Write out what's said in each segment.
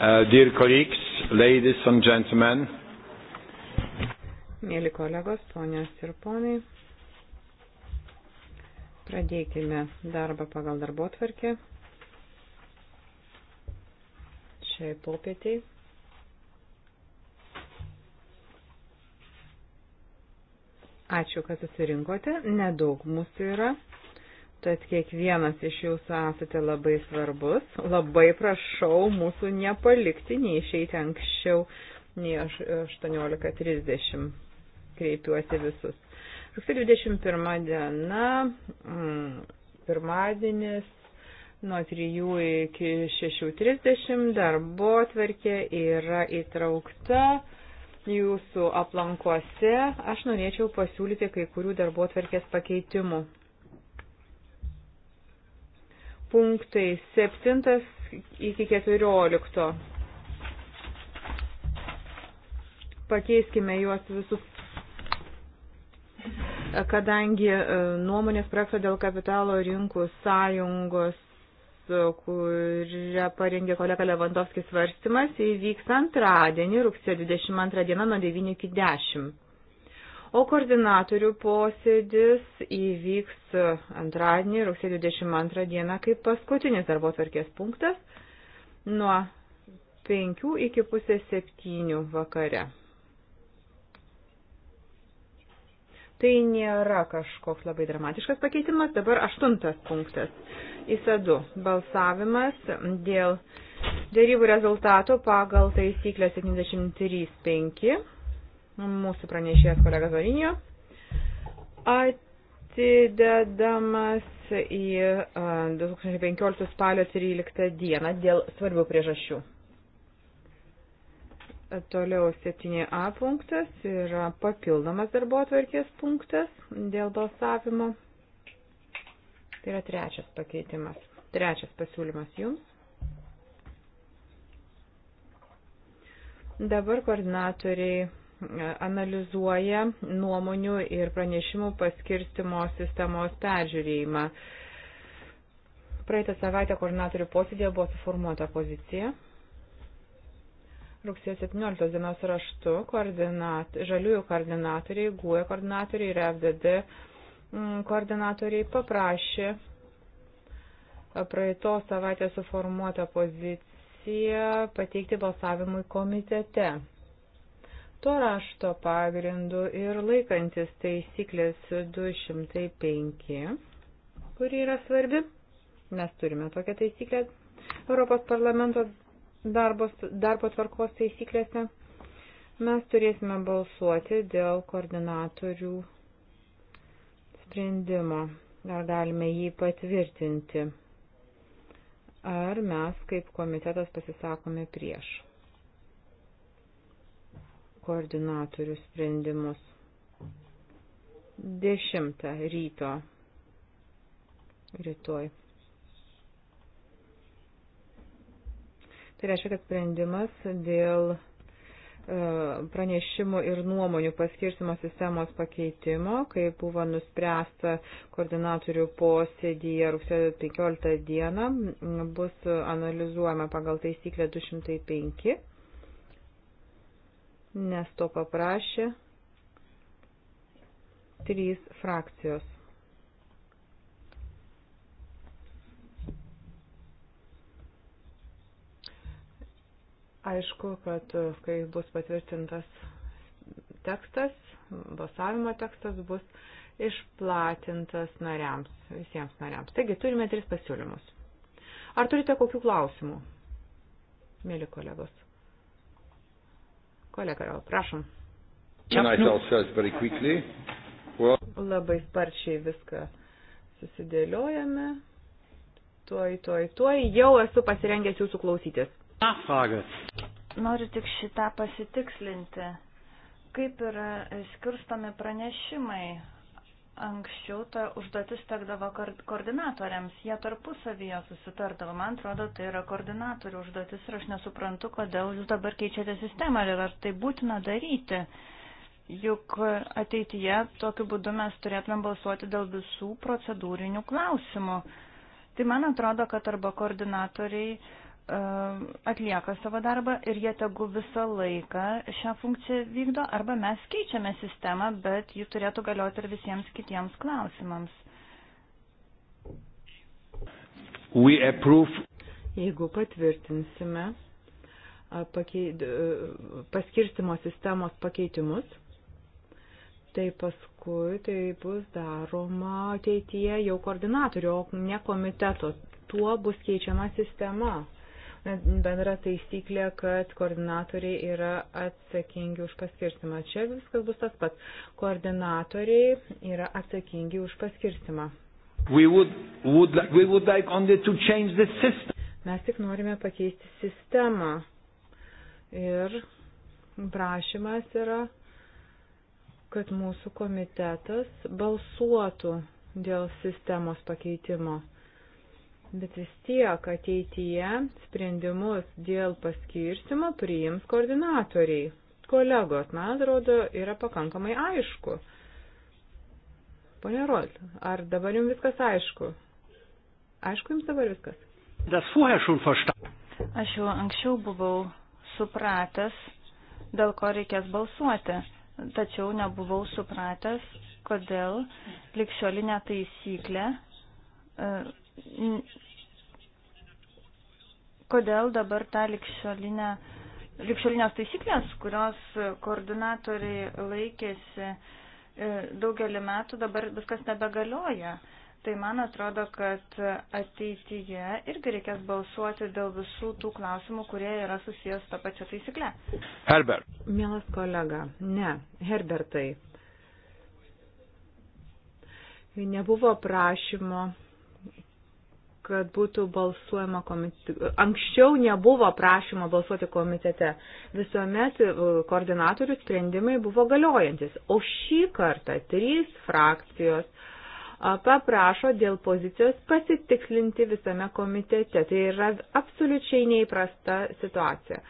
Uh, dear colleagues, ladies and gentlemen. Mėly kolegos, ponios ir ponai, pradėkime darbą pagal darbo tvarkę. Šiai popietiai. Ačiū, kad susirinkote. Nedaug mūsų yra. Tad kiekvienas iš jūsų esate labai svarbus. Labai prašau mūsų nepalikti, neišeiti anksčiau nei 18.30. Kreipiuosi visus. Rugsėjo 21 diena, mm, pirmadienis, nuo 3 iki 6.30 darbo tvarkė yra įtraukta jūsų aplankuose. Aš norėčiau pasiūlyti kai kurių darbo tvarkės pakeitimų punktai 7 iki 14. Pakeiskime juos visus, kadangi e, nuomonės projekto dėl kapitalo rinkų sąjungos, e, kurią parengė kolega Levandovskis svarstymas, įvyks antradienį, rugsėjo 22 dieną nuo 9 iki 10. O koordinatorių posėdis įvyks antradienį, rugsėjo 22 dieną, kaip paskutinis darbo tvarkės punktas nuo 5 iki pusės 7 vakare. Tai nėra kažkoks labai dramatiškas pakeitimas. Dabar aštuntas punktas. Įsadu balsavimas dėl dėrybų rezultatų pagal taisyklę 73.5 mūsų pranešėjas kolega Zorinio, atidedamas į 2015 spalio 13 dieną dėl svarbių priežasčių. Toliau 7a punktas yra papildomas darbo atverkės punktas dėl balsavimo. Tai yra trečias pakeitimas, trečias pasiūlymas jums. Dabar koordinatoriai analizuoja nuomonių ir pranešimų paskirstimo sistemos peržiūrėjimą. Praeitą savaitę koordinatorių posėdėje buvo suformuota pozicija. Rugsėjo 17 dienos raštu koordinat, žaliųjų koordinatoriai, GUE koordinatoriai ir FDD mm, koordinatoriai paprašė praeitos savaitės suformuotą poziciją pateikti balsavimui komitete to rašto pagrindu ir laikantis taisyklės 205, kuri yra svarbi. Mes turime tokią taisyklę Europos parlamento darbos, darbo tvarkos taisyklėse. Mes turėsime balsuoti dėl koordinatorių sprendimo. Ar galime jį patvirtinti? Ar mes kaip komitetas pasisakome prieš? koordinatorių sprendimus. 10 ryto rytoj. Tai reiškia, kad sprendimas dėl e, pranešimų ir nuomonių paskirstimo sistemos pakeitimo, kaip buvo nuspręsta koordinatorių posėdyje rugsėjo 15 dieną, bus analizuojama pagal taisyklę 205 nes to paprašė trys frakcijos. Aišku, kad kai bus patvirtintas tekstas, balsavimo tekstas bus išplatintas nariams, visiems nariams. Taigi turime tris pasiūlymus. Ar turite kokių klausimų, mėly kolegos? Kolega, prašom. Labai sparčiai viską susidėliojame. Tuoj, tuoj, tuoj, jau esu pasirengęs jūsų klausytis. Noriu tik šitą pasitikslinti. Kaip yra skirstomi pranešimai anksčiau ta užduotis tekdavo koordinatoriams, jie tarpusavyje susitardavo. Man atrodo, tai yra koordinatorių užduotis ir aš nesuprantu, kodėl jūs dabar keičiate sistemą ir ar tai būtina daryti. Juk ateityje tokiu būdu mes turėtumėm balsuoti dėl visų procedūrinių klausimų. Tai man atrodo, kad arba koordinatoriai Um, atlieka savo darbą ir jie tegu visą laiką šią funkciją vykdo, arba mes keičiame sistemą, bet ji turėtų galioti ir visiems kitiems klausimams. Jeigu patvirtinsime pakei, e, paskirstimo sistemos pakeitimus, tai paskui tai bus daroma ateityje jau koordinatorių, o ne komiteto. Tuo bus keičiama sistema bendra taisyklė, kad koordinatoriai yra atsakingi už paskirstimą. Čia viskas bus tas pats. Koordinatoriai yra atsakingi už paskirstimą. We would, would, we would like only to change the system. Mes tik norime pakeisti sistemą. Ir prašymas yra, kad mūsų komitetas balsuotų dėl sistemos pakeitimo. Bet vis tiek ateityje sprendimus dėl paskirstimo priims koordinatoriai. Kolegos, man atrodo, yra pakankamai aišku. Pone Rod, ar dabar jums viskas aišku? Aišku jums dabar viskas? Aš jau anksčiau buvau supratęs, dėl ko reikės balsuoti, tačiau nebuvau supratęs, kodėl likščiolinė taisyklė e, kodėl dabar tą likščiolinę, likščiolinės taisyklės, kurios koordinatoriai laikėsi e, daugelį metų, dabar viskas nebegalioja. Tai man atrodo, kad ateityje irgi reikės balsuoti dėl visų tų klausimų, kurie yra susijęs tą pačią taisyklę. Herbert. Mielas kolega, ne, Herbertai. Nebuvo prašymo kad būtų balsuojama komitete. Anksčiau nebuvo prašymo balsuoti komitete. Visuomet e, koordinatorių sprendimai buvo galiojantis. O šį kartą trys frakcijos paprašo dėl pozicijos pasitikslinti visame komitete. Tai yra absoliučiai neįprasta situacija.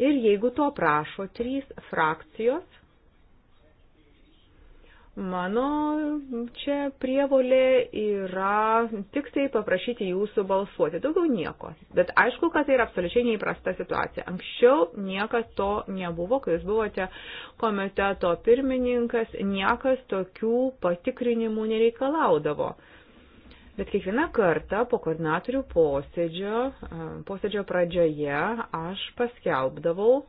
Ir jeigu to prašo trys frakcijos, Mano čia prievolė yra tik tai paprašyti jūsų balsuoti, daugiau nieko. Bet aišku, kad tai yra absoliučiai neįprasta situacija. Anksčiau niekas to nebuvo, kai jūs buvote komiteto pirmininkas, niekas tokių patikrinimų nereikalaudavo. Bet kiekvieną kartą po koordinatorių posėdžio, posėdžio pradžioje aš paskelbdavau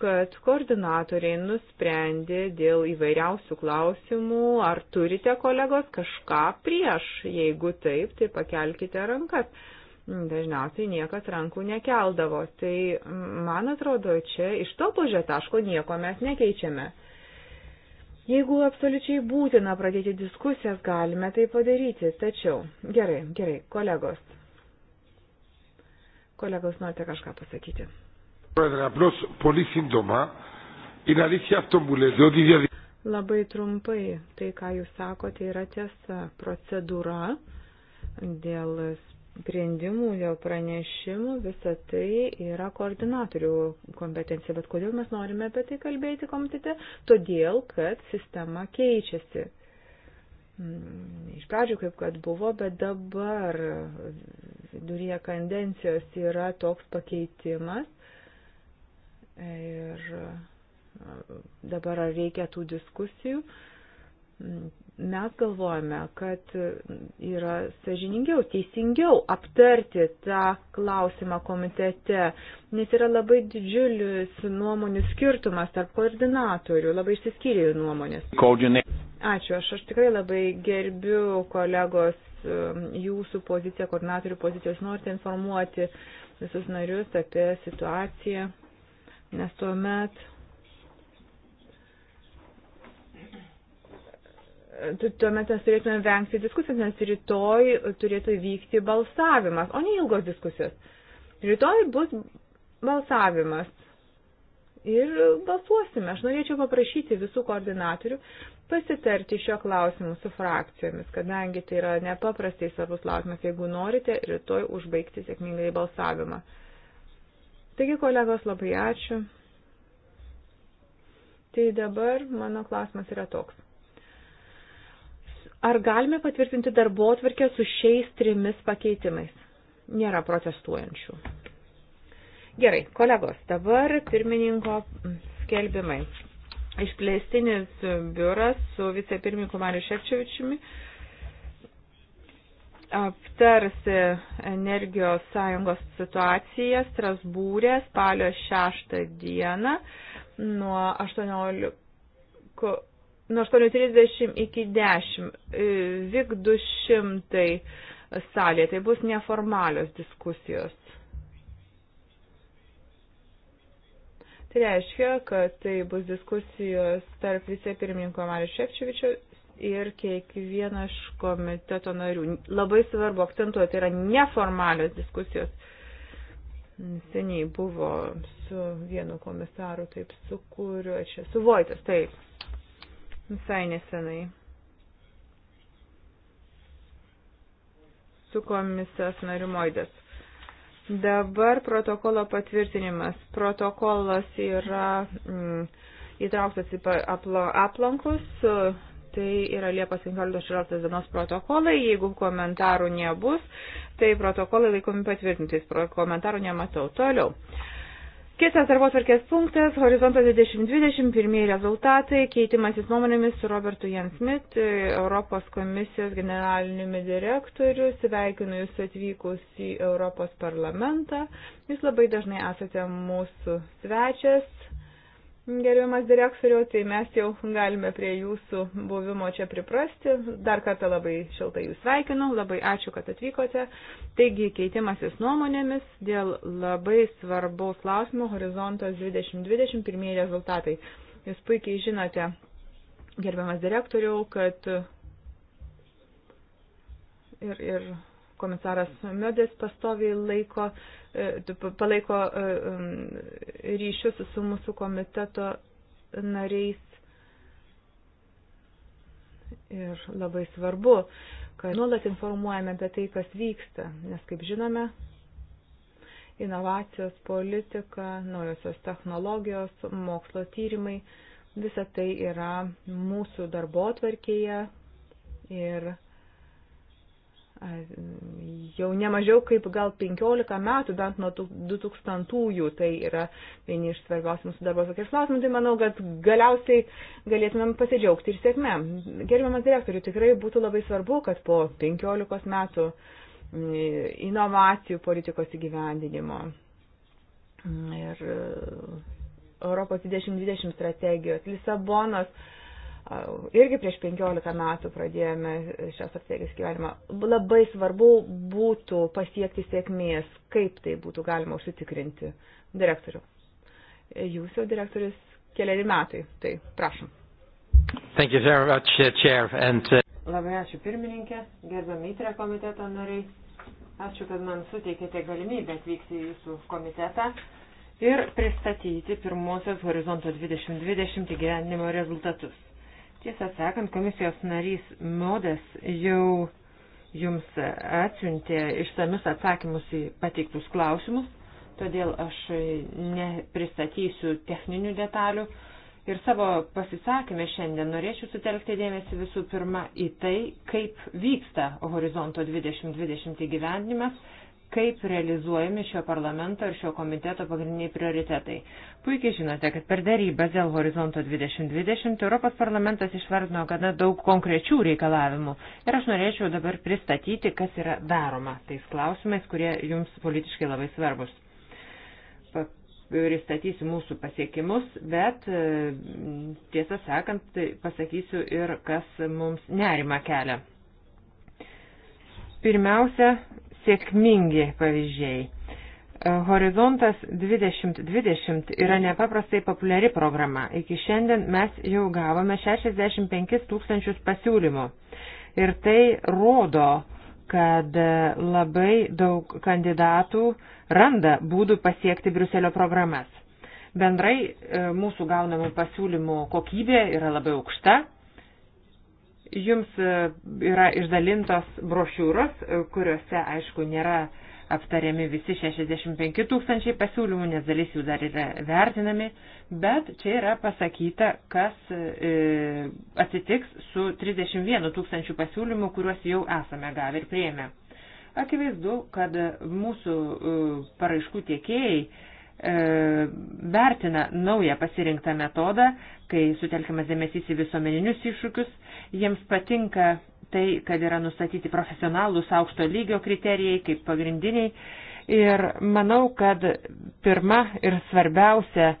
kad koordinatoriai nusprendė dėl įvairiausių klausimų, ar turite kolegos kažką prieš, jeigu taip, tai pakelkite rankas. Dažniausiai niekas rankų nekeldavo, tai mm, man atrodo, čia iš to požiūrė taško nieko mes nekeičiame. Jeigu absoliučiai būtina pradėti diskusijas, galime tai padaryti, tačiau gerai, gerai, kolegos. Kolegos, norite kažką pasakyti? Πρόεδρε, απλώ πολύ σύντομα. Είναι αλήθεια αυτό που λέτε, ότι διαδικασία. Labai trumpai, tai ką jūs sakote, yra tiesa procedūra dėl sprendimų, dėl pranešimų, visa tai yra koordinatorių kompetencija. Bet kodėl mes norime apie tai kalbėti komitete? Todėl, kad sistema keičiasi mm, iš pradžių kaip kad buvo, bet dabar viduryje kandencijos yra toks pakeitimas, Ir dabar ar reikia tų diskusijų? Mes galvojame, kad yra sažiningiau, teisingiau aptarti tą klausimą komitete, nes yra labai didžiulis nuomonių skirtumas tarp koordinatorių, labai išsiskyrė jų nuomonės. Ačiū, aš, aš tikrai labai gerbiu kolegos um, jūsų poziciją, koordinatorių pozicijos, norite informuoti visus narius apie situaciją nes tuomet tuomet mes turėtume vengti diskusijos, nes rytoj turėtų vykti balsavimas, o ne ilgos diskusijos. Rytoj bus balsavimas ir balsuosime. Aš norėčiau paprašyti visų koordinatorių pasitarti šio klausimu su frakcijomis, kadangi tai yra nepaprastai svarbus klausimas, jeigu norite rytoj užbaigti sėkmingai balsavimą. Taigi, kolegos, labai ačiū. Tai dabar mano klausimas yra toks. Ar galime patvirtinti darbo atvarkę su šiais trimis pakeitimais? Nėra protestuojančių. Gerai, kolegos, dabar pirmininko skelbimai. Išplėstinis biuras su vicepirmininku Mariu Šepčiovičiumi aptars energijos sąjungos situaciją Strasbūrė spalio 6 dieną nuo 18. Nuo 8.30 iki 10, e, VIK 200 salė, tai bus neformalios diskusijos. Tai reiškia, kad tai bus diskusijos tarp vicepirmininko Mario Šepčiovičio ir kiekvieną iš komiteto narių. Labai svarbu akcentuoti, tai yra neformalios diskusijos. Seniai buvo su vienu komisaru, taip, su kuriuo čia, su Vojtas, taip, visai nesenai. Su komisijos nariu Moidas. Dabar protokolo patvirtinimas. Protokolas yra mm, įtrauktas į aplankus. Apl apl apl Tai yra Liepos 15-16 dienos protokolai. Jeigu komentarų nebus, tai protokolai laikomi patvirtintais. Komentarų nematau. Toliau. Kitas darbotvarkės punktas - Horizontas 2020, pirmieji rezultatai, keitimasis nuomonėmis su Robertu Jansmit, e, Europos komisijos generaliniumi direktoriu, sveikinu Jūs atvykus į Europos parlamentą. Jūs labai dažnai esate mūsų svečias, Gerbiamas direktoriau, tai mes jau galime prie jūsų buvimo čia priprasti. Dar kartą labai šiltai jūs sveikinu, labai ačiū, kad atvykote. Taigi, keitimasis nuomonėmis dėl labai svarbaus klausimo Horizontas 2020 pirmieji rezultatai. Jūs puikiai žinote, gerbiamas direktoriau, kad ir, ir komisaras Mėdės pastoviai laiko, e, palaiko e, ryšius su mūsų komiteto nariais. Ir labai svarbu, kad nuolat informuojame apie tai, kas vyksta, nes, kaip žinome, inovacijos politika, naujosios technologijos, mokslo tyrimai, visa tai yra mūsų darbo tvarkėje ir jau nemažiau kaip gal 15 metų, bent nuo 2000-ųjų, tai yra vieni iš svarbiausių mūsų darbo tokiais klausimų, tai manau, kad galiausiai galėtumėm pasidžiaugti ir sėkme. Gerbiamas direktoriu, tikrai būtų labai svarbu, kad po 15 metų inovacijų politikos įgyvendinimo ir e, Europos 2020 strategijos, Lisabonos, irgi prieš 15 metų pradėjome šios strategijos gyvenimą. Labai svarbu būtų pasiekti sėkmės, kaip tai būtų galima užsitikrinti direktorių. Jūs jau direktorius keliari metai, tai prašom. Thank you very much, uh, Chair. And, uh... Labai ačiū pirmininkė, gerbam įtrę komiteto nariai. Ačiū, kad man suteikėte galimybę atvykti į jūsų komitetą ir pristatyti pirmosios Horizonto 2020 gyvenimo rezultatus. Tiesą sakant, komisijos narys Modas jau jums atsiuntė išsamius atsakymus į pateiktus klausimus, todėl aš nepristatysiu techninių detalių. Ir savo pasisakymę šiandien norėčiau sutelkti dėmesį visų pirma į tai, kaip vyksta Horizonto 2020 įgyvendimas kaip realizuojami šio parlamento ir šio komiteto pagrindiniai prioritetai. Puikiai žinote, kad per darybas dėl horizonto 2020 Europos parlamentas išvardino gana daug konkrečių reikalavimų ir aš norėčiau dabar pristatyti, kas yra daroma tais klausimais, kurie jums politiškai labai svarbus. Pristatysiu mūsų pasiekimus, bet e, tiesą sakant, tai pasakysiu ir kas mums nerima kelia. Pirmiausia, sėkmingi pavyzdžiai. E, Horizontas 2020 yra nepaprastai populiari programa. Iki šiandien mes jau gavome 65 tūkstančius pasiūlymų. Ir tai rodo, kad labai daug kandidatų randa būdų pasiekti Briuselio programas. Bendrai e, mūsų gaunamų pasiūlymų kokybė yra labai aukšta Jums e, yra išdalintos brošiūros, e, kuriuose, aišku, nėra aptariami visi 65 tūkstančiai pasiūlymų, nes dalis jų dar yra vertinami, bet čia yra pasakyta, kas e, atsitiks su 31 tūkstančių pasiūlymų, kuriuos jau esame gavę ir prieėmę. Akivaizdu, kad mūsų e, paraiškų tiekėjai E, vertina naują pasirinktą metodą, kai sutelkiamas dėmesys į visuomeninius iššūkius, jiems patinka tai, kad yra nustatyti profesionalūs aukšto lygio kriterijai kaip pagrindiniai. Ir manau, kad pirma ir svarbiausia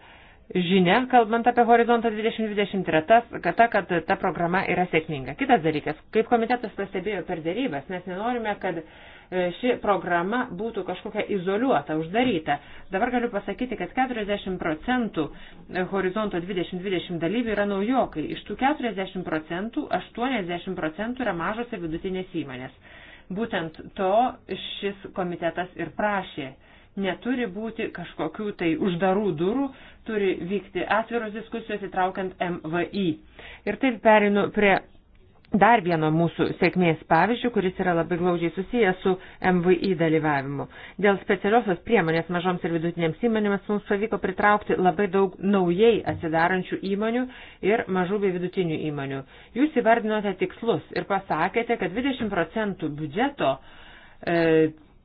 žinia, kalbant apie Horizontą 2020, yra tas, kad ta, kad ta programa yra sėkminga. Kitas dalykas, kaip komitetas pastebėjo per dėrybas, mes nenorime, kad e, ši programa būtų kažkokia izoliuota, uždaryta. Dabar galiu pasakyti, kad 40 procentų Horizonto 2020 dalyvių yra naujokai. Iš tų 40 procentų 80 procentų yra mažos ir vidutinės įmonės. Būtent to šis komitetas ir prašė Neturi būti kažkokių tai uždarų durų, turi vykti atviros diskusijos įtraukiant MVI. Ir taip perinu prie dar vieno mūsų sėkmės pavyzdžių, kuris yra labai glaudžiai susijęs su MVI dalyvavimu. Dėl specialiosios priemonės mažoms ir vidutinėms įmonėms mums pavyko pritraukti labai daug naujai atsidarančių įmonių ir mažų bei vidutinių įmonių. Jūs įvardinote tikslus ir pasakėte, kad 20 procentų biudžeto e,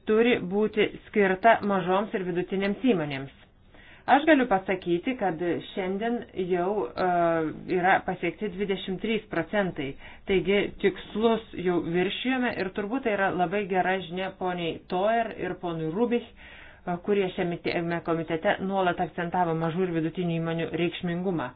turi būti skirta mažoms ir vidutinėms įmonėms. Aš galiu pasakyti, kad šiandien jau uh, yra pasiekti 23 procentai, taigi tikslus jau viršijome ir turbūt tai yra labai gera žinia poniai Toer ir ponui Rubich, uh, kurie šiame komitete nuolat akcentavo mažų ir vidutinių įmonių reikšmingumą.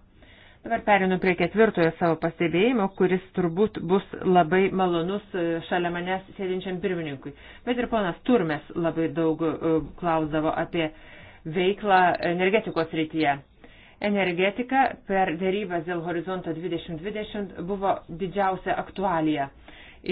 Dabar perinu prie ketvirtojo savo pastebėjimo, kuris turbūt bus labai malonus e, šalia manęs sėdinčiam pirmininkui. Bet ir ponas Turmes labai daug e, klausdavo apie veiklą energetikos rytyje. Energetika per dėrybas dėl horizonto 2020 buvo didžiausia aktualija.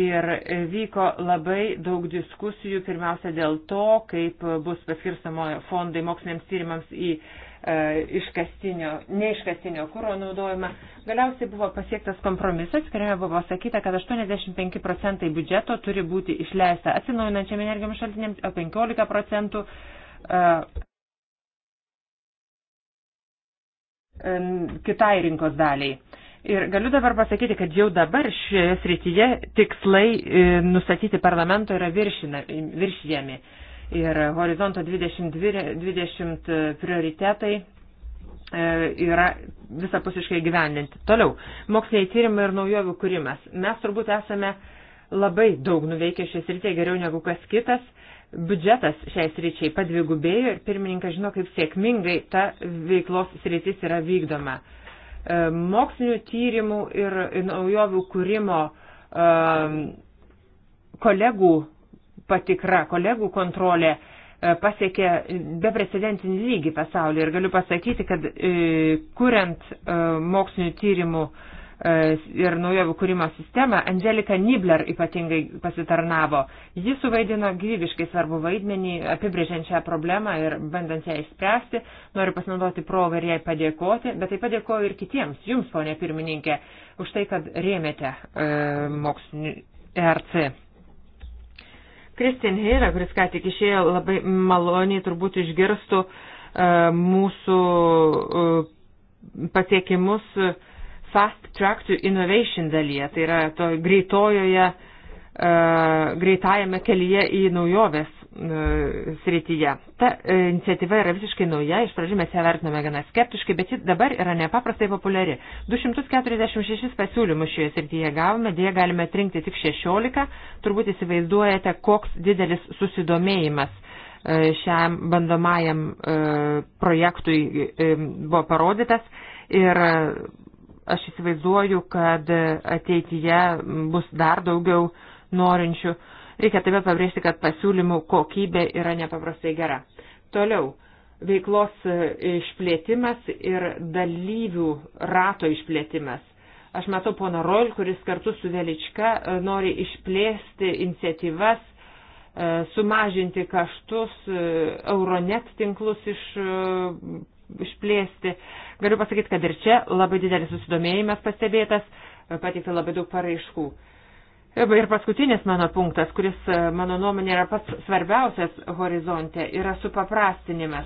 Ir vyko labai daug diskusijų, pirmiausia dėl to, kaip bus paskirstamo fondai moksliniams tyrimams į uh, E, iškastinio, neiškastinio kūro naudojimą. Galiausiai buvo pasiektas kompromisas, kuriame buvo sakyta, kad 85 procentai biudžeto turi būti išleista atsinaujinančiam energijom šaltiniams, o 15 procentų e, e, kitai rinkos daliai. Ir galiu dabar pasakyti, kad jau dabar šioje srityje tikslai nustatyti parlamento yra viršinami ir horizonto 20, 20 prioritetai e, yra visapusiškai gyvendinti. Toliau, moksliniai tyrimai ir naujovių kūrimas. Mes turbūt esame labai daug nuveikę šią sritį geriau negu kas kitas. Biudžetas šiai sričiai padvigubėjo ir pirmininkas žino, kaip sėkmingai ta veiklos sritis yra vykdoma. E, mokslinių tyrimų ir naujovių kūrimo e, kolegų patikra, kolegų kontrolė e, pasiekė beprecedentinį lygį pasaulyje ir galiu pasakyti, kad e, kuriant e, mokslinių tyrimų ir naujovių kūrimo sistemą, Angelika Nibler ypatingai pasitarnavo. Ji suvaidino gyvybiškai svarbu vaidmenį, apibrėžiant šią problemą ir bandant ją išspręsti. Noriu pasinaudoti progą ir jai padėkoti, bet taip padėkoju ir kitiems, jums, ponė pirmininkė, už tai, kad rėmėte e, mokslinį ERC. Kristin Heira, kuris ką tik išėjo, labai maloniai turbūt išgirstų e, mūsų e, pasiekimus Fast Track to Innovation dalyje, tai yra to greitojoje, e, greitajame kelyje į naujoves E, srityje. Ta e, iniciatyva yra visiškai nauja, iš pradžių mes ją vertiname gana skeptiškai, bet ji dabar yra nepaprastai populiari. 246 pasiūlymus šioje srityje gavome, dėja galime atrinkti tik 16, turbūt įsivaizduojate, koks didelis susidomėjimas e, šiam bandomajam projektui buvo parodytas ir aš įsivaizduoju, kad ateityje bus dar daugiau norinčių Reikia taip pat pabrėžti, kad pasiūlymų kokybė yra nepaprastai gera. Toliau, veiklos e, išplėtimas ir dalyvių rato išplėtimas. Aš matau pono Roil, kuris kartu su Velička e, nori išplėsti iniciatyvas, e, sumažinti kaštus, Euronet tinklus iš, išplėsti. Galiu pasakyti, kad ir čia labai didelis susidomėjimas pastebėtas, pateikta labai daug paraiškų. Ir paskutinis mano punktas, kuris e, mano nuomonė yra pats svarbiausias horizonte, yra supaprastinimas.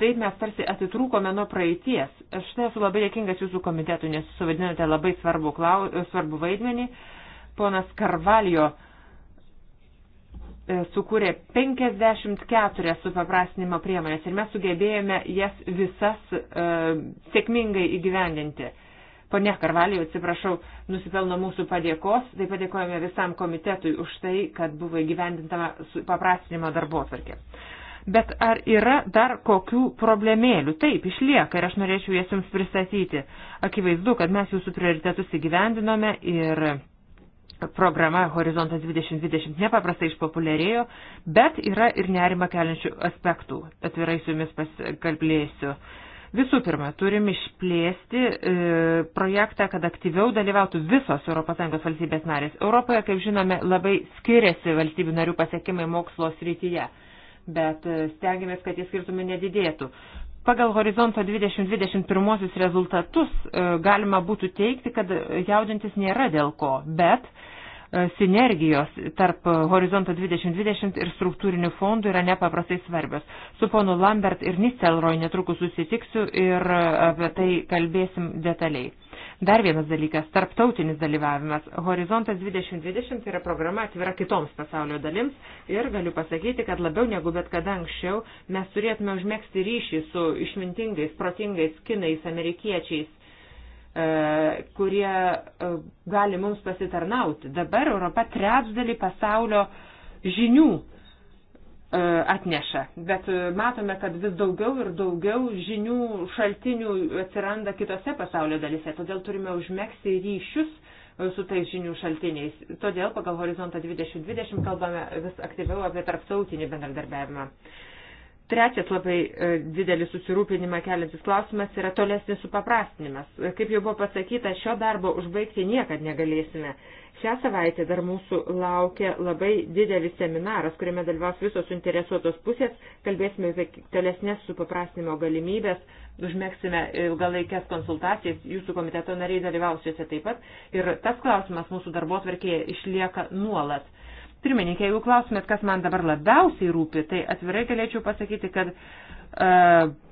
Taip mes tarsi atitrūkome nuo praeities. Aš tai esu labai dėkingas jūsų komitetui, nes suvadinote labai svarbu, klau, svarbu vaidmenį. Ponas Karvalio e, sukūrė 54 supaprastinimo priemonės ir mes sugebėjome jas visas e, sėkmingai įgyvendinti. E, Pone Karvalijo, atsiprašau, nusipelno mūsų padėkos, tai padėkojame visam komitetui už tai, kad buvo įgyvendintama paprastinimo darbo atvarkė. Bet ar yra dar kokių problemėlių? Taip, išlieka ir aš norėčiau jas jums pristatyti. Akivaizdu, kad mes jūsų prioritetus įgyvendinome ir programa Horizontas 2020 nepaprastai išpopuliarėjo, bet yra ir nerima keliančių aspektų. Atvirai su jumis pasikalbėsiu. Visų pirma, turim išplėsti e, projektą, kad aktyviau dalyvautų visos ES valstybės narės. Europoje, kaip žinome, labai skiriasi valstybių narių pasiekimai mokslo srityje, bet e, stengiamės, kad tie skirtumai nedidėtų. Pagal horizonto 2021 rezultatus e, galima būtų teikti, kad jaudintis nėra dėl ko, bet e, E, sinergijos tarp Horizonto 2020 ir struktūrinių fondų yra nepaprastai svarbios. Su ponu Lambert ir Nistelroj netrukus susitiksiu ir e, apie tai kalbėsim detaliai. Dar vienas dalykas - tarptautinis dalyvavimas. Horizontas 2020 yra programa atvira kitoms pasaulio dalims ir galiu pasakyti, kad labiau negu bet kada anksčiau mes turėtume užmėgsti ryšį su išmintingais, protingais kinais, amerikiečiais E, kurie e, gali mums pasitarnauti. Dabar Europa trečdalį pasaulio žinių e, atneša, bet matome, kad vis daugiau ir daugiau žinių šaltinių atsiranda kitose pasaulio dalise, todėl turime užmėgsti ryšius su tais žinių šaltiniais. Todėl pagal Horizontą 2020 kalbame vis aktyviau apie tarptautinį bendradarbiavimą. Trečias labai e, didelis susirūpinimą keliantis klausimas yra tolesnis supaprastinimas. Kaip jau buvo pasakyta, šio darbo užbaigti niekad negalėsime. Šią savaitę dar mūsų laukia labai didelis seminaras, kuriame dalyvaus visos suinteresuotos pusės, kalbėsime apie tolesnės supaprastinimo galimybės, užmėgsime ilgalaikės konsultacijas, jūsų komiteto nariai dalyvaus juose taip pat ir tas klausimas mūsų darbo tvarkėje išlieka nuolat Pirmininkė, jeigu klausimėt, kas man dabar labiausiai rūpi, tai atvirai galėčiau pasakyti, kad e,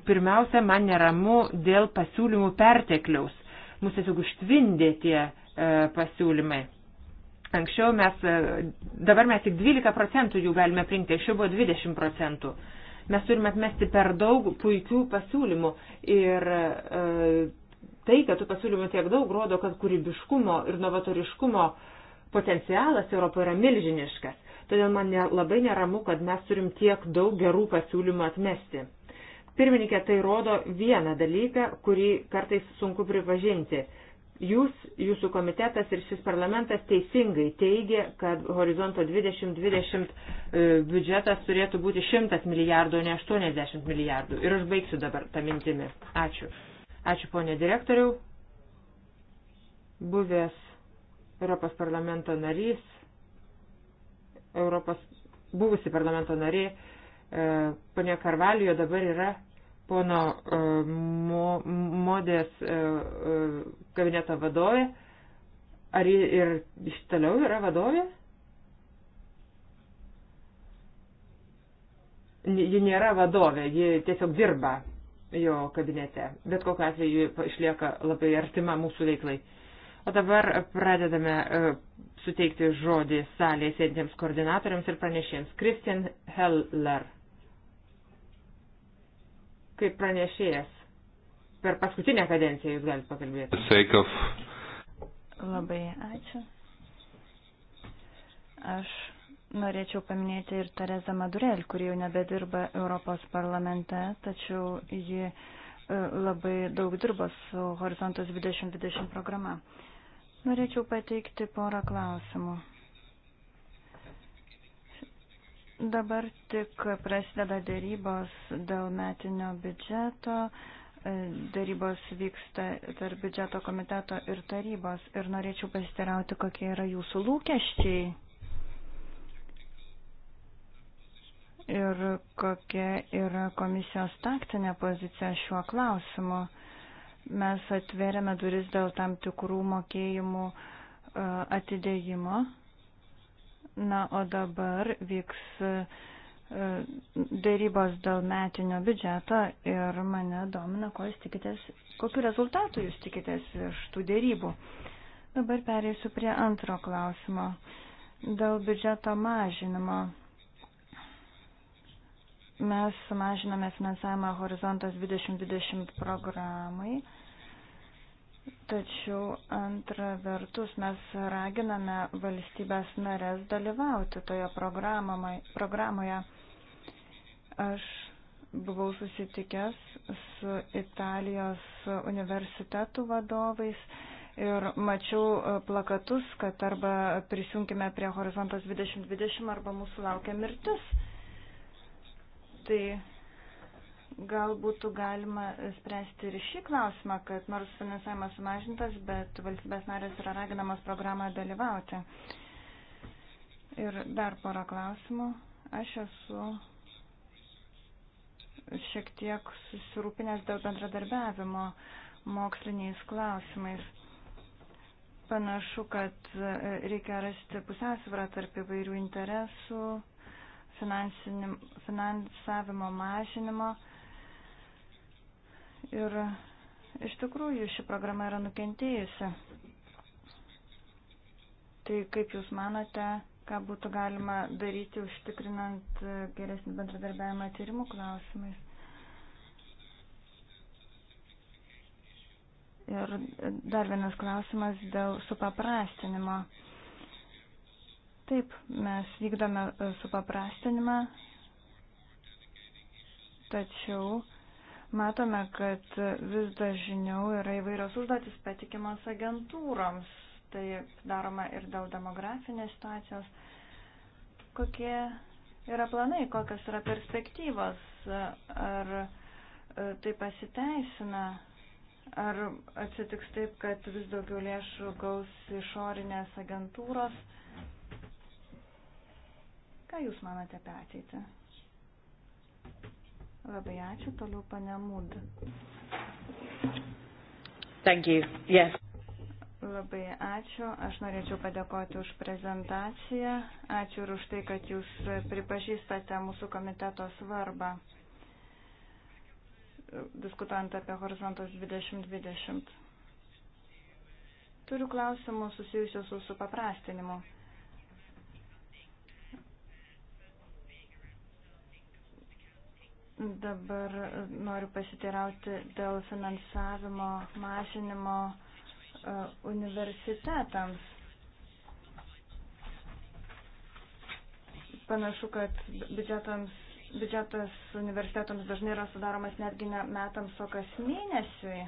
pirmiausia, man neramu dėl pasiūlymų pertekliaus. Mūsų tiesiog užtvindė tie e, pasiūlymai. Anksčiau mes, e, dabar mes tik 12 procentų jų galime prinkti, anksčiau buvo 20 procentų. Mes turime atmesti per daug puikių pasiūlymų ir e, tai, kad tų pasiūlymų tiek daug, rodo, kad kūrybiškumo ir novatoriškumo e, potencialas Europoje yra milžiniškas. Todėl man ne, labai neramu, kad mes turim tiek daug gerų pasiūlymų atmesti. Pirmininkė, tai rodo vieną dalyką, kurį kartais sunku pripažinti. Jūs, jūsų komitetas ir šis parlamentas teisingai teigia, kad horizonto 2020 e, biudžetas turėtų būti 100 milijardų, o ne 80 milijardų. Ir aš baigsiu dabar tą mintimį. Ačiū. Ačiū, ponė direktoriau. Buvęs Europos parlamento narys, Europos buvusi parlamento narė, e, ponė Karvalijo dabar yra pono e, mo, modės e, kabineto vadovė. Ar ji ir iš toliau yra vadovė? Ji nėra vadovė, ji tiesiog dirba jo kabinete. Bet kokiu atveju išlieka labai artima mūsų veiklai. Uh, O dabar pradedame e, suteikti žodį salėje sėdintiems koordinatoriams ir pranešėjams. Kristian Heller. Kaip pranešėjas. Per paskutinę kadenciją jūs galite pakalbėti. Seikov. Labai ačiū. Aš norėčiau paminėti ir Terezą Madurel, kuri jau nebedirba Europos parlamente, tačiau ji e, labai daug dirba su Horizontas 2020 programa. Uh, Norėčiau pateikti porą klausimų. Dabar tik prasideda dėrybos dėl metinio biudžeto. Dėrybos vyksta tarp biudžeto komiteto ir tarybos. Ir norėčiau pasitirauti, kokie yra jūsų lūkesčiai. Ir kokia yra komisijos taktinė pozicija šiuo klausimu mes atvėrėme duris dėl tam tikrų mokėjimų e, atidėjimo. Na, o dabar vyks e, dėrybos dėl metinio biudžeto ir mane domina, ko jūs tikitės, kokiu rezultatu jūs tikitės iš tų dėrybų. Dabar pereisiu prie antro klausimo. Dėl biudžeto mažinimo mes sumažiname finansavimą Horizontas 2020 programai Tačiau antra vertus mes raginame valstybės narės dalyvauti toje programoje. Aš buvau susitikęs su Italijos universitetų vadovais ir mačiau e, plakatus, kad arba prisijunkime prie Horizontas 2020 arba mūsų laukia mirtis. Tai Gal būtų galima spręsti ir šį klausimą, kad nors finansavimas sumažintas, bet valstybės narės yra raginamas programą dalyvauti. Ir dar porą klausimų. Aš esu šiek tiek susirūpinęs dėl bendradarbiavimo moksliniais klausimais. Panašu, kad reikia rasti pusiausvyrą tarp įvairių interesų, finansavimo mažinimo Ir iš tikrųjų ši programa yra nukentėjusi. Tai kaip Jūs manote, ką būtų galima daryti užtikrinant geresnį bendradarbiavimą tyrimų klausimais? Ir dar vienas klausimas dėl supaprastinimo. Taip, mes vykdome supaprastinimą, tačiau Matome, kad vis dažniau yra įvairios užduotis patikimas agentūroms. Tai daroma ir dėl demografinės situacijos. Kokie yra planai, kokios yra perspektyvos, ar e, tai pasiteisina, ar atsitiks taip, kad vis daugiau lėšų gaus išorinės agentūros. Ką Jūs manate apie ateitį? Labai ačiū, toliau pane Mūd. Thank you. Yes. Labai ačiū. Aš norėčiau padėkoti už prezentaciją. Ačiū ir už tai, kad jūs pripažįstate mūsų komiteto svarbą, diskutuojant apie Horizontas 2020. Turiu klausimų susijusių su supaprastinimu. Dabar noriu pasiteirauti dėl finansavimo mažinimo e, universitetams. Panašu, kad biudžetams, biudžetas universitetams dažnai yra sudaromas netgi ne metams, o kas mėnesiui.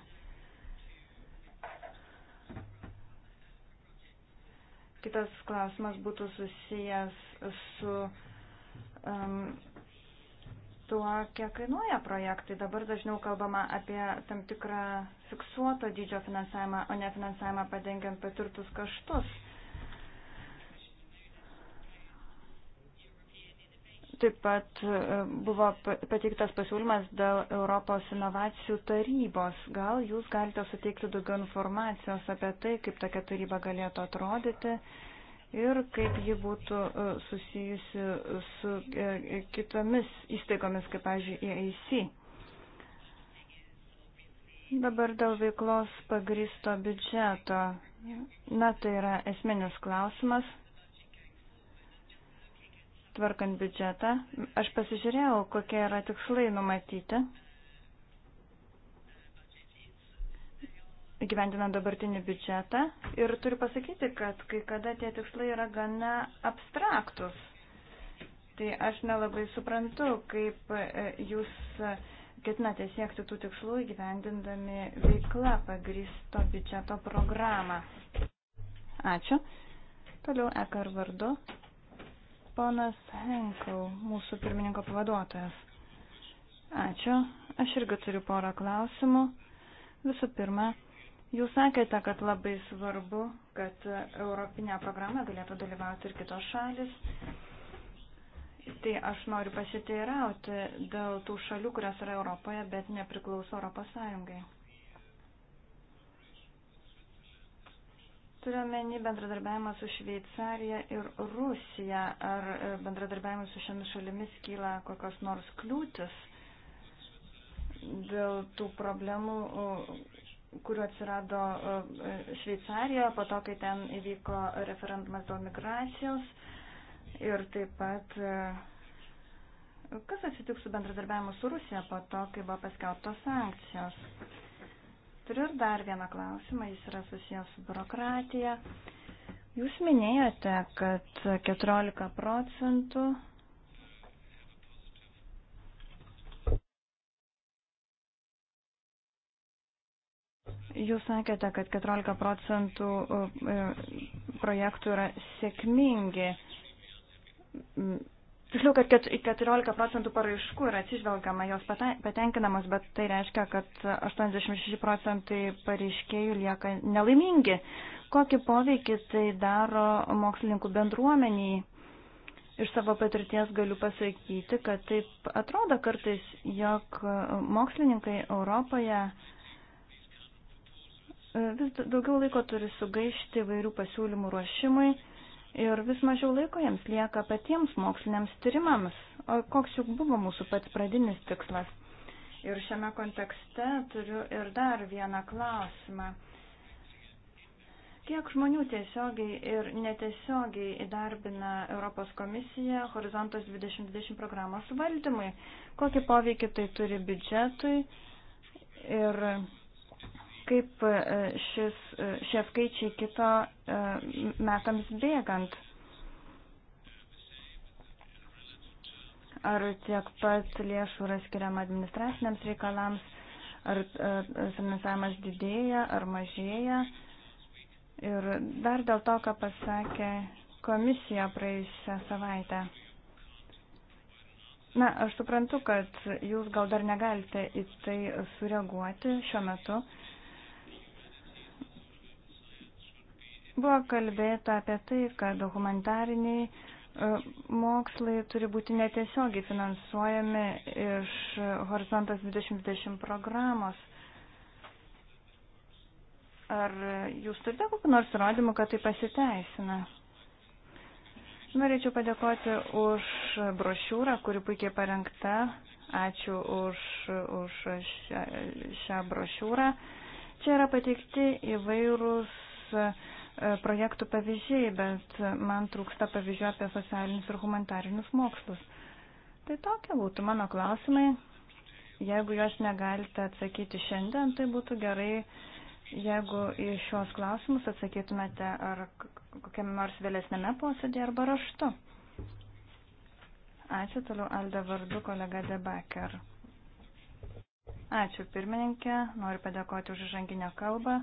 Kitas klausimas būtų susijęs su um, tuo, kiek kainuoja projektai. Dabar dažniau kalbama apie tam tikrą fiksuoto dydžio finansavimą, o ne finansavimą padengiant patirtus kaštus. Taip pat e, buvo pateiktas pasiūlymas dėl Europos inovacijų tarybos. Gal jūs galite suteikti daugiau informacijos apie tai, kaip tokia taryba galėtų atrodyti ir kaip ji būtų e, susijusi su e, e, kitomis įstaigomis, kaip, pavyzdžiui, EIC. Dabar dėl veiklos pagristo biudžeto. Na, tai yra esminis klausimas. Tvarkant biudžetą, aš pasižiūrėjau, kokie yra tikslai numatyti. gyvendinant dabartinį biudžetą. Ir turiu pasakyti, kad kai kada tie tikslai yra gana abstraktus. Tai aš nelabai suprantu, kaip e, jūs ketinate siekti tų tikslų įgyvendindami veiklą pagristo biudžeto programą. Ačiū. Toliau ekar vardu. Ponas Henkau, mūsų pirmininko pavaduotojas. Ačiū. Aš irgi turiu porą klausimų. Visų pirma, Jūs sakėte, kad labai svarbu, kad Europinė programa galėtų dalyvauti ir kitos šalis. Tai aš noriu pasiteirauti dėl tų šalių, kurios yra Europoje, bet nepriklauso Europos Sąjungai. Turiuomenį bendradarbiavimą su Šveicarija ir Rusija. Ar e, bendradarbiavimas su šiomis šalimis kyla kokios nors kliūtis dėl tų problemų, kuriuo atsirado e, Šveicarijoje, po to, kai ten įvyko referendumas dėl migracijos ir taip pat e, kas atsitiks su bendradarbiavimu su Rusija po to, kai buvo paskelbtos sankcijos. Turiu ir dar vieną klausimą, jis yra susijęs su biurokratija. Jūs minėjote, kad 14 procentų Jūs sakėte, kad 14 procentų e, projektų yra sėkmingi. Tiksliau, kad 14 procentų paraiškų yra atsižvelgama, jos patenkinamos, bet tai reiškia, kad 86 procentai pareiškėjų lieka nelaimingi. Kokį poveikį tai daro mokslininkų bendruomeniai? Iš savo patirties galiu pasakyti, kad taip atrodo kartais, jog mokslininkai Europoje vis daugiau laiko turi sugaišti vairių pasiūlymų ruošimui ir vis mažiau laiko jiems lieka patiems moksliniams tyrimams, o koks juk buvo mūsų pats pradinis tikslas. Ir šiame kontekste turiu ir dar vieną klausimą. Kiek žmonių tiesiogiai ir netiesiogiai įdarbina Europos komisija Horizontas 2020 programos valdymui? Kokį poveikį tai turi biudžetui? Ir kaip e, šis, e, šie skaičiai kito e, metams bėgant. Ar tiek pat lėšų yra skiriama administraciniams reikalams, ar finansavimas didėja, ar mažėja. Ir dar dėl to, ką pasakė komisija praėjusią savaitę. Na, aš suprantu, kad jūs gal dar negalite į tai sureaguoti šiuo metu, Buvo kalbėta apie tai, kad humanitariniai e, mokslai turi būti netiesiogiai finansuojami iš Horizontas 2020 programos. Ar jūs turite kokį nors įrodymų, kad tai pasiteisina? Norėčiau padėkoti už brošiūrą, kuri puikiai parengta. Ačiū už, už šią, šią brošiūrą. Čia yra pateikti įvairūs uh, projektų pavyzdžiai, bet man trūksta pavyzdžių apie socialinius ir humanitarinius mokslus. Tai tokie būtų mano klausimai. Jeigu juos negalite atsakyti šiandien, tai būtų gerai, jeigu į šios klausimus atsakytumėte ar kokiam nors vėlesnėme posėdėje arba raštu. Ačiū toliau Alda vardu kolega Debaker. Ačiū pirmininkė, noriu padėkoti už žanginę kalbą.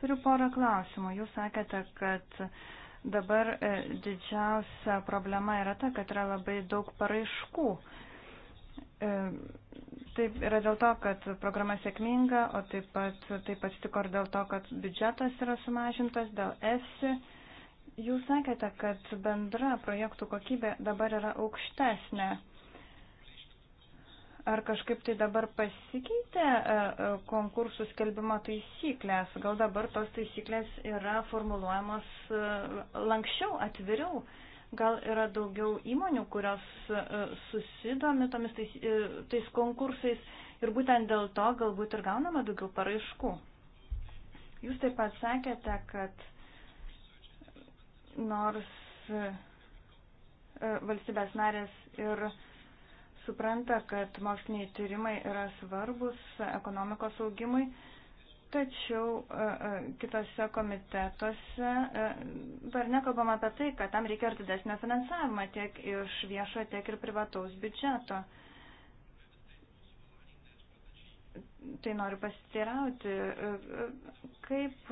Turiu porą klausimų. Jūs sakėte, kad dabar e, didžiausia problema yra ta, kad yra labai daug paraiškų. E, taip yra dėl to, kad programa sėkminga, o taip pat taip atsitiko ir dėl to, kad biudžetas yra sumažintas dėl ESI. Jūs sakėte, kad bendra projektų kokybė dabar yra aukštesnė. Ar kažkaip tai dabar pasikeitė e, e, konkursų skelbimo taisyklės? Gal dabar tos taisyklės yra formuluojamos e, lankščiau, atviriau? Gal yra daugiau įmonių, kurios susidomi tomis tais, tais konkursais ir būtent dėl to galbūt ir gaunama daugiau paraiškų? Jūs taip pat sakėte, kad nors valstybės narės ir supranta, kad moksliniai tyrimai yra svarbus ekonomikos augimui, tačiau e, e, kitose komitetuose e, dar nekalbama apie tai, kad tam reikia ir didesnio finansavimo tiek iš viešo, tiek ir privataus biudžeto. Tai noriu pasiteirauti, kaip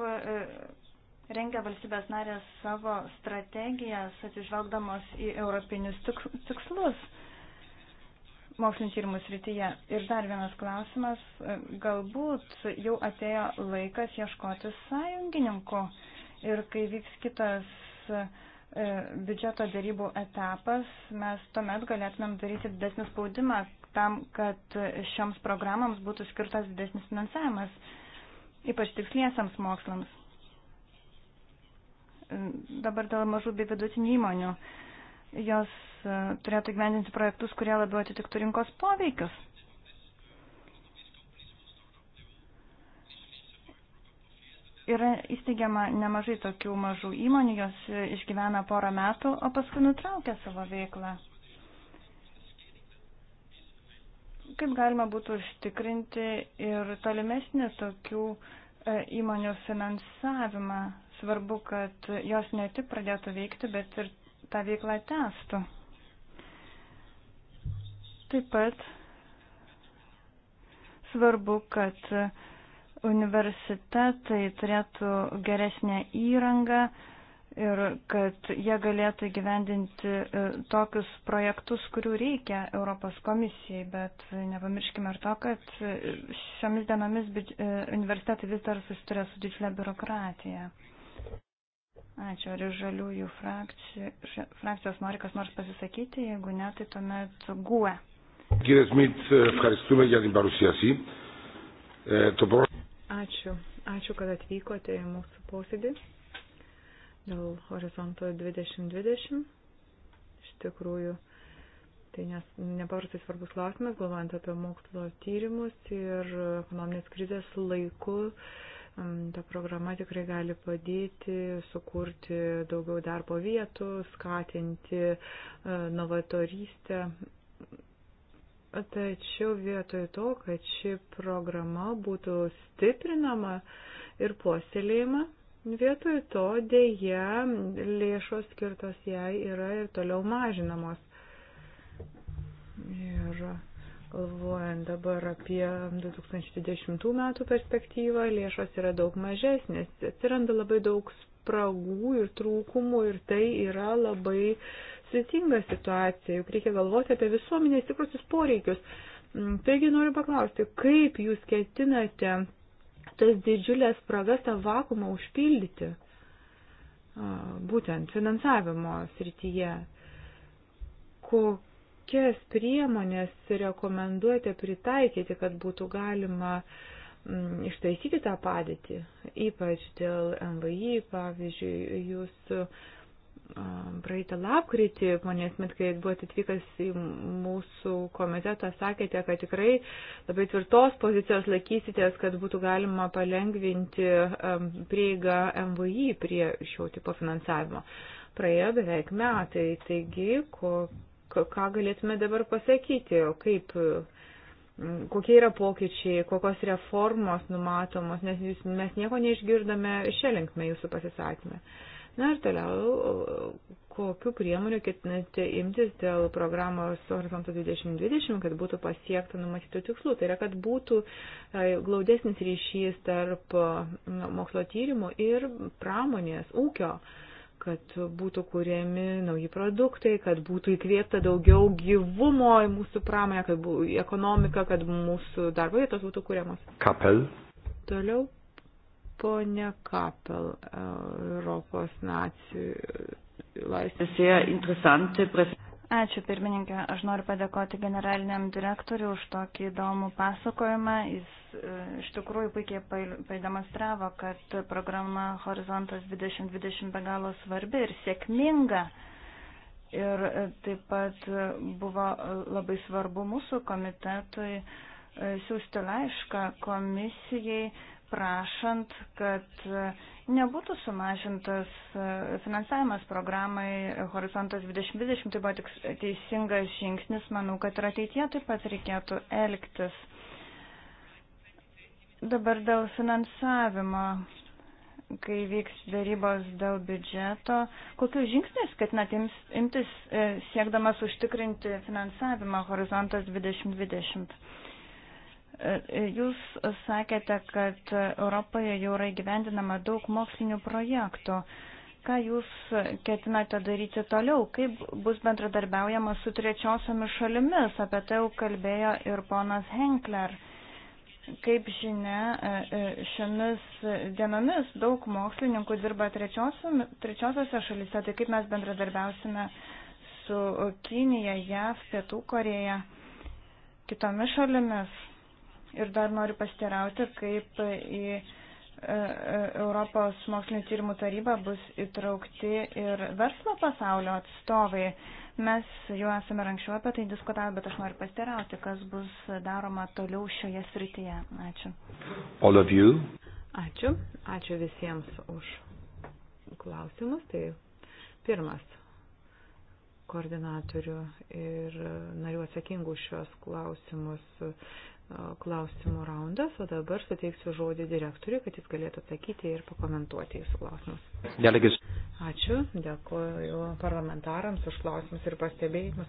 rengia valstybės narės savo strategijas atsižvelgdamos į europinius tikslus mokslinio tyrimų srityje. Ir dar vienas klausimas, e, galbūt jau atėjo laikas ieškoti sąjungininkų ir kai vyks kitas e, biudžeto darybų etapas, mes tuomet galėtumėm daryti didesnį spaudimą tam, kad šioms programams būtų skirtas didesnis finansavimas, ypač tiksliesiams mokslams. Dabar dėl mažų bei vidutinių įmonių. Jos e, turėtų gyvendinti projektus, kurie labiau atitiktų rinkos poveikius. yra įsteigiama nemažai tokių mažų įmonių, jos išgyvena porą metų, o paskui nutraukia savo veiklą. Kaip galima būtų užtikrinti ir tolimesnį tokių e, įmonių finansavimą? Svarbu, kad jos ne tik pradėtų veikti, bet ir tą veiklą testų. Taip pat svarbu, kad universitetai turėtų geresnę įrangą ir kad jie galėtų gyvendinti e, tokius projektus, kurių reikia Europos komisijai, bet nepamirškime ir to, kad e, šiomis dienomis e, universitetai vis dar susiduria su didžiulė biurokratija. Ačiū. Ar iš žaliųjų frakcijos, frakcijos nori kas nors pasisakyti? Jeigu ne, tai tuomet guė. Κύριε Σμιτ, ευχαριστούμε για την παρουσίαση. Ε, το προ... Ačiū. Ačiū, kad atvykote į mūsų posėdį dėl horizonto 2020. Iš tikrųjų, tai nepaprastai svarbus klausimas, galvojant apie mokslo tyrimus ir ekonominės krizės laiku. Uh, Ta programa tikrai gali padėti sukurti daugiau darbo vietų, skatinti e, novatorystę. Tačiau vietoj to, kad ši programa būtų stiprinama ir puoselėjama, vietoj to dėje lėšos skirtos jai yra ir toliau mažinamos. Ir Galvojant dabar apie 2010 metų perspektyvą, lėšos yra daug mažesnės, atsiranda labai daug spragų ir trūkumų ir tai yra labai sudėtinga situacija, juk reikia galvoti apie visuomenės tikrusius poreikius. Mm, taigi noriu paklausti, kaip jūs ketinate tas didžiulės spragas, tą vakumą užpildyti, būtent finansavimo srityje? Ko, kokias priemonės rekomenduojate pritaikyti, kad būtų galima m, mm, ištaisyti tą padėtį, ypač dėl MVI, pavyzdžiui, jūs praeitą lapkritį, ponės met, kai buvote atvykęs į mūsų komitetą, sakėte, kad tikrai labai tvirtos pozicijos laikysitės, kad būtų galima palengvinti prieigą MVI prie šio tipo finansavimo. Praėjo beveik metai, taigi, ko ką galėtume dabar pasakyti, kaip, kokie yra pokyčiai, kokios reformos numatomos, nes jūs, mes nieko neišgirdome šią linkmę jūsų pasisakymę. Na ir toliau, kokiu priemoniu ketinate imtis dėl programos Horizontas 2020, kad būtų pasiekta numatytų tikslų. Tai yra, kad būtų e, glaudesnis ryšys tarp mokslo tyrimų ir pramonės, ūkio. Uh, kad būtų kuriami nauji produktai, kad būtų įkvėpta daugiau gyvumo į mūsų pramonę, kad būtų ekonomika, kad mūsų darbo vietos būtų kuriamos. Kapel. Toliau ponia Kapel, Europos nacijų laisvės. Ačiū pirmininkė, aš noriu padėkoti generaliniam direktoriui už tokį įdomų pasakojimą. Jis e, iš tikrųjų puikiai pademonstravo, kad programa Horizontas 2020 be galo svarbi ir sėkminga. Ir e, taip pat e, buvo labai svarbu mūsų komitetui siūsti laišką komisijai prašant, kad nebūtų sumažintas e, finansavimas programai Horizontas 2020, tai buvo tik teisingas žingsnis, manau, kad ir ateitie taip pat reikėtų elgtis. Dabar dėl finansavimo, kai vyks darybos dėl biudžeto, kokius žingsnius, kad net imtis e, siekdamas užtikrinti finansavimą Horizontas 2020? E, jūs sakėte, kad Europoje jau yra įgyvendinama daug mokslinių projektų. Ką jūs ketinate daryti toliau? Kaip bus bendradarbiaujama su trečiosiomis šalimis? Apie tai jau kalbėjo ir ponas Henkler. Kaip žinia, e, e, šiomis dienomis daug mokslininkų dirba trečiosiose šalyse, tai kaip mes bendradarbiausime su Kinija, JAV, Pietų Koreja, kitomis šalimis? Ir dar noriu pasterauti, kaip į e, e, Europos mokslinio tyrimų taryba bus įtraukti ir verslo pasaulio atstovai. Mes jau esame anksčiau apie tai diskutavę, bet aš noriu pasterauti, kas bus daroma toliau šioje srityje. Ačiū. All of you. Ačiū. Ačiū visiems už klausimus. Tai pirmas koordinatorių ir narių atsakingų šios klausimus klausimų raundas, o dabar suteiksiu žodį direktoriui, kad jis galėtų atsakyti ir pakomentuoti jūsų klausimus. Delegis. Ačiū, dėkuoju parlamentarams už klausimus ir pastebėjimus.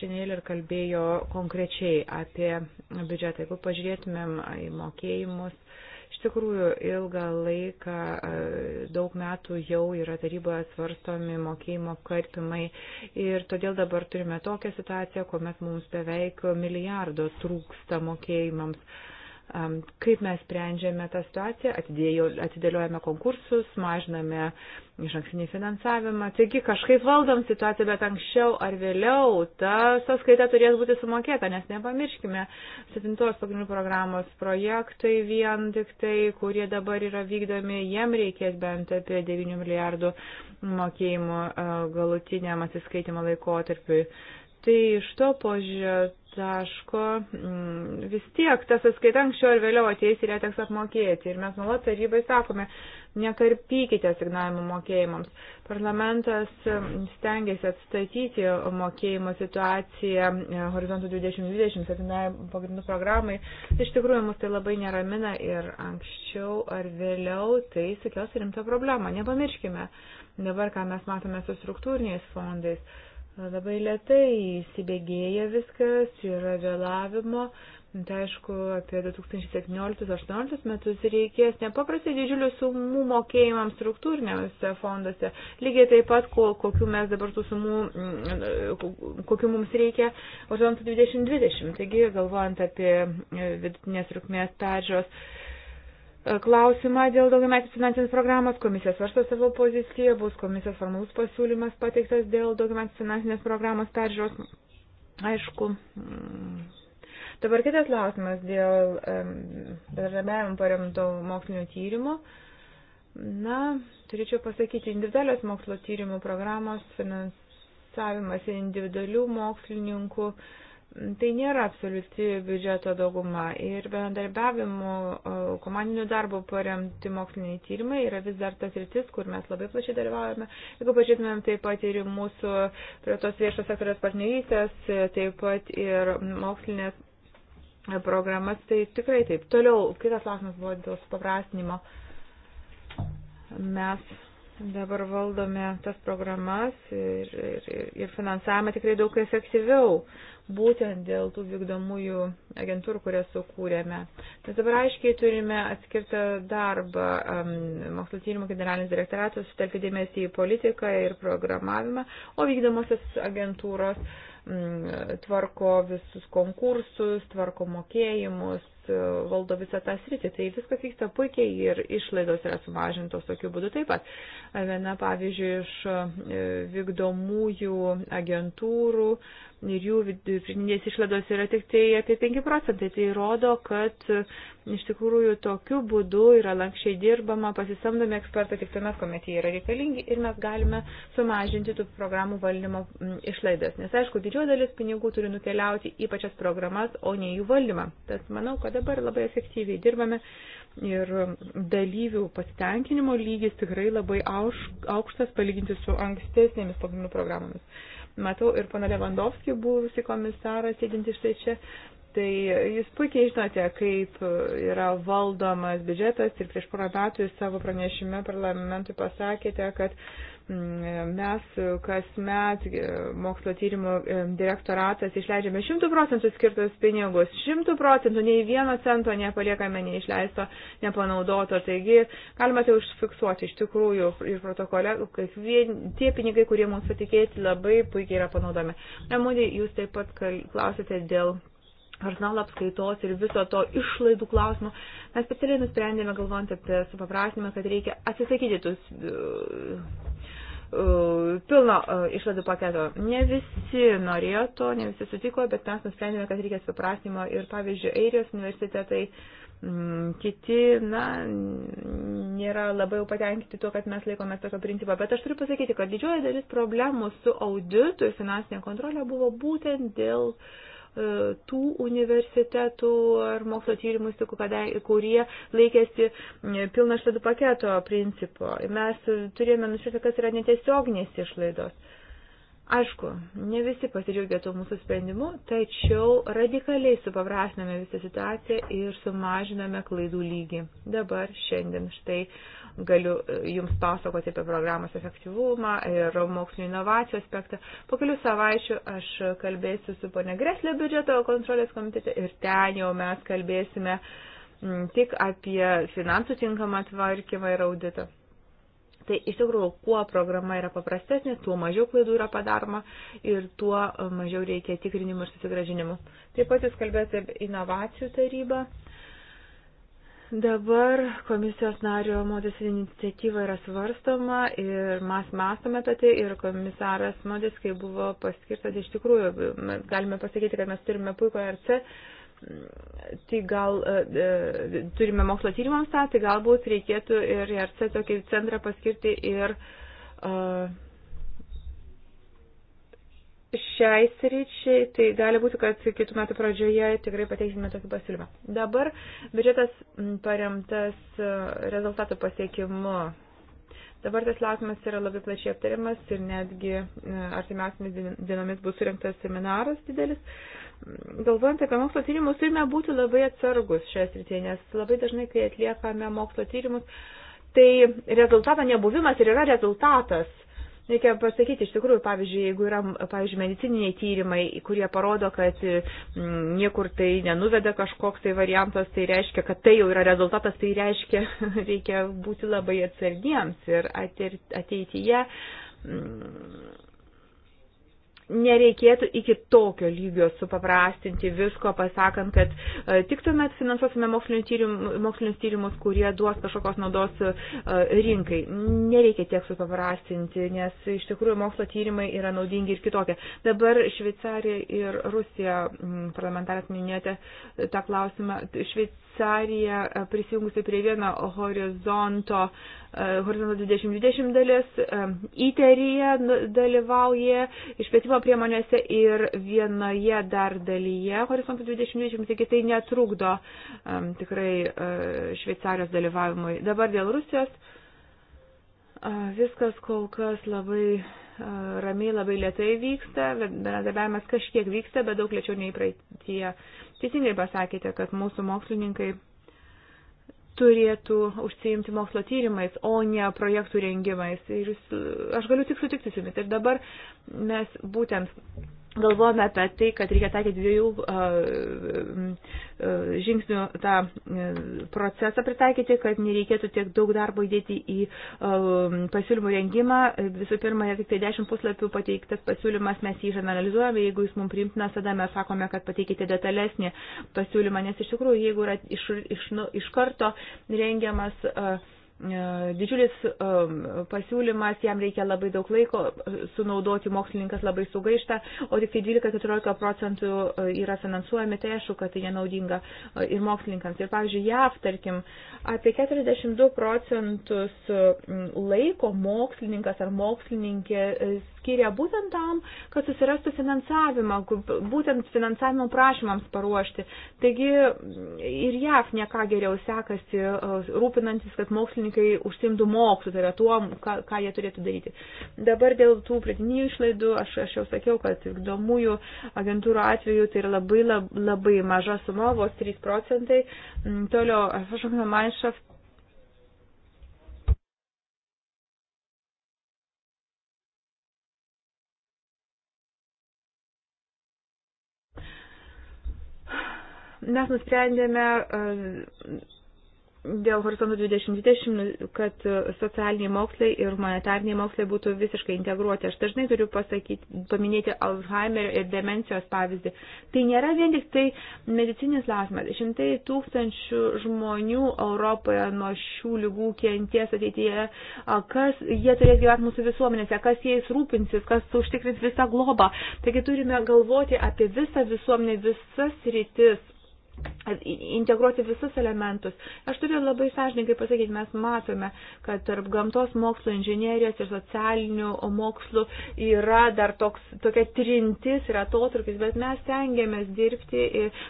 Šiandien ir kalbėjo konkrečiai apie biudžetą. Jeigu pažiūrėtumėm į mokėjimus, Iš tikrųjų, ilgą laiką, daug metų jau yra taryboje svarstomi mokėjimo karpimai ir todėl dabar turime tokią situaciją, kuomet mums beveik milijardo trūksta mokėjimams Kaip mes sprendžiame tą situaciją, atidėliojame konkursus, mažiname iš ankstinį finansavimą. Taigi kažkaip valdom situaciją, bet anksčiau ar vėliau ta sąskaita turės būti sumokėta, nes nepamirškime, septintos pagrindų programos projektai vien tik tai, kurie dabar yra vykdomi, jiem reikės bent apie 9 milijardų mokėjimų galutiniam atsiskaitimo laikotarpiui. Tai iš to požiūrio taško, mm, vis tiek tas atskaita anksčiau ar vėliau ateis ir ją teks apmokėti. Ir mes nuolat tarybai sakome, nekarpykite signavimų mokėjimams. Parlamentas mm, stengiasi atstatyti mokėjimo situaciją e, Horizontų 2020 pagrindų programai. Iš tikrųjų, mus tai labai neramina ir anksčiau ar vėliau tai sukels rimtą problemą. Nepamirškime dabar, ką mes matome su struktūriniais fondais labai lietai įsibėgėja viskas, yra vėlavimo. Tai aišku, apie 2017-2018 metus reikės nepaprastai didžiulių sumų mokėjimams struktūrinėse fonduose. Lygiai taip pat, ko, kokiu mes dabar tų sumų, mm, kokiu mums reikia horizontų 2020. Taigi, galvojant apie vidutinės trukmės peržiūros klausimą dėl daugiametės finansinės programos. Komisija svarsto savo poziciją, bus komisijos formalus pasiūlymas pateiktas dėl daugiametės finansinės programos peržiūros. Aišku. Mm, dabar kitas klausimas dėl bendradarbiavimo paremto mokslinio tyrimo. Na, turėčiau pasakyti, individualios mokslo tyrimų programos finansavimas individualių mokslininkų uh, Tai nėra absoliuti biudžeto dauguma ir bendarbiavimu, komandiniu darbu paremti moksliniai tyrimai yra vis dar tas rytis, kur mes labai plačiai dalyvaujame. Jeigu pažiūrėtumėm taip pat ir mūsų prie tos viešo sektoriaus partnerystės, taip pat ir mokslinės programas, tai tikrai taip. Toliau, kitas klausimas buvo dėl supaprastinimo. Mes dabar valdome tas programas ir, ir, ir finansavimą tikrai daug efektyviau, būtent dėl tų vykdomųjų agentūrų, kurias sukūrėme. Mes dabar aiškiai turime atskirtą darbą. Mokslo tyrimų generalinis direktoratas sutelkia dėmesį į politiką ir programavimą, o vykdomosios agentūros tvarko visus konkursus, tvarko mokėjimus E, valdo visą tą sritį. Tai viskas vyksta puikiai ir išlaidos yra sumažintos tokiu būdu taip pat. Viena, pavyzdžiui, iš e, vykdomųjų agentūrų ir jų pridinės išlaidos yra tik tai apie 5 procentai. Tai rodo, kad e, iš tikrųjų tokiu būdu yra lankščiai dirbama, pasisamdomi ekspertai tik tuomet, kuomet jie yra reikalingi ir mes galime sumažinti tų programų valdymo išlaidas. Nes aišku, didžioji dalis pinigų turi nukeliauti į pačias programas, o ne jų valdymą. Tad manau, kad dabar labai efektyviai dirbame ir dalyvių pasitenkinimo lygis tikrai labai aukštas palyginti su ankstesnėmis pagrindų programomis. Matau ir pana Levandovskį, buvusi komisarą, sėdinti štai čia. Tai jūs puikiai žinote, kaip yra valdomas biudžetas ir prieš porą metų jūs savo pranešime parlamentui pasakėte, kad uh, Mm, mes kasmet e, mokslo tyrimų e, direktoratas išleidžiame 100 procentų skirtus pinigus, 100 procentų nei vieno cento nepaliekame neišleisto, nepanaudoto. Taigi galima tai užfiksuoti iš tikrųjų ir protokole, kad vien, tie pinigai, kurie mums patikėti, labai puikiai yra panaudomi. Remūdį, jūs taip pat klausėte dėl personalo apskaitos ir viso to išlaidų klausimų. Mes specialiai nusprendėme, galvojant apie supaprastinimą, kad reikia atsisakyti tų E, pilno e, išlaidų paketo. Ne visi norėjo to, ne visi sutiko, bet mes nusprendėme, kad reikia suprastimo ir, pavyzdžiui, Airijos universitetai, kiti, na, nėra labai jau patenkinti tuo, kad mes laikomės tokio principo. Bet aš turiu pasakyti, kad didžioji dalis problemų su auditu ir finansinė kontrolė buvo būtent dėl uh, tų universitetų ar mokslo tyrimų įstaigų, kurie laikėsi pilno išlaidų paketo principo. Mes turėjome nušviesti, kas yra netiesioginės išlaidos. Aišku, ne visi pasidžiaugia tuo mūsų sprendimu, tačiau radikaliai supaprastiname visą situaciją ir sumažiname klaidų lygį. Dabar, šiandien, štai galiu e, jums pasakoti apie programos efektyvumą ir mokslinio inovacijų aspektą. Po kelių savaičių aš kalbėsiu su ponė Greslė biudžeto kontrolės komitete ir ten jau mes kalbėsime tik apie finansų tinkamą tvarkymą ir auditą. Tai iš tikrųjų, kuo programa yra paprastesnė, tuo mažiau klaidų yra padaroma ir tuo mažiau reikia tikrinimų ir susigražinimų. Taip pat jūs kalbėjote apie inovacijų tarybą. Dabar komisijos nario modės iniciatyva yra svarstoma ir mes mąstome apie tai ir komisaras modės, kai buvo paskirtas, iš tikrųjų, galime pasakyti, kad mes turime puikų e RC, tai gal e, e, turime mokslo tyrimams tą, tai galbūt reikėtų ir e RC tokį centrą paskirti ir e, šiai sričiai, tai gali būti, kad kitų metų pradžioje tikrai pateiksime tokį pasiūlymą. Dabar biudžetas paremtas e, rezultatų pasiekimu. Dabar tas klausimas yra labai plačiai aptariamas ir netgi e, artimiausiamis dienomis bus surinktas seminaras didelis. Galvojant apie mokslo tyrimus, turime būti labai atsargus šioje srityje, nes labai dažnai, kai atliekame mokslo tyrimus, tai rezultato nebuvimas ir yra rezultatas Reikia pasakyti, iš tikrųjų, pavyzdžiui, jeigu yra, pavyzdžiui, medicininiai tyrimai, kurie parodo, kad mm, niekur tai nenuveda kažkoks tai variantas, tai reiškia, kad tai jau yra rezultatas, tai reiškia, reikia būti labai atsargiems ir ateityje mm, nereikėtų iki tokio lygio supaprastinti visko, pasakant, kad e, tik tuomet finansuosime mokslinius tyrimus, kurie duos kažkokios naudos e, rinkai. Nereikia tiek supaprastinti, nes iš tikrųjų mokslo tyrimai yra naudingi ir kitokie. Dabar Šveicarija ir Rusija, parlamentaras minėjote tą klausimą, Šveic Šveicarija e, prisijungusi prie vieno horizonto, e, horizonto 2020 dalis, įterija e, nu, dalyvauja išplėtimo priemonėse ir vienoje dar dalyje horizonto 2020, taigi tai netrukdo tikrai Šveicarijos dalyvavimui. Dabar dėl Rusijos viskas kol kas labai ramiai, labai lietai vyksta, bendradarbiavimas kažkiek vyksta, bet daug lėčiau nei praeitie teisingai pasakėte, kad mūsų mokslininkai turėtų užsiimti mokslo tyrimais, o ne projektų rengimais. Ir aš galiu tik sutikti su jumis. Ir dabar mes būtent galvojame apie tai, kad reikia taikyti dviejų uh, uh, žingsnių tą uh, procesą pritaikyti, kad nereikėtų tiek daug darbo įdėti į uh, pasiūlymų rengimą. Visų pirma, tik tai 10 puslapių pateiktas pasiūlymas, mes jį išanalizuojame, jeigu jis mums priimtinas, tada mes sakome, kad pateikite detalesnį pasiūlymą, nes iš tikrųjų, jeigu yra iš, iš, nu, iš karto rengiamas uh, E, didžiulis e, pasiūlymas, jam reikia labai daug laiko sunaudoti, mokslininkas labai sugaišta, o tik tai 12-14 procentų e, yra finansuojami, tai aišku, kad tai nenaudinga ir mokslininkams. Ir, pavyzdžiui, JAV, tarkim, apie 42 procentus laiko mokslininkas ar mokslininkė skiria būtent tam, kad susirastų finansavimą, būtent finansavimo prašymams paruošti. Taigi ir JAF nieką geriau sekasi e, rūpinantis, kad mokslininkai užsimtų mokslu, tai yra tuo, ką, ką jie turėtų daryti. Dabar dėl tų pridinių išlaidų, aš, aš jau sakiau, kad vykdomųjų agentūrų atveju tai yra labai, labai, labai maža suma, vos 3 procentai. Mm, toliau, aš manau, Manšaft Mes nusprendėme e, dėl horizontų 2020, kad socialiniai mokslai ir humanitariniai mokslai būtų visiškai integruoti. Aš dažnai turiu pasakyti, paminėti Alzheimerio ir demencijos pavyzdį. Tai nėra vien tik tai medicinis lasmas. Šimtai tūkstančių žmonių Europoje nuo šių lygų kenties ateityje. Kas jie turės gyventi mūsų visuomenėse, kas jais rūpinsis, kas užtikrins visą globą. Taigi turime galvoti apie visą visuomenę, visas rytis integruoti visus elementus. Aš turiu labai sąžininkai pasakyti, mes matome, kad tarp gamtos mokslo, inžinierijos ir socialinių mokslų yra dar toks, tokia trintis ir atotrukis, bet mes tengiamės dirbti.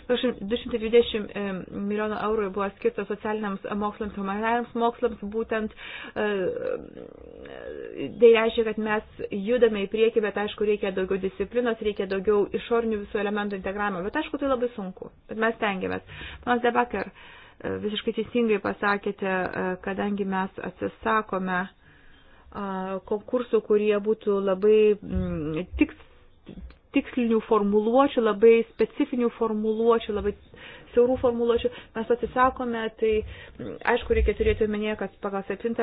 220 e, milijonų eurų buvo skirta socialiniams mokslams, humanitariams mokslams, būtent e, tai reiškia, kad mes judame į priekį, bet aišku, reikia daugiau disciplinos, reikia daugiau išorinių visų elementų integravimo, bet aišku, tai labai sunku, bet mes tengiamės stengiamės. Panas Debakar, e, visiškai teisingai pasakėte, e, kadangi mes atsisakome e, konkursų, kurie būtų labai mm, tiks, tikslinių formuluočių, labai specifinių formuluočių, labai siaurų formuluočių mes atsisakome, tai aišku, reikia turėti omenyje, kad pagal 7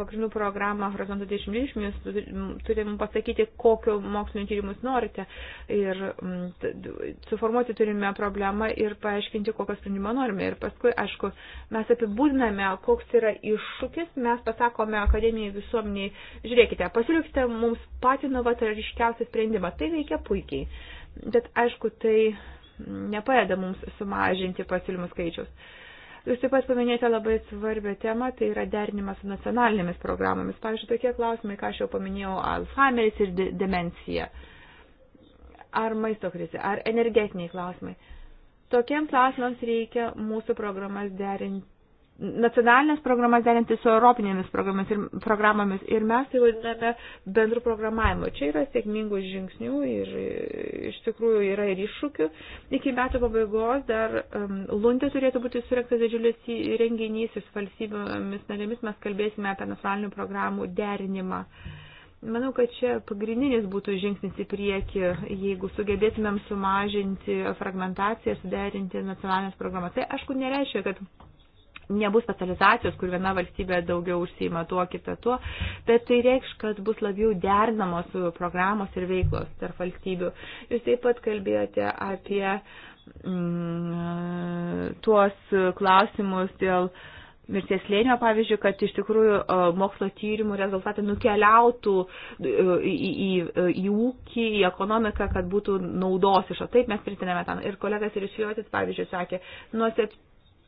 pagrindų programą Horizontų 2020 jūs turime pasakyti, kokio mokslinio tyrimus norite ir suformuoti turime problemą ir paaiškinti, kokio sprendimo norime. Ir paskui, aišku, mes apibūdiname, koks yra iššūkis, mes pasakome akademijai visuomeniai, žiūrėkite, pasiūlykite mums patį novatoriškiausią sprendimą. Tai veikia puikiai. Bet aišku, tai nepadeda mums sumažinti pasiūlymų skaičiaus. Jūs taip pat paminėjote labai svarbią temą, tai yra derinimas su nacionalinėmis programomis. Pavyzdžiui, tokie klausimai, ką aš jau paminėjau, Alzheimeris ir de demencija. Ar maisto krizė, ar energetiniai klausimai. Tokiems klausimams reikia mūsų programas derinti nacionalinės programas derinti su europinėmis programomis ir, programomis ir mes tai vadiname bendrų programavimo. Čia yra sėkmingų žingsnių ir iš tikrųjų yra ir iššūkių. Iki metų pabaigos dar um, Lundė turėtų būti surinktas didžiulis renginys ir su valstybėmis narėmis mes kalbėsime apie nacionalinių programų derinimą. Manau, kad čia pagrindinis būtų žingsnis į priekį, jeigu sugebėtumėm sumažinti fragmentaciją, suderinti nacionalinės programas. Tai aišku nereiškia, kad nebus specializacijos, kur viena valstybė daugiau užsima tuo, kita tuo, bet tai reikš, kad bus labiau derinamos programos ir veiklos tarp valstybių. Jūs taip pat kalbėjote apie mm, tuos klausimus dėl mirties slėnio, pavyzdžiui, kad iš tikrųjų mokslo tyrimų rezultatai nukeliautų į, į, į ūkį, į ekonomiką, kad būtų naudos iš to. Taip mes pritinėme tam. Ir kolegas ir išjuotis, pavyzdžiui, sakė, nuo 7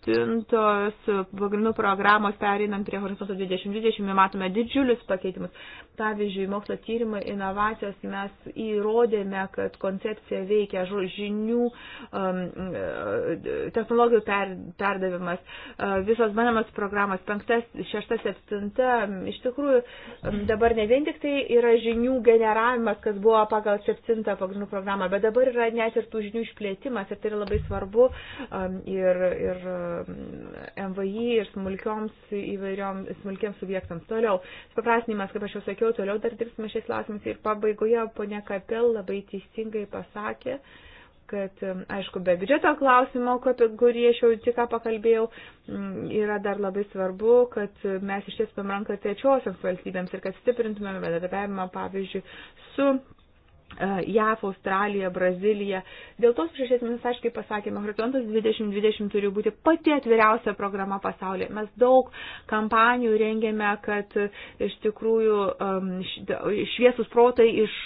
septintos pagrindų programos pereinant prie horizonto 2020 matome didžiulius pakeitimus. Pavyzdžiui, mokslo tyrimai, inovacijos mes įrodėme, kad koncepcija veikia žinių um, e, technologijų per, perdavimas. E, visos manamas programos penktas, šeštas, septinta. Iš tikrųjų, um, dabar ne vien tik tai yra žinių generavimas, kas buvo pagal septintą pagrindų programą, bet dabar yra net ir tų žinių išplėtimas ir tai yra labai svarbu. Um, ir, ir MVI ir smulkioms įvairiom, smulkiems subjektams. Toliau, suprasnimas, kaip aš jau sakiau, toliau dar dirbsime šiais klausimais ir pabaigoje ponia Kapel labai teisingai pasakė, kad, um, aišku, be biudžeto klausimo, kurį aš jau tik ką pakalbėjau, mm, yra dar labai svarbu, kad mes ištiespėm ranką trečiosiams valstybėms ir kad stiprintumėm bendradarbiavimą, pavyzdžiui, su E, JAF, Australija, Brazilija. Dėl tos priežasties mes aiškiai pasakėme, Horizontas 2020 turi būti pati atviriausia programa pasaulyje. Mes daug kampanijų rengėme, kad iš tikrųjų šviesus protai iš,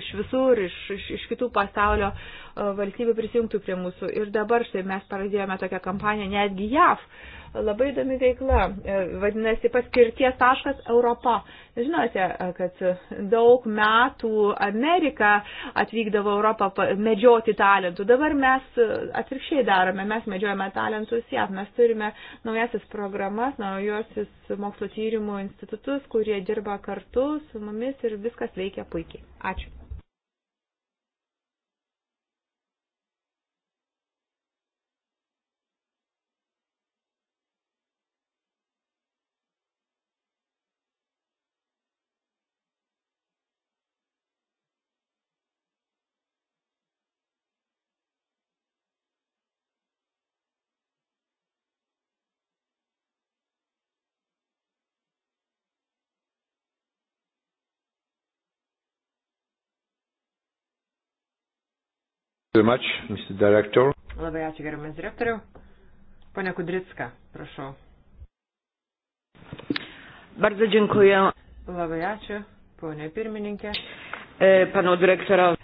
iš visur, iš, iš, iš kitų pasaulio e, valstybių prisijungtų prie mūsų. Ir dabar štai mes pradėjome tokią kampaniją netgi JAF Labai įdomi veikla. E, vadinasi, paskirties taškas Europa. Žinote, e, kad daug metų Amerika atvykdavo Europą medžioti talentų. Dabar mes e, atvirkščiai darome. Mes medžiojame talentus jav. Mes turime naujasis programas, naujosius mokslo tyrimų institutus, kurie dirba kartu su mumis ir viskas veikia puikiai. Ačiū. Much, Labai ačiū gerbiamas direktoriau. Pane Kudricka, prašau. Bardzo dziękuję. Labai ačiū, ponė pirmininkė. E, Pano direktorau.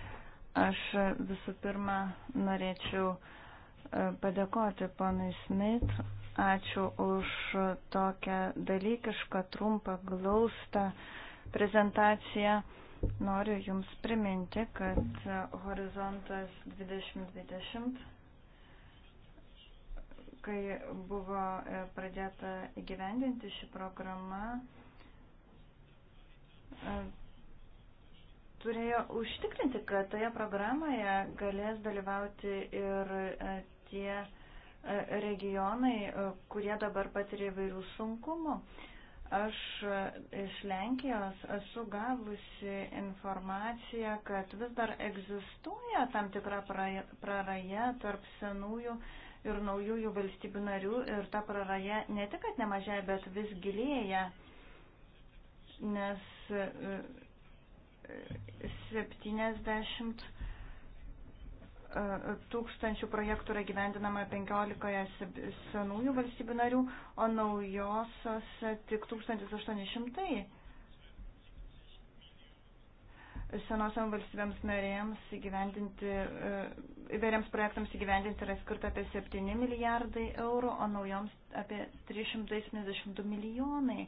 Aš visų pirma norėčiau e, padėkoti ponui Smith. Ačiū už tokią dalykišką, trumpą, glaustą prezentaciją. Noriu Jums priminti, kad horizontas 2020, kai buvo e, pradėta įgyvendinti šį programą, e, turėjo užtikrinti, kad toje programoje galės dalyvauti ir e, tie regionai, kurie dabar patiria įvairių sunkumų. Aš iš Lenkijos esu gavusi informaciją, kad vis dar egzistuoja tam tikra praraja tarp senųjų ir naujųjų valstybių narių ir ta praraja ne tik, kad nemažėja, bet vis gilėja, nes 70 e, e, tūkstančių projektų yra gyvendinama 15 senųjų valstybių narių, o naujosios tik 1800. Senosiam valstybėms narėms įgyvendinti, e, įvairiams projektams įgyvendinti yra skirta apie 7 milijardai eurų, o naujoms apie 372 milijonai.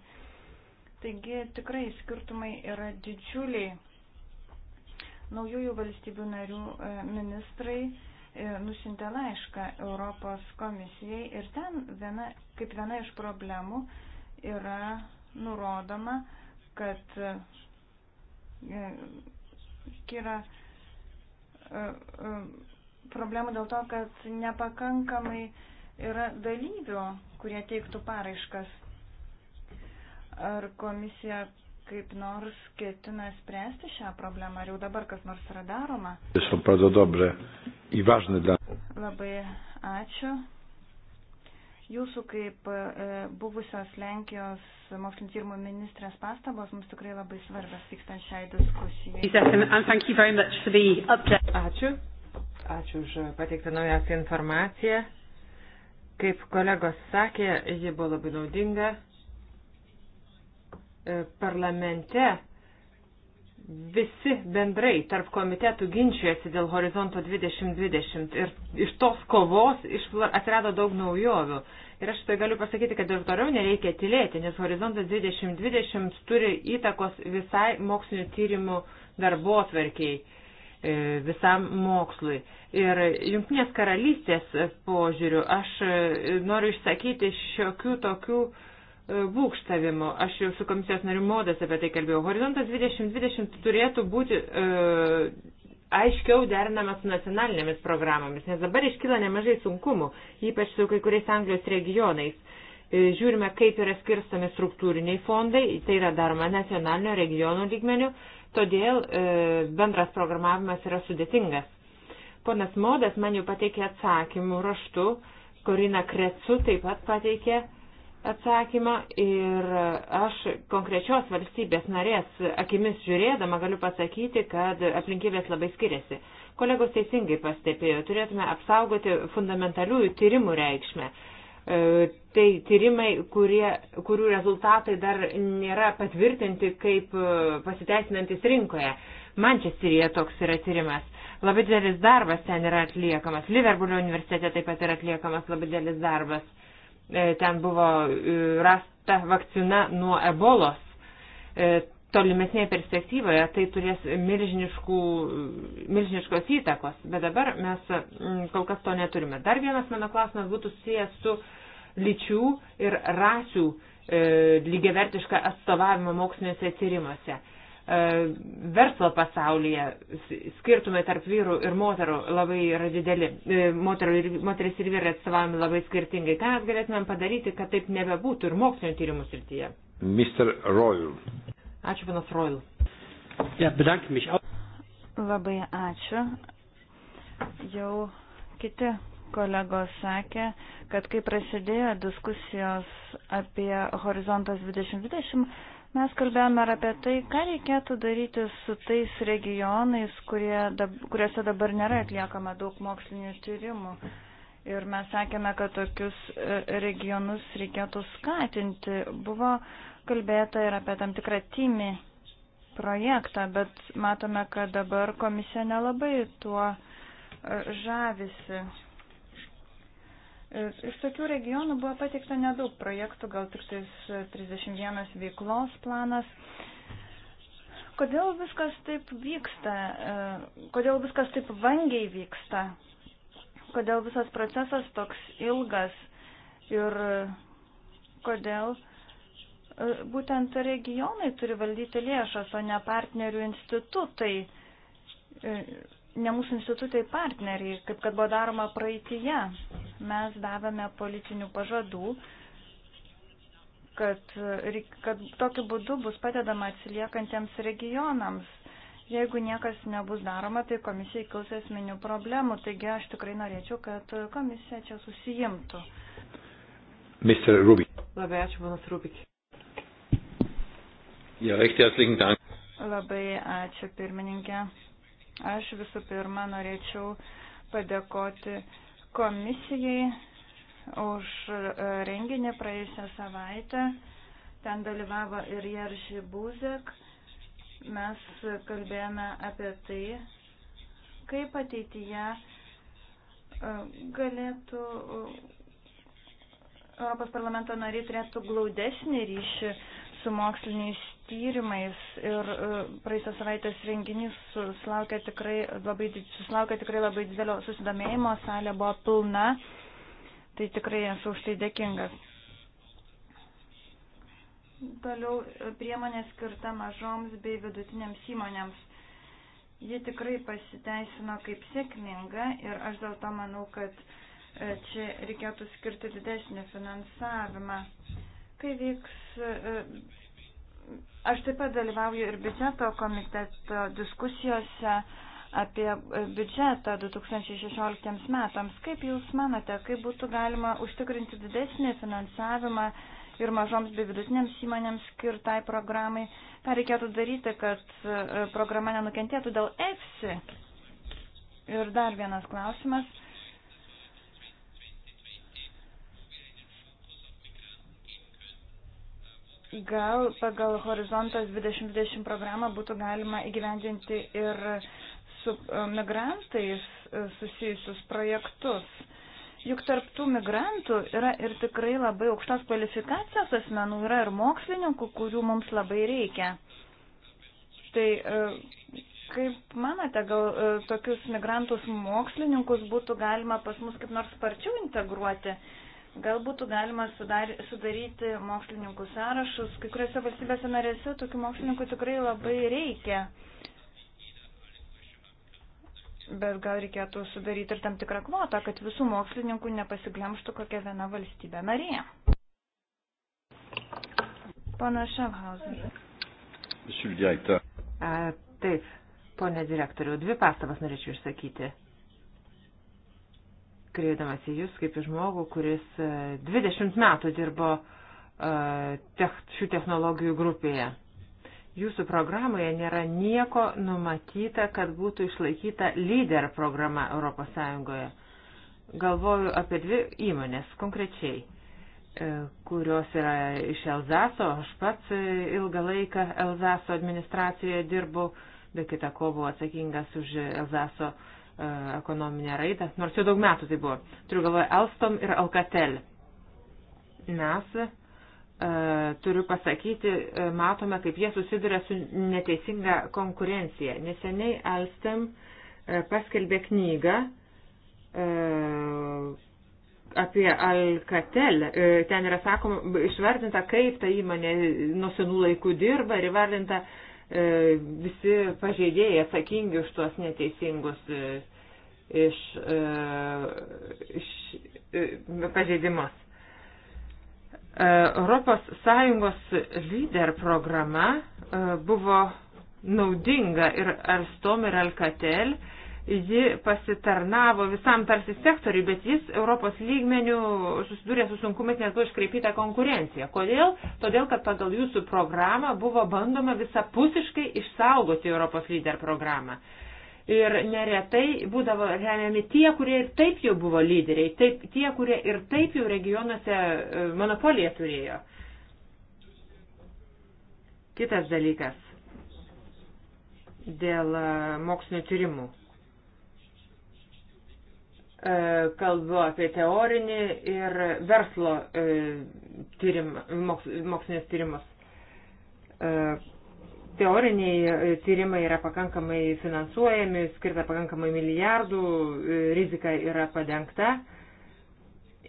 Taigi tikrai skirtumai yra didžiuliai naujųjų valstybių narių e, ministrai e, nusintė laišką Europos komisijai ir ten viena, kaip viena iš problemų yra nurodoma, kad e, yra problemų dėl to, kad nepakankamai yra dalyvių, kurie teiktų paraiškas. Ar komisija kaip nors ketina spręsti šią problemą, ar jau dabar kas nors yra daroma? Labai ačiū. Jūsų kaip e, buvusios Lenkijos mokslinio tyrimų ministrės pastabos mums tikrai labai svarbios vykstant šiai diskusijai. Ačiū. Ačiū už pateiktą naujausią informaciją. Kaip kolegos sakė, ji buvo labai naudinga. E, parlamente visi bendrai tarp komitetų ginčijasi dėl horizonto 2020 ir iš tos kovos iš, atsirado daug naujovių. Ir aš tai galiu pasakyti, kad ir toliau nereikia tylėti, nes horizontas 2020 turi įtakos visai mokslinio tyrimų darbo atverkiai e, visam mokslui. Ir jungtinės karalystės požiūriu aš e, noriu išsakyti šiokių tokių uh, E, būkštavimo. Aš jau su komisijos nariu modas apie tai kalbėjau. Horizontas 2020 turėtų būti e, aiškiau derinamas su nacionalinėmis programomis, nes dabar iškyla nemažai sunkumų, ypač su kai kuriais Anglijos regionais. E, žiūrime, kaip yra skirstami struktūriniai fondai, tai yra daroma nacionalinio regionų lygmenių, todėl e, bendras programavimas yra sudėtingas. Ponas Modas man jau pateikė atsakymų raštu, Korina Krecu taip pat pateikė atsakymą ir aš konkrečios valstybės narės akimis žiūrėdama galiu pasakyti, kad aplinkybės labai skiriasi. Kolegos teisingai pastebėjo, turėtume apsaugoti fundamentaliųjų tyrimų reikšmę. E, tai tyrimai, kurie, kurių rezultatai dar nėra patvirtinti kaip e, pasiteisinantis rinkoje. Mančesteryje toks yra tyrimas. Labai didelis darbas ten yra atliekamas. Liverpoolio universitete taip pat yra atliekamas labai didelis darbas E, ten buvo e, rasta vakcina nuo ebolos. E, tolimesnėje perspektyvoje tai turės milžiniškos įtakos, bet dabar mes kol kas to neturime. Dar vienas mano klausimas būtų susijęs su lyčių ir rasių lygiavertišką atstovavimą moksliniuose tyrimuose E, verslo pasaulyje skirtumai tarp vyrų ir moterų labai yra dideli. E, ir, moteris ir vyrai atstovavami labai skirtingai. Ką mes galėtumėm padaryti, kad taip nebebūtų ir mokslinio tyrimų srityje? Mr. Royal. Ačiū, panas Royal. Ja, labai ačiū. Jau kiti kolegos sakė, kad kai prasidėjo diskusijos apie Horizontas 2020, Mes kalbėjome ir apie tai, ką reikėtų daryti su tais regionais, kurie, dab, kuriuose dabar nėra atliekama daug mokslinių tyrimų. Ir mes sakėme, kad tokius e, regionus reikėtų skatinti. Buvo kalbėta ir apie tam tikrą timį projektą, bet matome, kad dabar komisija nelabai tuo e, žavisi. Iš tokių regionų buvo pateikta nedaug projektų, gal tik 31 veiklos planas. Kodėl viskas taip vyksta? E, kodėl viskas taip vangiai vyksta? Kodėl visas procesas toks ilgas? Ir kodėl e, būtent regionai turi valdyti lėšas, o ne partnerių institutai? E, ne mūsų institutai partneriai, kaip kad buvo daroma praeitie. Mes davėme politinių pažadų, kad, kad tokiu būdu bus padedama atsiliekantiems regionams. Jeigu niekas nebus daroma, tai komisijai kils esminių problemų. Taigi aš tikrai norėčiau, kad komisija čia susijimtų. Mr. Rubik. Labai ačiū, manas Rubik. Ja, recht herzlichen Dank. Labai ačiū, pirmininkė. Aš visų pirma norėčiau padėkoti komisijai už e, renginį praėjusią savaitę. Ten dalyvavo ir Jerži Buzek. Mes kalbėjome apie tai, kaip ateityje e, galėtų e, Europos parlamento nariai turėtų glaudesnį ryšį su moksliniais tyrimais ir e, praeisą savaitės renginys susilaukė tikrai labai, susilaukė tikrai labai didelio susidomėjimo, salė buvo pilna, tai tikrai esu už tai dėkingas. Toliau e, priemonė skirta mažoms bei vidutinėms įmonėms. Ji tikrai pasiteisino kaip sėkminga ir aš dėl to manau, kad e, čia reikėtų skirti didesnį finansavimą. Kai vyks Aš taip pat dalyvauju ir biudžeto komiteto diskusijose apie biudžetą 2016 metams. Kaip Jūs manote, kaip būtų galima užtikrinti didesnį finansavimą ir mažoms bei vidutinėms įmonėms skirtai programai? Ką reikėtų daryti, kad e, programa nenukentėtų dėl EFSI? Ir dar vienas klausimas Gal pagal Horizontas 2020 programą būtų galima įgyvendinti ir su e, migrantais e, susijusius projektus. Juk tarptų migrantų yra ir tikrai labai aukštos kvalifikacijos asmenų, yra ir mokslininkų, kurių mums labai reikia. Tai e, kaip manote, gal tokius migrantus mokslininkus būtų galima pas mus kaip nors sparčiau integruoti? Gal būtų galima sudaryti mokslininkų sąrašus. Kai kuriuose valstybėse narėse tokių mokslininkų tikrai labai reikia. Bet gal reikėtų sudaryti ir tam tikrą kvotą, kad visų mokslininkų nepasiglemštų kokia viena valstybė narė. Pana Ševhauser. Taip, ponė direktoriu, dvi pastabas norėčiau išsakyti kreidamas į Jūs kaip į žmogų, kuris 20 e, metų dirbo e, šių technologijų grupėje. Jūsų programoje nėra nieko numatyta, kad būtų išlaikyta lyder programa ES. Galvoju apie dvi įmonės konkrečiai, e, kurios yra iš Elzaso. Aš pats ilgą laiką Elzaso administracijoje dirbau, be kita ko buvau atsakingas už Elzaso uh, E, ekonominę raidą, nors jau daug metų tai buvo. Turiu galvoje Elstom ir Alcatel. Mes, e, turiu pasakyti, e, matome, kaip jie susiduria su neteisinga konkurencija. Neseniai Elstom paskelbė knygą apie Alcatel. Ten yra sakoma, išvardinta, kaip ta įmonė nuo senų laikų dirba ir įvardinta, E, visi pažeidėjai atsakingi už tuos neteisingus e, iš, e, iš, pažeidimus. Europos Sąjungos lyder programa buvo naudinga ir Alstom ir Alcatel ji pasitarnavo visam tarsi sektoriui, bet jis Europos lygmenių susidūrė su sunkumais, nes buvo iškreipyta konkurencija. Kodėl? Todėl, kad pagal jūsų programą buvo bandoma visapusiškai išsaugoti Europos lyder programą. Ir neretai būdavo remiami tie, kurie ir taip jau buvo lyderiai, taip, tie, kurie ir taip jau regionuose e, monopoliją turėjo. Kitas dalykas dėl e, mokslinių tyrimų E, kalbu apie teorinį ir verslo e, tyrim, moks, mokslinius tyrimus. E, teoriniai tyrimai yra pakankamai finansuojami, skirta pakankamai milijardų, rizika yra padengta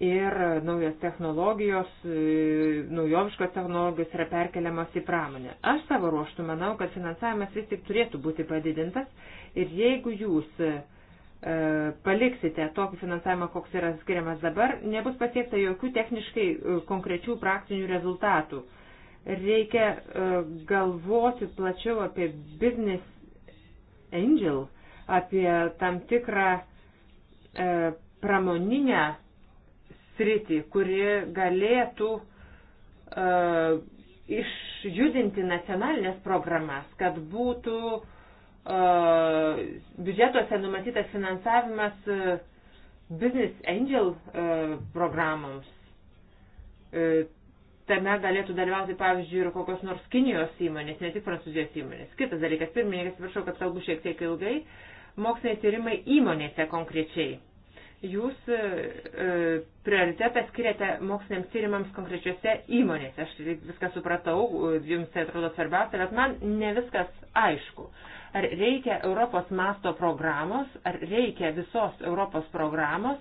ir naujos technologijos, naujoviškos technologijos yra perkeliamos į pramonę. Aš savo ruoštų manau, kad finansavimas vis tik turėtų būti padidintas ir jeigu jūs uh, E, paliksite tokį finansavimą, koks yra skiriamas dabar, nebus pasiekta jokių techniškai e, konkrečių praktinių rezultatų. Reikia e, galvoti plačiau apie business angel, apie tam tikrą pramoninę sritį, kuri galėtų išjudinti nacionalinės programas, kad būtų uh, biudžetuose numatytas finansavimas Business Angel programoms. Tame galėtų dalyvauti, pavyzdžiui, ir kokios nors Kinijos įmonės, ne tik Prancūzijos įmonės. Kitas dalykas, pirmininkas, prašau, kad kalbu šiek tiek ilgai, moksliniai tyrimai įmonėse konkrečiai. Jūs e, e, prioritetą skiriate moksliniams tyrimams konkrečiose įmonėse. Aš viską supratau, jums tai atrodo svarbiausia, bet man ne viskas aišku. Uh, Ar reikia Europos masto programos, ar reikia visos Europos programos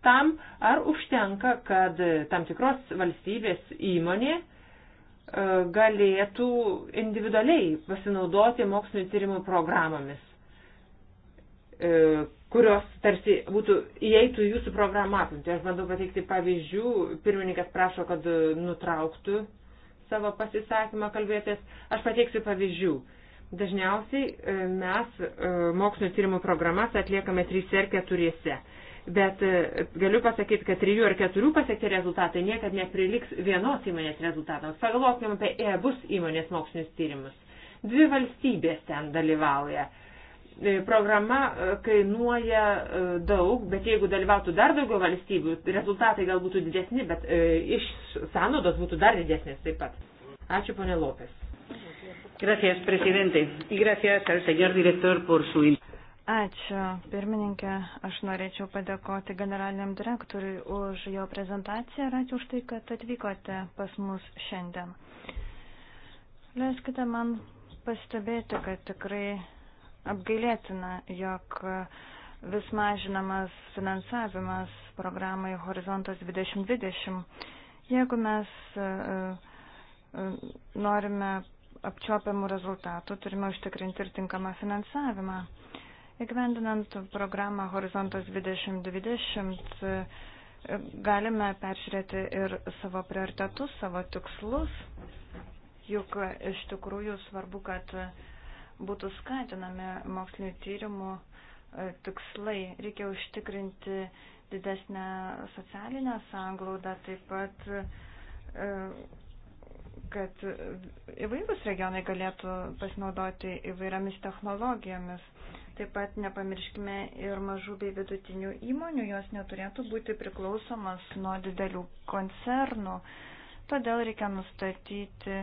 tam, ar užtenka, kad tam tikros valstybės įmonė e, galėtų individualiai pasinaudoti mokslinio tyrimų programomis, e, kurios tarsi būtų, įeitų į jūsų programą apimti. Aš bandau pateikti pavyzdžių, pirmininkas prašo, kad nutrauktų savo pasisakymą kalbėtės. Aš pateiksiu pavyzdžių. Dažniausiai e, mes e, mokslinio tyrimų programas atliekame 3 ar 4. Bet e, galiu pasakyti, kad 3 ar 4 pasiekti rezultatai niekad nepriliks vienos įmonės rezultatams. Pagalvokime apie EBUS įmonės mokslinius tyrimus. Dvi valstybės ten dalyvauja. Programa kainuoja daug, bet jeigu dalyvautų dar daugiau valstybių, rezultatai gal būtų didesni, bet iš sąnaudos būtų dar didesnės taip pat. Ačiū, ponė Lopės. Gracias, presidente. Y gracias al señor director por su. Ačiū, pirmininkė. Aš norėčiau padėkoti generaliniam direktoriui už jo prezentaciją ir ačiū už tai, kad atvykote pas mus šiandien. Leiskite man pastebėti, kad tikrai apgailėtina, jog vis mažinamas finansavimas programai Horizontas 2020. Jeigu mes e, e, norime apčiopiamų rezultatų turime užtikrinti ir tinkamą finansavimą. Įgyvendinant programą Horizontas 2020 e, galime peržiūrėti ir savo prioritetus, savo tikslus, juk iš tikrųjų svarbu, kad būtų skatinami mokslinio tyrimų e, tikslai. Reikia užtikrinti didesnę socialinę sąnglaudą, taip pat e, kad įvairūs regionai galėtų pasinaudoti įvairiamis technologijomis. Taip pat nepamirškime ir mažų bei vidutinių įmonių, jos neturėtų būti priklausomas nuo didelių koncernų. Todėl reikia nustatyti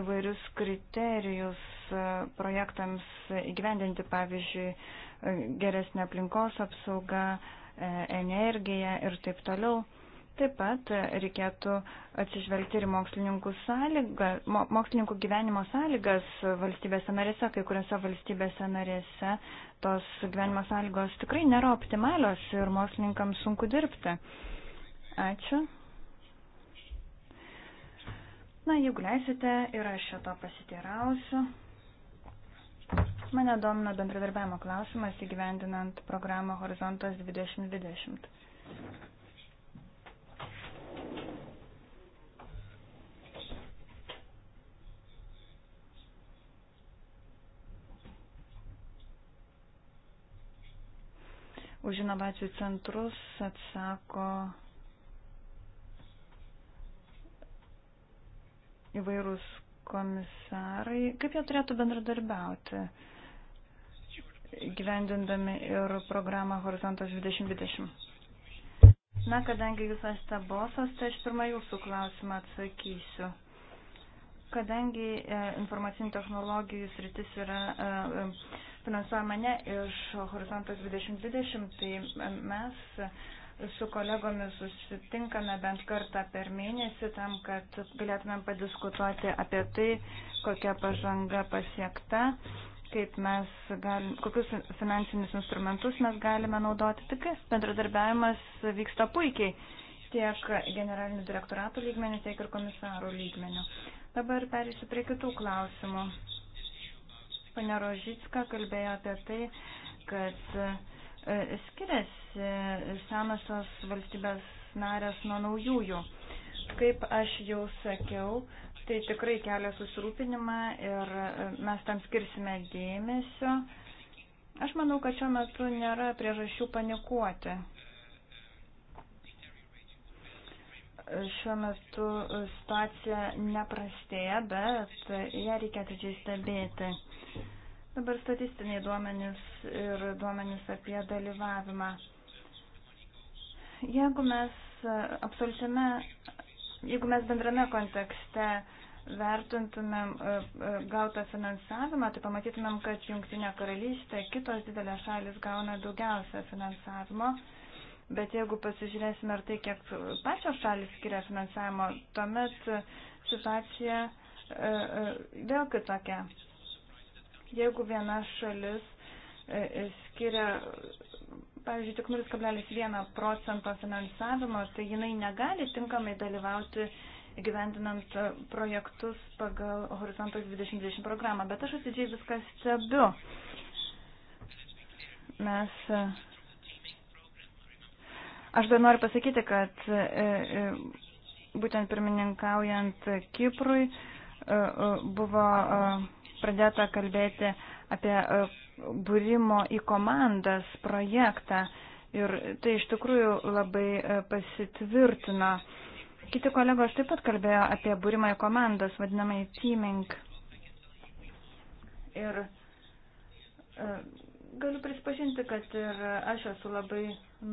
įvairius kriterijus e, projektams įgyvendinti, pavyzdžiui, e, geresnė aplinkos apsauga, e, energija ir taip toliau. Taip pat reikėtų atsižvelgti ir mokslininkų, sąlyga, mokslininkų gyvenimo sąlygas valstybėse narėse, kai kuriuose valstybėse narėse tos gyvenimo sąlygos tikrai nėra optimalios ir mokslininkams sunku dirbti. Ačiū. Na, jeigu leisite, ir aš šito pasiteirausiu. Mane domina bendradarbiavimo klausimas įgyvendinant programą Horizontas 2020. už inovacijų centrus atsako įvairūs komisarai. Kaip jie turėtų bendradarbiauti, gyvendindami ir programą Horizontas 2020? Na, kadangi jūs esate bosas, tai aš pirmą jūsų klausimą atsakysiu. Kadangi e, informacinių technologijų sritis yra e, e, finansuojama ne iš Horizontas 2020, tai mes su kolegomis susitinkame bent kartą per mėnesį tam, kad galėtumėm padiskutuoti apie tai, kokia pažanga pasiekta, kaip mes galim, kokius finansinius instrumentus mes galime naudoti. Tikrai bendradarbiavimas vyksta puikiai tiek generalinių direktoratų lygmenių, tiek ir komisarų lygmenių. Dabar perėsiu prie kitų klausimų. Pane Rožicka kalbėjo apie tai, kad e, skiriasi senosios valstybės narės nuo naujųjų. Kaip aš jau sakiau, tai tikrai kelia susirūpinimą ir e, mes tam skirsime dėmesio. Aš manau, kad šiuo metu nėra priežasčių panikuoti. Šiuo metu situacija neprastėja, bet ją reikia atidžiai stebėti. Dabar statistiniai duomenys ir duomenys apie dalyvavimą. Jeigu mes e, absoliučiame, jeigu mes bendrame kontekste vertintumėm e, e, gautą finansavimą, tai pamatytumėm, kad Junktinė karalystė, kitos didelės šalis gauna daugiausia finansavimo. Bet jeigu pasižiūrėsime ir tai, kiek pačios šalis skiria finansavimo, tuomet situacija vėl kitokia. Jeigu viena šalis e, e, skiria, pavyzdžiui, tik 0,1 procento finansavimo, tai jinai negali tinkamai dalyvauti gyvendinant e, projektus pagal Horizontas 2020 programą, bet aš atidžiai viską stebiu. Mes Aš dar noriu pasakyti, kad būtent pirmininkaujant Kiprui buvo pradėta kalbėti apie e, būrimo į komandas projektą ir tai iš tikrųjų labai e, pasitvirtino. Kiti kolegos taip pat kalbėjo apie būrimą į komandas, vadinamai teaming. Ir e, galiu prisipažinti, kad ir aš esu labai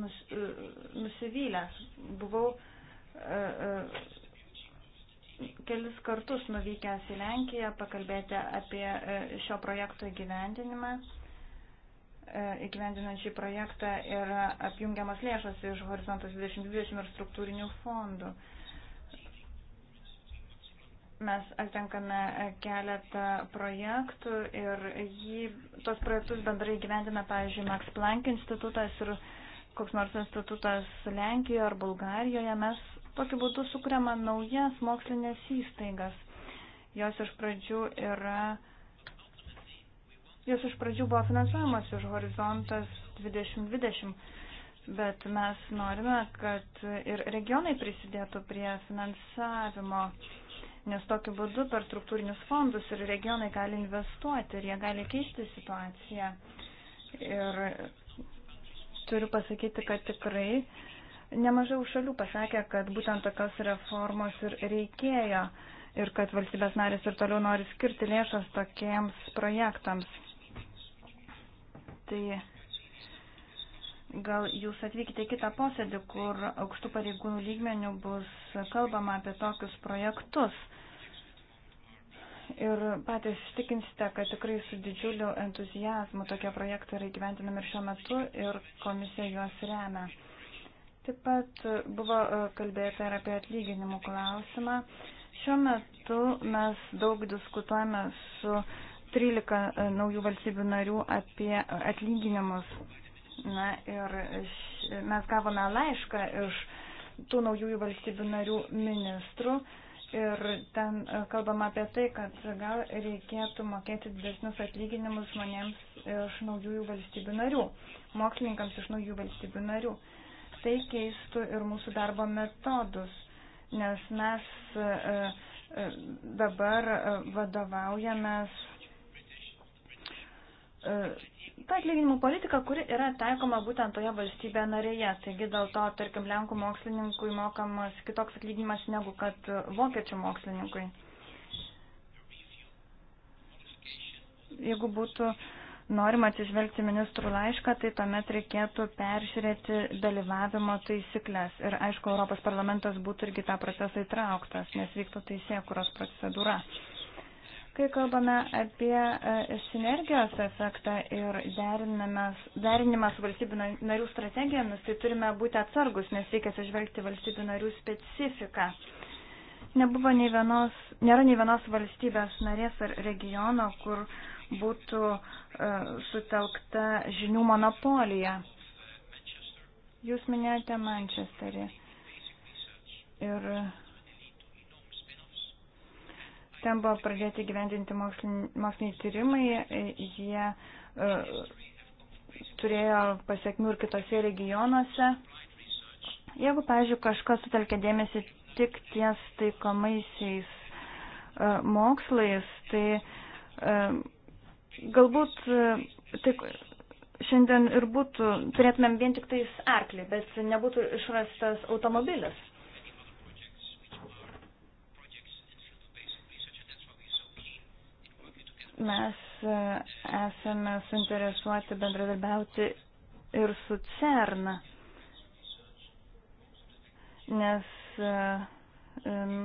nus, nusivylęs. Buvau kelis kartus nuvykęs į Lenkiją pakalbėti apie e, šio projekto įgyvendinimą. E, įgyvendinant šį projektą yra apjungiamas lėšas iš Horizontas 2020 ir struktūrinių fondų. Mes atrenkame e, keletą projektų ir jį, tos projektus bendrai gyvendina, pavyzdžiui, Max Planck institutas ir koks nors institutas Lenkijoje ar Bulgarijoje. Mes Tokiu būdu sukuriama naujas mokslinės įstaigas. Jos iš pradžių yra. Jos iš pradžių buvo finansuojamos iš horizontas 2020, bet mes norime, kad ir regionai prisidėtų prie finansavimo, nes tokiu būdu per struktūrinius fondus ir regionai gali investuoti ir jie gali keisti situaciją. Ir turiu pasakyti, kad tikrai uh, Nemažai šalių pasakė, kad būtent tokios reformos ir reikėjo ir kad valstybės narės ir toliau nori skirti lėšas tokiems projektams. Tai gal jūs atvykite kitą posėdį, kur aukštų pareigūnų lygmenių bus kalbama apie tokius projektus. Ir patys tikinsite, kad tikrai su didžiuliu entuzijazmu tokie projektai yra įgyventinami ir šiuo metu ir komisija juos remia. Taip pat buvo e, kalbėta ir apie atlyginimų klausimą. Šiuo metu mes daug diskutuojame su 13 e, naujų valstybių narių apie atlyginimus. Na ir mes gavome laišką iš tų naujųjų valstybių narių ministrų ir ten e, kalbama apie tai, kad gal reikėtų mokėti didesnius atlyginimus žmonėms iš naujųjų valstybių narių, mokslininkams iš naujųjų valstybių narių tai keistų ir mūsų darbo metodus, nes mes e, e, e, dabar vadovaujamės ta atlyginimų politika, kuri yra taikoma būtent toje valstybėje narėje. Taigi dėl to, tarkim, Lenkų mokslininkui mokamas kitoks atlyginimas negu kad vokiečių mokslininkui. Jeigu būtų uh, norima atsižvelgti ministrų laišką, tai tuomet reikėtų peržiūrėti dalyvavimo taisyklės. Ir aišku, Europos parlamentas būtų irgi tą procesą įtrauktas, nes vyktų teisėkuros procedūra. Kai kalbame apie e, sinergijos efektą ir derinimas valstybių narių strategijomis, tai turime būti atsargus, nes reikia atsižvelgti valstybių narių specifiką nebuvo nei vienos, nėra nei vienos valstybės narės ar regiono, kur būtų e, sutelkta žinių monopolija. Jūs minėjote Mančesterį. Ir ten buvo pradėti gyvendinti moksliniai tyrimai. Jie uh, turėjo pasiekmių ir kitose regionuose. Jeigu, pavyzdžiui, kažkas sutelkia dėmesį tik ties taikomaisiais uh, mokslais, tai uh, Galbūt e, tik šiandien ir būtų, turėtumėm vien tik tais arklį, bet nebūtų išrastas automobilis. Mes e, esame suinteresuoti bendradarbiauti ir su CERN, nes um,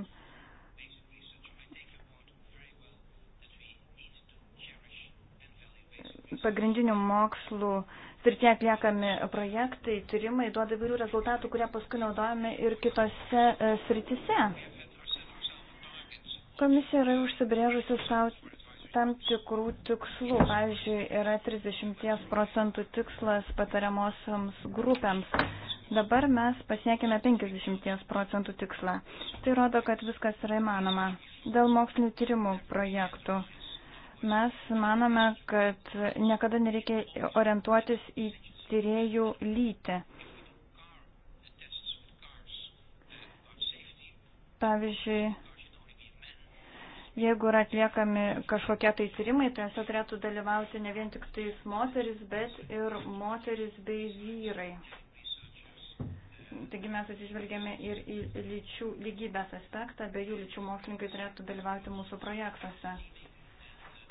pagrindinių mokslų srityje atliekami projektai, tyrimai duoda įvairių rezultatų, kurie paskui naudojami ir kitose e, srityse. Komisija yra užsibrėžusi savo tam tikrų tikslų. Pavyzdžiui, yra 30 procentų tikslas patariamosioms grupėms. Dabar mes pasiekime 50 procentų tikslą. Tai rodo, kad viskas yra įmanoma. Dėl mokslinių tyrimų projektų Mes manome, kad niekada nereikia orientuotis į tyriejų lytę. Pavyzdžiui, jeigu yra atliekami kažkokie tai tyrimai, tai jose turėtų dalyvauti ne vien tik tais moteris, bet ir moteris bei vyrai. Taigi mes atsižvelgėme ir į lyčių lygybės aspektą, be jų lyčių mokslininkai turėtų dalyvauti mūsų projektuose.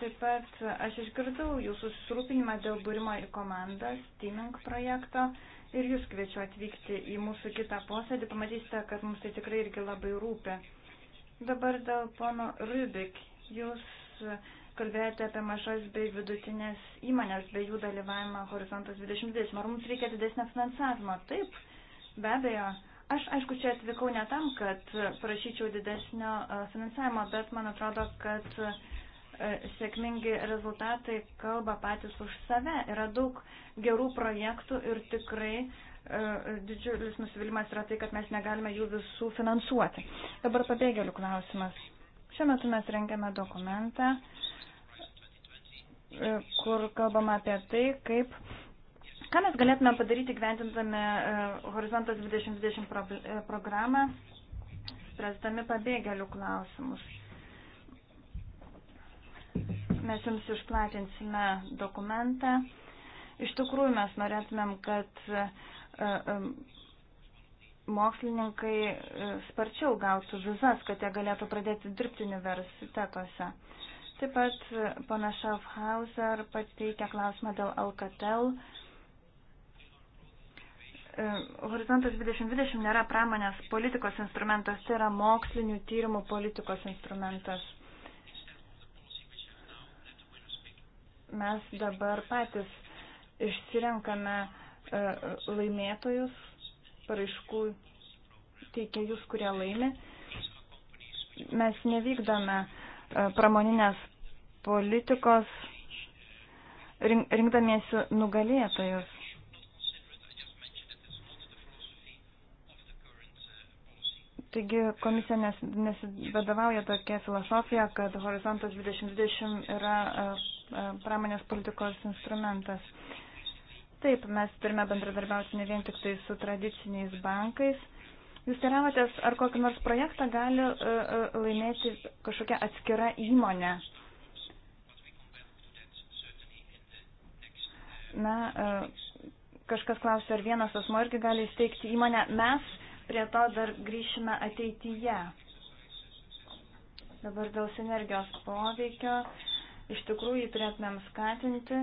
Taip pat aš išgirdau jūsų susirūpinimą dėl būrimo į komandą Steaming projekto ir jūs kviečiu atvykti į mūsų kitą posėdį. Pamatysite, kad mums tai tikrai irgi labai rūpi. Dabar dėl pono Rubik. Jūs kalbėjote apie mažas bei vidutinės įmonės bei jų dalyvavimą Horizontas 2020. Ar mums reikia didesnio finansavimo? Taip, be abejo. Aš, aišku, čia atvykau ne tam, kad prašyčiau didesnio finansavimo, bet man atrodo, kad uh, E, sėkmingi rezultatai kalba patys už save. Yra daug gerų projektų ir tikrai e, didžiulis nusivylimas yra tai, kad mes negalime jų visų finansuoti. Dabar pabėgėlių klausimas. Šiuo metu mes rengiame dokumentą, e, kur kalbama apie tai, kaip Ką mes galėtume padaryti gyventintame Horizontas 2020 programą, spręsdami pabėgėlių klausimus? Mes jums išplatinsime dokumentą. Iš tikrųjų, mes norėtumėm, kad e, e, mokslininkai e, sparčiau gautų vizas, kad jie galėtų pradėti dirbti universitetuose. Taip pat pana Schaffhauser pateikia klausimą dėl Alcatel. Horizontas 2020 nėra pramonės politikos instrumentas, tai yra mokslinių tyrimų politikos instrumentas. mes dabar patys išsirenkame e, laimėtojus, paraiškų teikėjus, kurie laimi. Mes nevykdome e, pramoninės politikos, rinkdamiesi nugalėtojus. Taigi komisija nes, nesivadovauja tokia filosofija, kad horizontas 2020 yra e, E, pramonės politikos instrumentas. Taip, mes turime bendradarbiauti ne vien tik tai su tradiciniais bankais. Jūs teravotės, ar kokį nors projektą gali e, e, laimėti kažkokia atskira įmonė. Na, kažkas klausė, ar vienas asmo irgi gali įsteigti įmonę. Mes prie to dar grįšime ateityje. Dabar dėl sinergijos poveikio iš tikrųjų turėtumėm skatinti.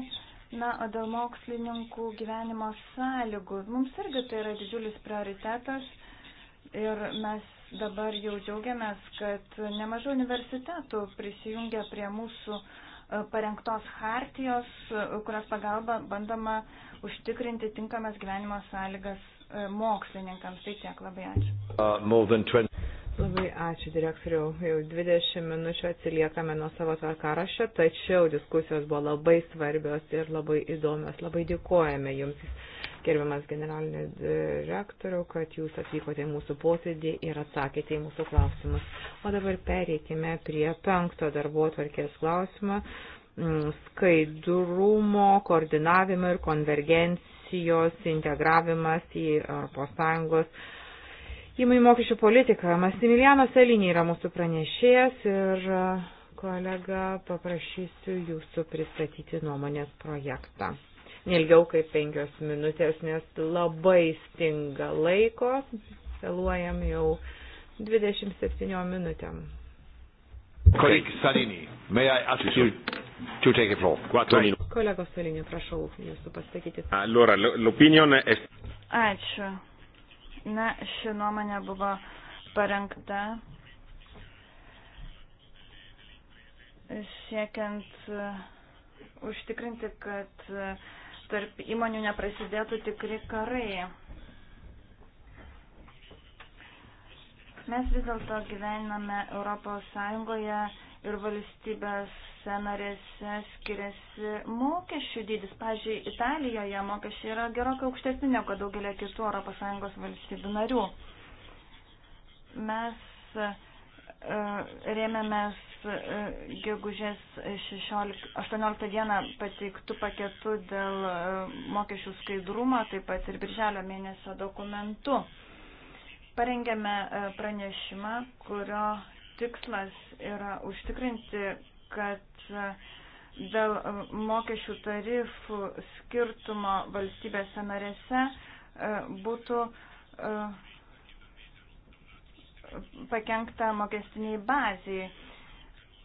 Na, o dėl mokslininkų gyvenimo sąlygų, mums irgi tai yra didžiulis prioritetas ir mes dabar jau džiaugiamės, kad nemažai universitetų prisijungia prie mūsų e, parengtos hartijos, e, kurios pagalba bandoma užtikrinti tinkamas gyvenimo sąlygas e, mokslininkams. Tai tiek labai ačiū. Uh, Labai ačiū direktoriau. Jau 20 minučių atsiliekame nuo savo tvarkarašio, tačiau diskusijos buvo labai svarbios ir labai įdomios. Labai dėkojame Jums, gerbiamas generalinė direktoriau, kad Jūs atvykote į mūsų posėdį ir atsakėte į mūsų klausimus. O dabar pereikime prie penkto darbo tvarkės klausimą mm, skaidrumo, koordinavimo ir konvergencijos integravimas į ES įmonių mokesčių politiką. Masimiliano Selinė yra mūsų pranešėjas ir e, kolega paprašysiu jūsų pristatyti nuomonės projektą. Nelgiau kaip penkios minutės, nes labai stinga laiko, vėluojam jau 27 minutėm. Kolegė Salinė, may I ask you to take a floor? Kolegos Salinė, prašau jūsų pasakyti. Allora, l'opinion è... Ačiū. Na, ši nuomonė buvo parengta siekiant uh, užtikrinti, kad uh, tarp įmonių neprasidėtų tikri karai. Mes vis dėlto gyvename Europos Sąjungoje ir valstybės valstybėse narėse skiriasi mokesčių dydis. Pavyzdžiui, Italijoje mokesčiai yra gerokai aukštesni negu daugelio kitų ES valstybių narių. Mes e, rėmėmės e, gegužės 16, 18 dieną pateiktų paketų dėl e, mokesčių skaidrumo, taip pat ir birželio mėnesio dokumentu. Parengėme pranešimą, kurio tikslas yra užtikrinti, kad e, dėl e, mokesčių tarifų skirtumo valstybėse narėse e, būtų pakengta mokestiniai baziai.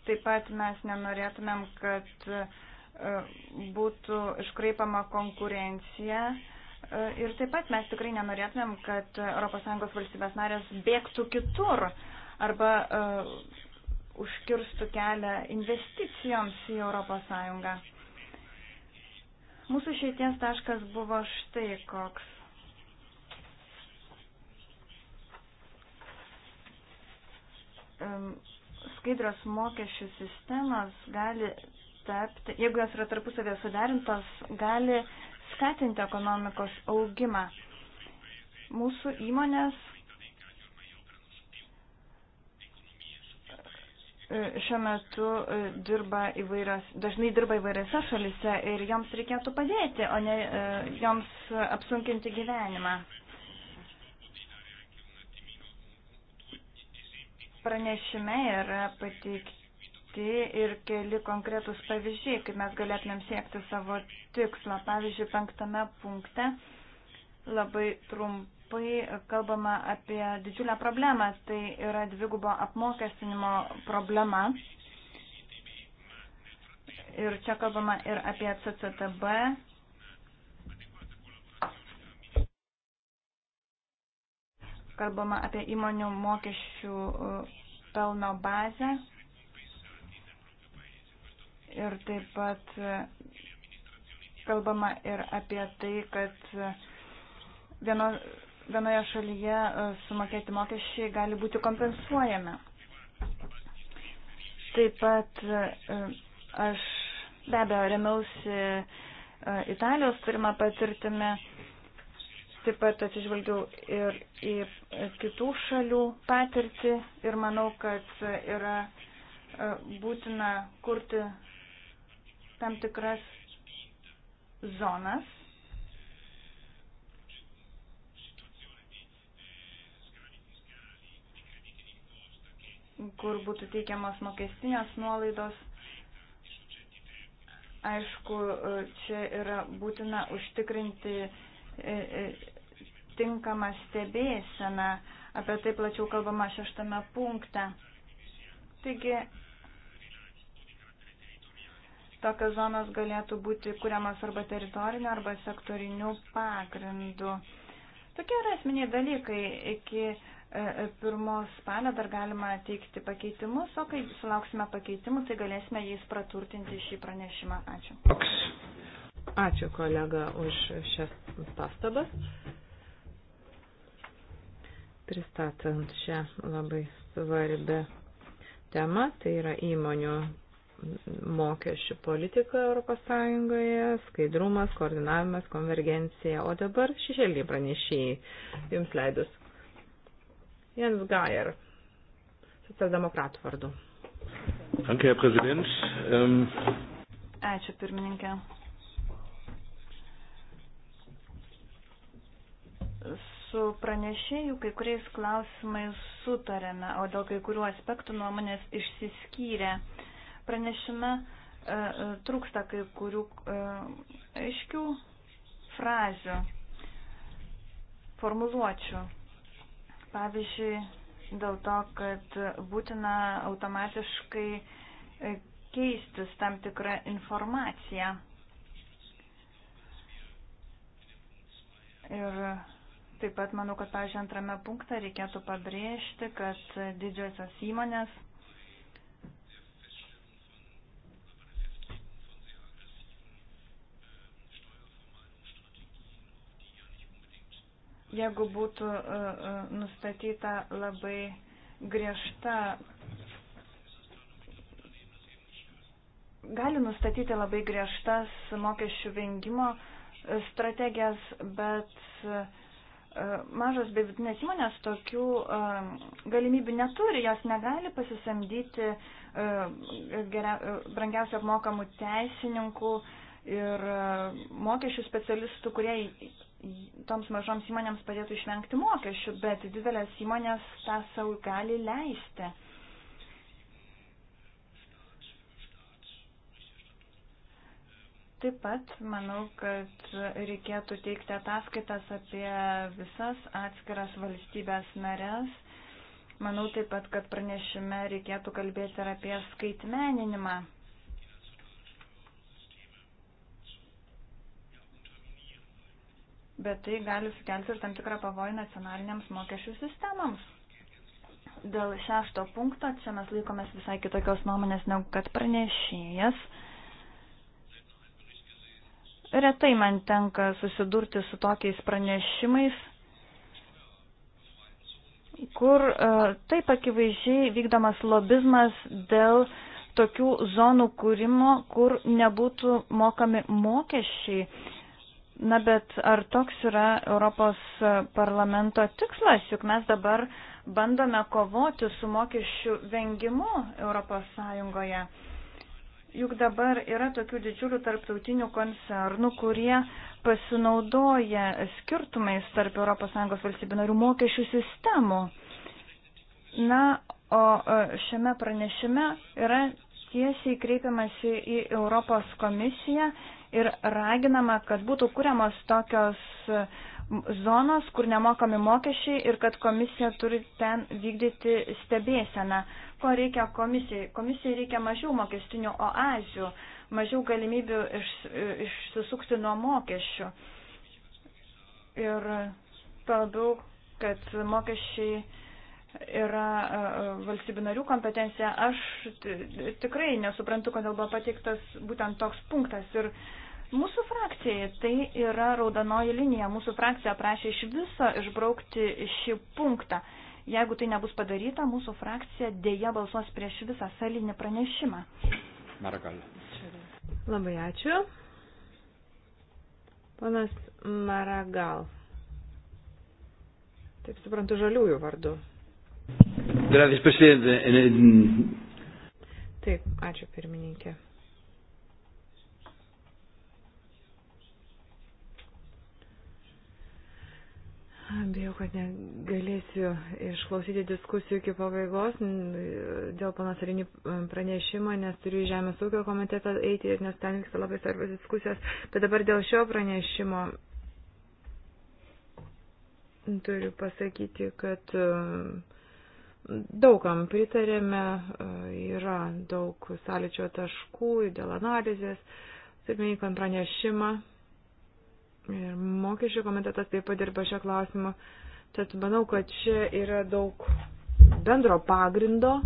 Taip pat mes nenorėtumėm, kad būtų iškraipama konkurencija. Ir taip pat mes tikrai nenorėtumėm, kad ES valstybės narės bėgtų kitur arba užkirstų kelią investicijoms į ES. Mūsų šeities taškas buvo štai koks. Skaidros mokesčių sistemas gali tapti, jeigu jos yra tarpusavėje suderintos, gali skatinti ekonomikos augimą. Mūsų įmonės E, šiuo metu e, dirba įvairios, dažnai dirba įvairiose šalise ir joms reikėtų padėti, o ne e, joms apsunkinti gyvenimą. Pranešime yra pateikti ir keli konkretūs pavyzdžiai, kaip mes galėtumėm siekti savo tikslo. Pavyzdžiui, penktame punkte labai trumpai trumpai kalbama apie didžiulę problemą, tai yra dvigubo apmokestinimo problema. Ir čia kalbama ir apie CCTB, kalbama apie įmonių mokesčių e, pelno bazę ir taip pat e, kalbama ir apie tai, kad e, vieno, vienoje šalyje e, sumokėti mokesčiai gali būti kompensuojami. Taip pat e, aš be abejo remiausi e, Italijos turimą patirtimį, taip pat atsižvelgiau ir į kitų šalių patirtį ir manau, kad yra būtina kurti tam tikras zonas kur būtų teikiamas mokestinės nuolaidos. Aišku, čia yra būtina užtikrinti e, e, tinkamą stebėseną. Apie tai plačiau kalbama šeštame punkte. Taigi, tokios zonos galėtų būti kuriamas arba teritoriniu, arba sektoriniu pagrindu. Tokie yra esminiai dalykai. Iki E, e, pirmos spalio dar galima teikti pakeitimus, o kai sulauksime pakeitimų, tai galėsime jais praturtinti šį pranešimą. Ačiū. Ačiū kolega už šias pastabas. Pristatant šią labai svarbę temą, tai yra įmonių mokesčių politika ES, skaidrumas, koordinavimas, konvergencija, o dabar šešėlį pranešėjai jums leidus. Jens Geier, socialdemokratų vardu. Danke, Herr Präsident. Ähm Ačiū, pirmininkė. Su pranešėjų kai kuriais klausimais sutarėme, o dėl kai kurių aspektų nuomonės išsiskyrė. Pranešime e, e trūksta kai kurių e, aiškių frazių, formuluočių. Pavyzdžiui, dėl to, kad būtina automatiškai e, keistis tam tikrą informaciją. Ir taip pat manau, kad, pavyzdžiui, antrame punkte reikėtų pabrėžti, kad didžiosios įmonės jeigu būtų e, e, nustatyta labai griežta, gali nustatyti labai griežtas mokesčių vengimo e, strategijas, bet mažos bei vidutinės įmonės tokių galimybių neturi, jos negali pasisamdyti brangiausiai apmokamų teisininkų ir mokesčių specialistų, kurie toms mažoms įmonėms padėtų išvengti mokesčių, bet didelės įmonės tą savo gali leisti. Taip pat manau, kad reikėtų teikti ataskaitas apie visas atskiras valstybės narės. Manau taip pat, kad pranešime reikėtų kalbėti ir apie skaitmeninimą. bet tai gali sukelti ir tam tikrą pavojų nacionaliniams mokesčių sistemams. Dėl šešto punkto čia mes laikomės visai kitokios nuomonės negu kad pranešėjas. Retai man tenka susidurti su tokiais pranešimais, kur e, taip akivaizdžiai vykdomas lobizmas dėl tokių zonų kūrimo, kur nebūtų mokami mokesčiai Na bet ar toks yra Europos parlamento tikslas, juk mes dabar bandome kovoti su mokesčių vengimu Europos Sąjungoje. Juk dabar yra tokių didžiulių tarptautinių koncernų, kurie pasinaudoja skirtumais tarp ES valstybių narių mokesčių sistemų. Na, o e, šiame pranešime yra tiesiai kreipiamasi į Europos komisiją ir raginama, kad būtų kuriamos tokios e, zonos, kur nemokami mokesčiai ir kad komisija turi ten vykdyti stebėseną. Ko reikia komisijai? Komisijai reikia mažiau mokestinių oazių, mažiau galimybių iš, e, išsisukti nuo mokesčių. Ir labiau, kad mokesčiai yra e, e, valstybių narių kompetencija. Aš tikrai nesuprantu, kodėl buvo pateiktas būtent toks punktas. Ir mūsų frakcijai tai yra raudonoji linija. Mūsų frakcija prašė iš viso išbraukti šį punktą. Jeigu tai nebus padaryta, mūsų frakcija dėja balsuos prieš visą salinį pranešimą. Margal. Labai ačiū. Panas Maragal. Taip suprantu, žaliųjų vardu. Gracias, presidente. Taip, ačiū pirmininkė. Bijau, kad negalėsiu išklausyti diskusijų iki pabaigos dėl panasarinį pranešimą, nes turiu į Žemės ūkio komitetą eiti ir nes ten vyksta labai svarbios diskusijos. Bet dabar dėl šio pranešimo turiu pasakyti, kad uh, daugam pritarėme, e, yra daug sąlyčio taškų dėl analizės, turime įkon pranešimą ir mokesčio komitetas taip pat dirba šio klausimu. Tad manau, kad čia yra daug bendro pagrindo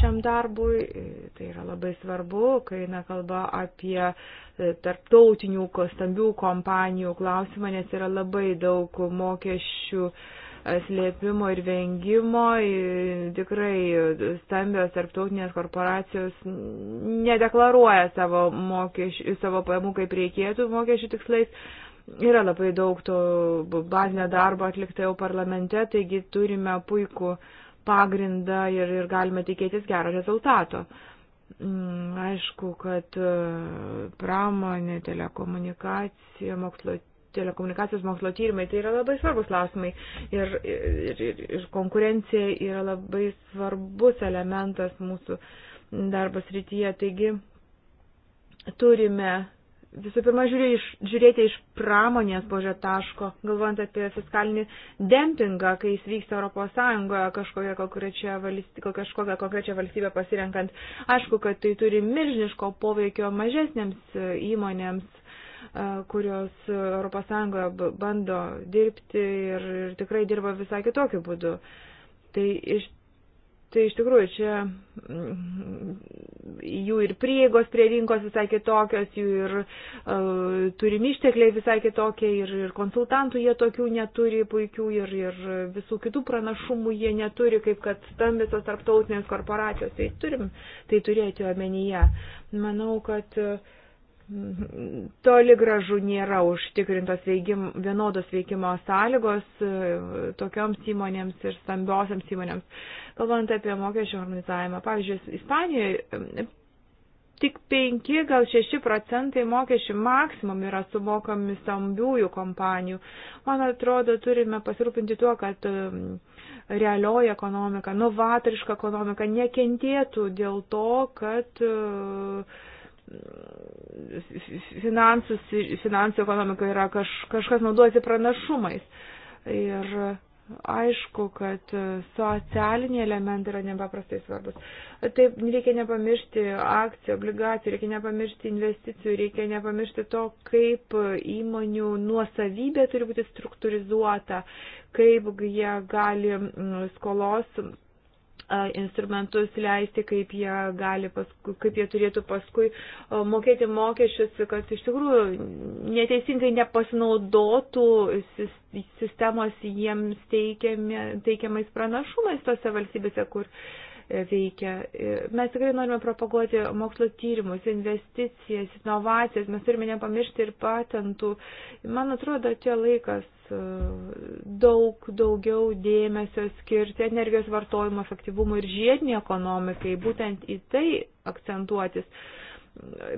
šiam darbui, e, tai yra labai svarbu, kai eina kalba apie e, tarptautinių stambių kompanijų klausimą, nes yra labai daug mokesčių uh, slėpimo ir vengimo, tikrai stambios tarptautinės korporacijos nedeklaruoja savo, mokesčių, savo pajamų kaip reikėtų mokesčių tikslais. Yra labai daug to bazinio darbo atlikta jau parlamente, taigi turime puikų pagrindą ir, ir galime tikėtis gero rezultato. Mm, aišku, kad e, pramonė, telekomunikacija, mokslo telekomunikacijos mokslo tyrimai, tai yra labai svarbus klausimai ir, ir, ir, ir konkurencija yra labai svarbus elementas mūsų darbos rytyje. Taigi turime visų pirma žiūrė iš, žiūrėti iš pramonės požio taško, galvojant apie fiskalinį dempingą, kai jis vyksta Europos Sąjungoje kažkokią konkrečią, valstybę, kažkokią konkrečią valstybę pasirenkant. Aišku, kad tai turi milžiniško poveikio mažesnėms įmonėms kurios ES bando dirbti ir, ir tikrai dirba visai kitokiu būdu. Tai iš, tai iš tikrųjų čia mm, jų ir prieigos prie rinkos visai kitokios, jų ir uh, turimi ištekliai visai kitokie, ir, ir konsultantų jie tokių neturi puikių, ir, ir visų kitų pranašumų jie neturi, kaip kad stambisos tarptautinės korporacijos. Tai turim tai turėti omenyje. Manau, kad uh, toli gražu nėra užtikrintos veikimo, vienodos veikimo sąlygos e, tokioms įmonėms ir stambiosiams įmonėms. Kalbant apie mokesčių harmonizavimą, pavyzdžiui, Ispanijoje e, tik 5 gal 6 procentai mokesčių maksimum yra sumokami stambiųjų kompanijų. Man atrodo, turime pasirūpinti tuo, kad e, realioji ekonomika, novatoriška ekonomika nekentėtų dėl to, kad uh, finansus, finansų ekonomikoje yra kaž, kažkas naudojasi pranašumais. Ir aišku, kad socialiniai elementai yra nepaprastai svarbus. Taip, reikia nepamiršti akcijų, obligacijų, reikia nepamiršti investicijų, reikia nepamiršti to, kaip įmonių nuosavybė turi būti struktūrizuota, kaip jie gali mm, skolos instrumentus leisti, kaip jie, gali, paskui, kaip jie turėtų paskui mokėti mokesčius, kad iš tikrųjų neteisingai nepasinaudotų sistemos jiems teikiami, teikiamais pranašumais tose valstybėse, kur e, veikia. E, mes tikrai norime propaguoti mokslo tyrimus, investicijas, inovacijas, mes turime nepamiršti ir patentų. Man atrodo, atėjo laikas E, daug daugiau dėmesio skirti energijos vartojimo efektyvumui ir žiedinį ekonomikai, būtent į tai akcentuotis.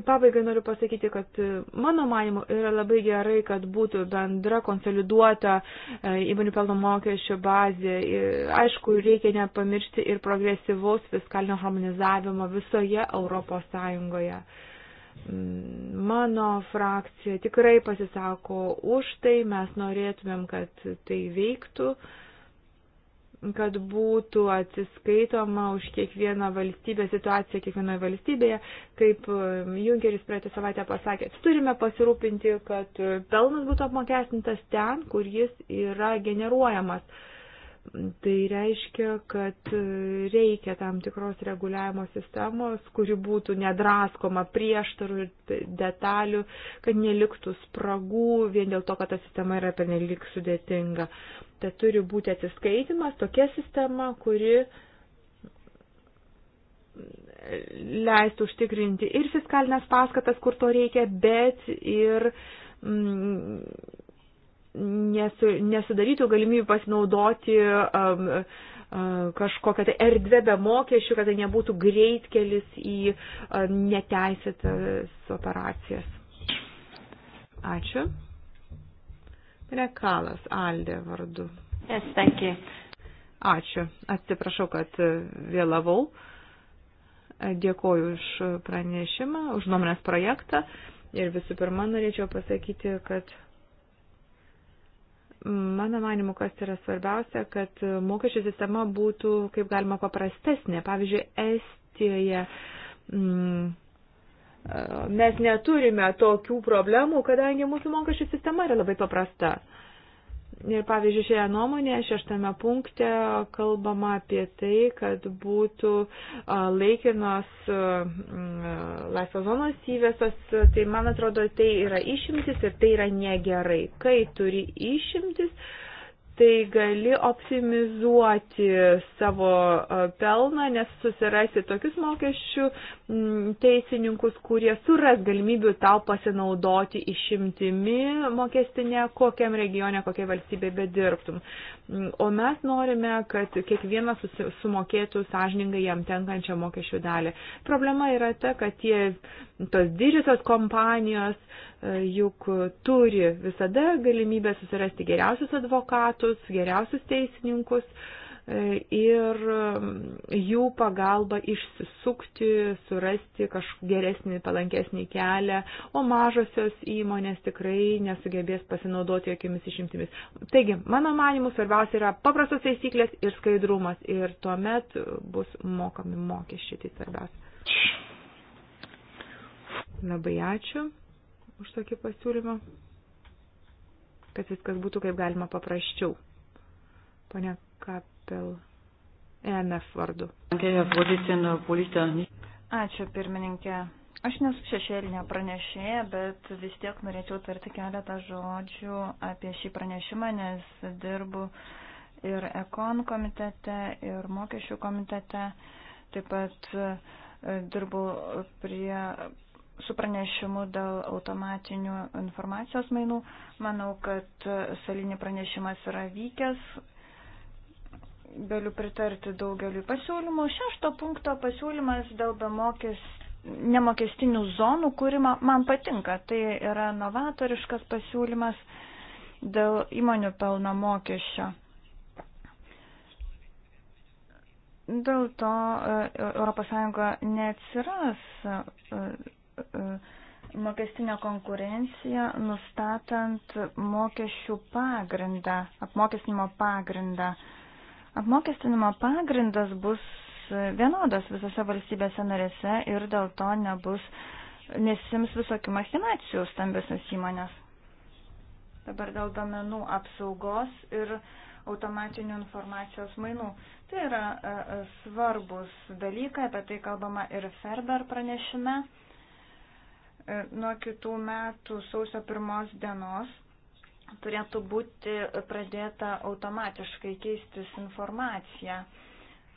Pabaigai noriu pasakyti, kad mano manimu yra labai gerai, kad būtų bendra konsoliduota e, įmonių pelno mokesčio bazė. E, aišku, reikia nepamiršti ir progresyvaus fiskalinio harmonizavimo visoje Europos Sąjungoje mano frakcija tikrai pasisako už tai, mes norėtumėm, kad tai veiktų, kad būtų atsiskaitoma už kiekvieną valstybę, situaciją kiekvienoje valstybėje, kaip Junkeris praeitą savaitę pasakė, turime pasirūpinti, kad pelnas būtų apmokestintas ten, kur jis yra generuojamas Tai reiškia, kad reikia tam tikros reguliavimo sistemos, kuri būtų nedraskoma prieštarų ir detalių, kad neliktų spragų vien dėl to, kad ta sistema yra pernelik sudėtinga. Tai turi būti atsiskaitimas, tokia sistema, kuri leistų užtikrinti ir fiskalinės paskatas, kur to reikia, bet ir mm, nesu, nesudarytų galimybių pasinaudoti um, uh, kažkokią tai erdvę be mokesčių, kad tai nebūtų greitkelis į uh, neteisėtas operacijas. Ačiū. Rekalas Aldė vardu. Yes, thank you. Ačiū. Atsiprašau, kad uh, vėlavau. Dėkoju už pranešimą, už nuomonės projektą. Ir visų pirma, norėčiau pasakyti, kad Mano manimu, kas yra svarbiausia, kad mokesčių sistema būtų kaip galima paprastesnė. Pavyzdžiui, Estijoje. Mm, mes neturime tokių problemų, kadangi mūsų mokesčių sistema yra labai paprasta. Ir pavyzdžiui, šioje nuomonėje šeštame punkte kalbama apie tai, kad būtų laikinos laisvos zonos įvestos. Tai man atrodo, tai yra išimtis ir tai yra negerai. Kai turi išimtis, tai gali optimizuoti savo e, pelną, nes susirasi tokius mokesčių teisininkus, kurie suras galimybių tau pasinaudoti išimtimi mokestinė, kokiam regione, kokia valstybė bedirbtum. O mes norime, kad kiekvienas sumokėtų sąžiningai jam tenkančią mokesčių dalį. Problema yra ta, kad tie, tos didžiosios kompanijos, juk turi visada galimybę susirasti geriausius advokatus, geriausius teisininkus e, ir mm, jų pagalba išsisukti, surasti kažkokį geresnį, palankesnį kelią, o mažosios įmonės tikrai nesugebės pasinaudoti jokiamis išimtimis. Taigi, mano manimu, svarbiausia yra paprastos taisyklės ir skaidrumas ir tuomet bus mokami mokesčiai, tai svarbiausia. Labai ačiū už tokį pasiūlymą, kad viskas būtų kaip galima paprasčiau. Pane Kapel, ENF vardu. Ačiū, pirmininkė. Aš nesu šešėlinė pranešėja, bet vis tiek norėčiau tarti keletą žodžių apie šį pranešimą, nes dirbu ir ekon komitete, ir mokesčių komitete. Taip pat e, dirbu prie su pranešimu dėl automatinių informacijos mainų. Manau, kad salinį pranešimas yra vykęs. Galiu pritarti daugeliu pasiūlymų. Šešto punkto pasiūlymas dėl bemokės, nemokestinių zonų kūrimo man patinka. Tai yra novatoriškas pasiūlymas dėl įmonių pelno mokesčio. Dėl to ES neatsiras e, E, mokestinę konkurenciją, nustatant mokesčių pagrindą, apmokestinimo pagrindą. Apmokestinimo pagrindas bus vienodas visose valstybėse narėse ir dėl to nebus, nesims visokių machinacijų stambiosios įmonės. Dabar dėl domenų apsaugos ir automatinių informacijos mainų. Tai yra e, e, svarbus dalykai, apie tai kalbama ir Ferber pranešime. E, nuo kitų metų sausio pirmos dienos turėtų būti pradėta automatiškai keistis informacija.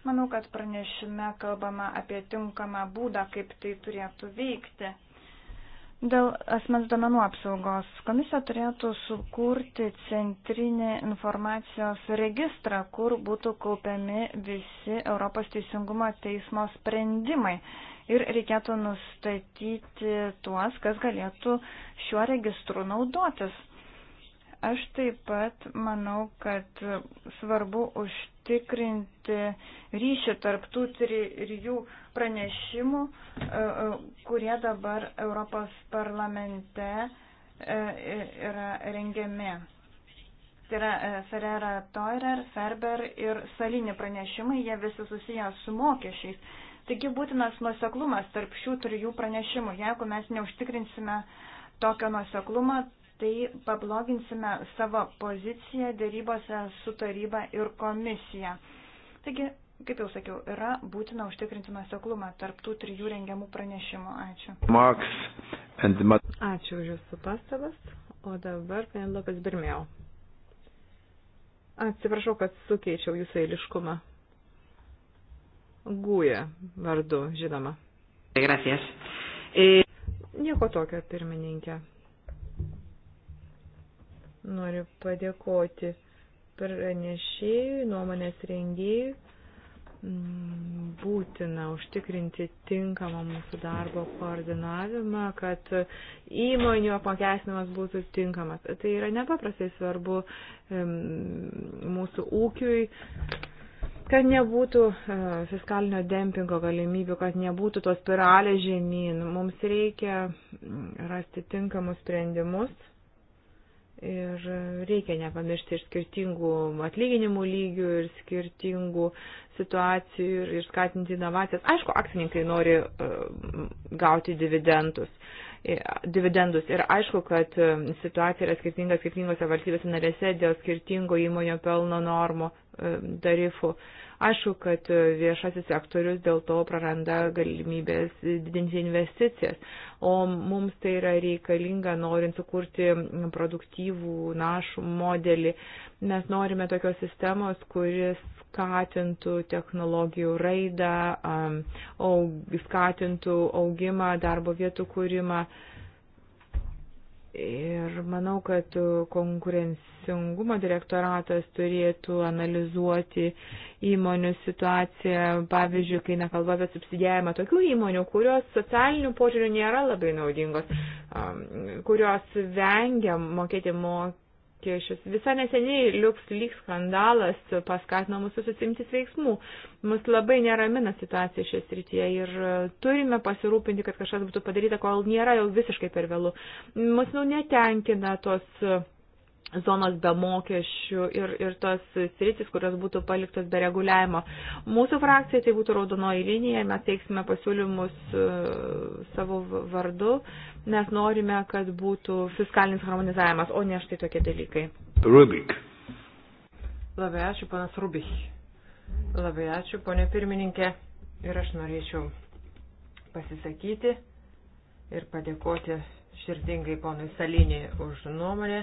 Manau, kad pranešime kalbama apie tinkamą būdą, kaip tai turėtų veikti. Dėl asmens domenų apsaugos komisija turėtų sukurti centrinį informacijos registrą, kur būtų kaupiami visi Europos teisingumo teismo sprendimai ir reikėtų nustatyti tuos, kas galėtų šiuo registru naudotis. Aš taip pat manau, kad svarbu užtikrinti ryšį tarptų trijų pranešimų, e, e, kurie dabar Europos parlamente e, yra rengiami. Tai yra Ferrera Toirer, Ferber ir Salinį pranešimai, jie visi susiję su mokesčiais. Taigi būtinas nuoseklumas tarp šių trijų pranešimų. Jeigu mes neužtikrinsime tokio nuoseklumą, tai pabloginsime savo poziciją dėrybose su taryba ir komisija. Taigi, kaip jau sakiau, yra būtina užtikrinti nuoseklumą tarp tų trijų rengiamų pranešimų. Ačiū. Ačiū už Jūsų pastabas. O dabar Penelopės Birmėjau. Atsiprašau, kad sukeičiau Jūsų eiliškumą. Gūja vardu, žinoma. Gracias. E... Nieko tokio, pirmininkė. Noriu padėkoti pranešėjui, nuomonės rengėjui. Mm, būtina užtikrinti tinkamą mūsų darbo koordinavimą, kad įmonių apmokestinimas būtų tinkamas. Tai yra nepaprastai svarbu mūsų ūkiui kad nebūtų e, fiskalinio dempingo galimybių, kad nebūtų tos spiralės žemyn. Mums reikia rasti tinkamus sprendimus ir reikia nepamiršti ir skirtingų atlyginimų lygių, ir skirtingų situacijų, ir skatinti inovacijas. Aišku, akcininkai nori e, gauti dividendus E, dividendus. Ir aišku, kad e, situacija yra skirtinga skirtingose valstybėse narėse dėl skirtingo įmonio pelno normų e, tarifų. Aišku, kad viešasis sektorius dėl to praranda galimybės didinti investicijas, o mums tai yra reikalinga norint sukurti produktyvų našų modelį. Mes norime tokios sistemos, kuris skatintų technologijų raidą, skatintų augimą, darbo vietų kūrimą. Ir manau, kad konkurencingumo direktoratas turėtų analizuoti įmonių situaciją, pavyzdžiui, kai nekalba apie subsidijavimą tokių įmonių, kurios socialinių požiūrių nėra labai naudingos, kurios vengia mokėti mokesčius kyšius. Visa neseniai LuxLeaks skandalas paskatino mūsų susimtis veiksmų. Mus labai neramina situacija šioje srityje ir e, turime pasirūpinti, kad kažkas būtų padaryta, kol nėra jau visiškai per vėlų. Mus nu netenkina tos e, zonos be mokesčių ir, ir tos sritis, kurios būtų paliktos be reguliavimo. Mūsų frakcija tai būtų raudonoji linija, mes teiksime pasiūlymus e, savo vardu, nes norime, kad būtų fiskalinis harmonizavimas, o ne štai tokie dalykai. Rubik. Labai ačiū, panas Rubik. Labai ačiū, ponė pirmininkė. Ir aš norėčiau pasisakyti ir padėkoti širdingai ponui Salinį už nuomonę.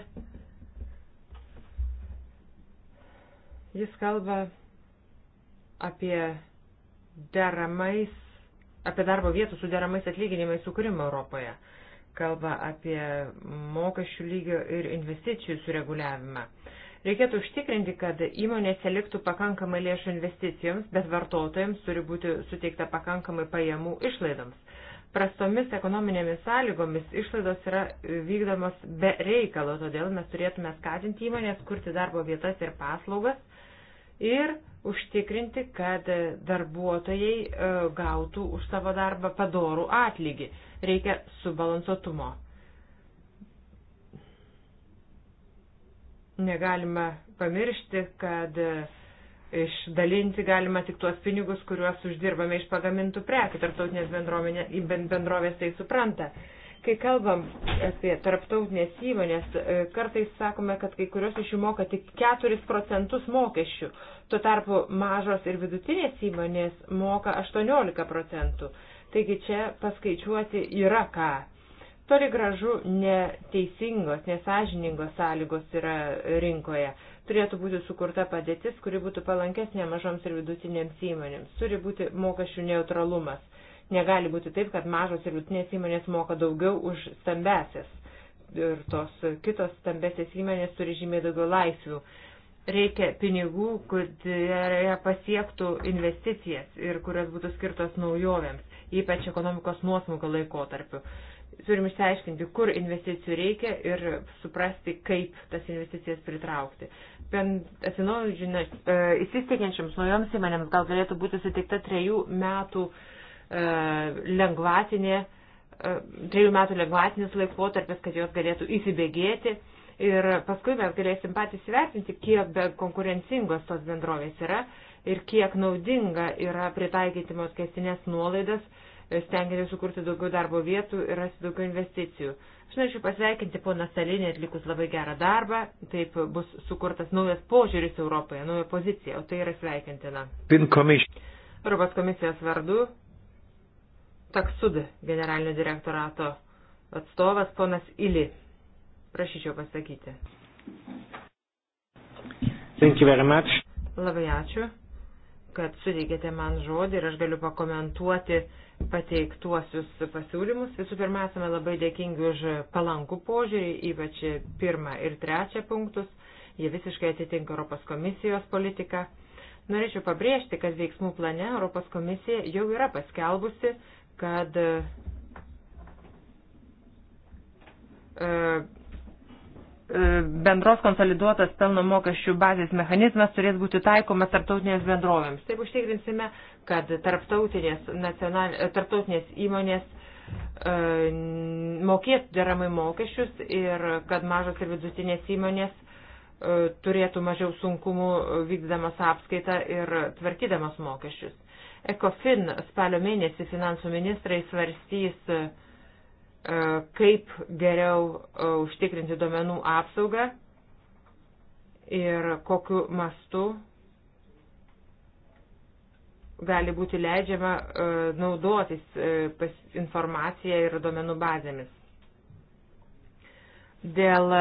Jis kalba apie deramais, apie darbo vietų su deramais atlyginimais sukūrimą Europoje. Kalba apie mokesčių lygio ir investicijų sureguliavimą. Reikėtų užtikrinti, kad įmonėse liktų pakankamai lėšų investicijoms, bet vartotojams turi būti suteikta pakankamai pajamų išlaidoms. Prastomis ekonominėmis sąlygomis išlaidos yra vykdomos be reikalo, todėl mes turėtume skatinti įmonės kurti darbo vietas ir paslaugas ir užtikrinti, kad darbuotojai e, gautų už savo darbą padorų atlygį. Reikia subalansuotumo. Negalima pamiršti, kad e, išdalinti galima tik tuos pinigus, kuriuos uždirbame iš pagamintų prekių. Tartautinės bendrovės tai supranta. Kai kalbam apie tarptautinės įmonės, e, kartais sakome, kad kai kurios iš jų moka tik 4 procentus mokesčių, tuo tarpu mažos ir vidutinės įmonės moka 18 procentų. Taigi čia paskaičiuoti yra ką. Toli gražu neteisingos, nesažiningos sąlygos yra rinkoje. Turėtų būti sukurta padėtis, kuri būtų palankesnė mažoms ir vidutinėms įmonėms. Turi būti mokesčių neutralumas Negali būti taip, kad mažos ir vidutinės įmonės moka daugiau už stambesias. Ir tos kitos stambesės įmonės turi žymiai daugiau laisvių. Reikia pinigų, kurie pasiektų investicijas ir kurios būtų skirtos naujovėms, ypač ekonomikos nuosmukio laikotarpiu. Turim išsiaiškinti, kur investicijų reikia ir suprasti, kaip tas investicijas pritraukti atsinaujinančiams e, naujoms įmonėms gal galėtų būti suteikta trejų metų E, lengvatinė, e, trejų metų lengvatinis laikotarpis, kad jos galėtų įsibėgėti. Ir paskui mes galėsim patys įvertinti, kiek be konkurencingos tos bendrovės yra ir kiek naudinga yra pritaikyti mokestinės nuolaidas, e, stengiantis sukurti daugiau darbo vietų ir rasti daugiau investicijų. Aš norėčiau pasveikinti poną Salinį atlikus labai gerą darbą, taip bus sukurtas naujas požiūris Europoje, nauja pozicija, o tai yra sveikintina. Europos komisijos vardu Taksud generalinio direktorato atstovas ponas Ili. Prašyčiau pasakyti. Thank you very much. Labai ačiū, kad suteikėte man žodį ir aš galiu pakomentuoti pateiktuosius pasiūlymus. Visų pirma, esame labai dėkingi už palankų požiūrį, ypač pirmą ir trečią punktus. Jie visiškai atitinka Europos komisijos politiką. Norėčiau pabrėžti, kad veiksmų plane Europos komisija jau yra paskelbusi, kad e, e, bendros konsoliduotas pelno mokesčių bazės mechanizmas turės būti taikomas tarptautinėms bendrovėms. Taip užtikrinsime, kad tarptautinės, nacional, tarptautinės įmonės e, mokėtų deramai mokesčius ir kad mažos ir vidutinės įmonės turėtų mažiau sunkumų vykdamas apskaitą ir tvarkydamas mokesčius. ECOFIN spalio mėnesį finansų ministrai svarstys, e, kaip geriau e, užtikrinti duomenų apsaugą ir kokiu mastu gali būti leidžiama e, naudotis informacija ir duomenų bazėmis. Dėl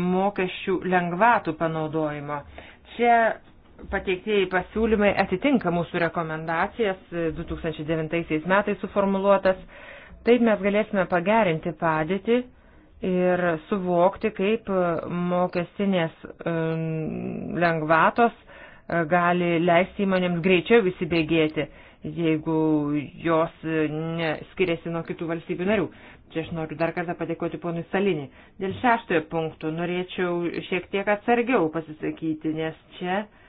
mokesčių lengvatų panaudojimo. Čia pateiktieji pasiūlymai atitinka mūsų rekomendacijas 2009 e, metais suformuluotas. Taip mes galėsime pagerinti padėtį ir suvokti, kaip e, mokestinės e, lengvatos gali leisti įmonėms greičiau įsibėgėti, jeigu jos skiriasi nuo kitų valstybių narių. Čia aš noriu dar kartą padėkoti ponui Salinį. Dėl šeštojo punkto norėčiau šiek tiek atsargiau pasisakyti, nes čia uh,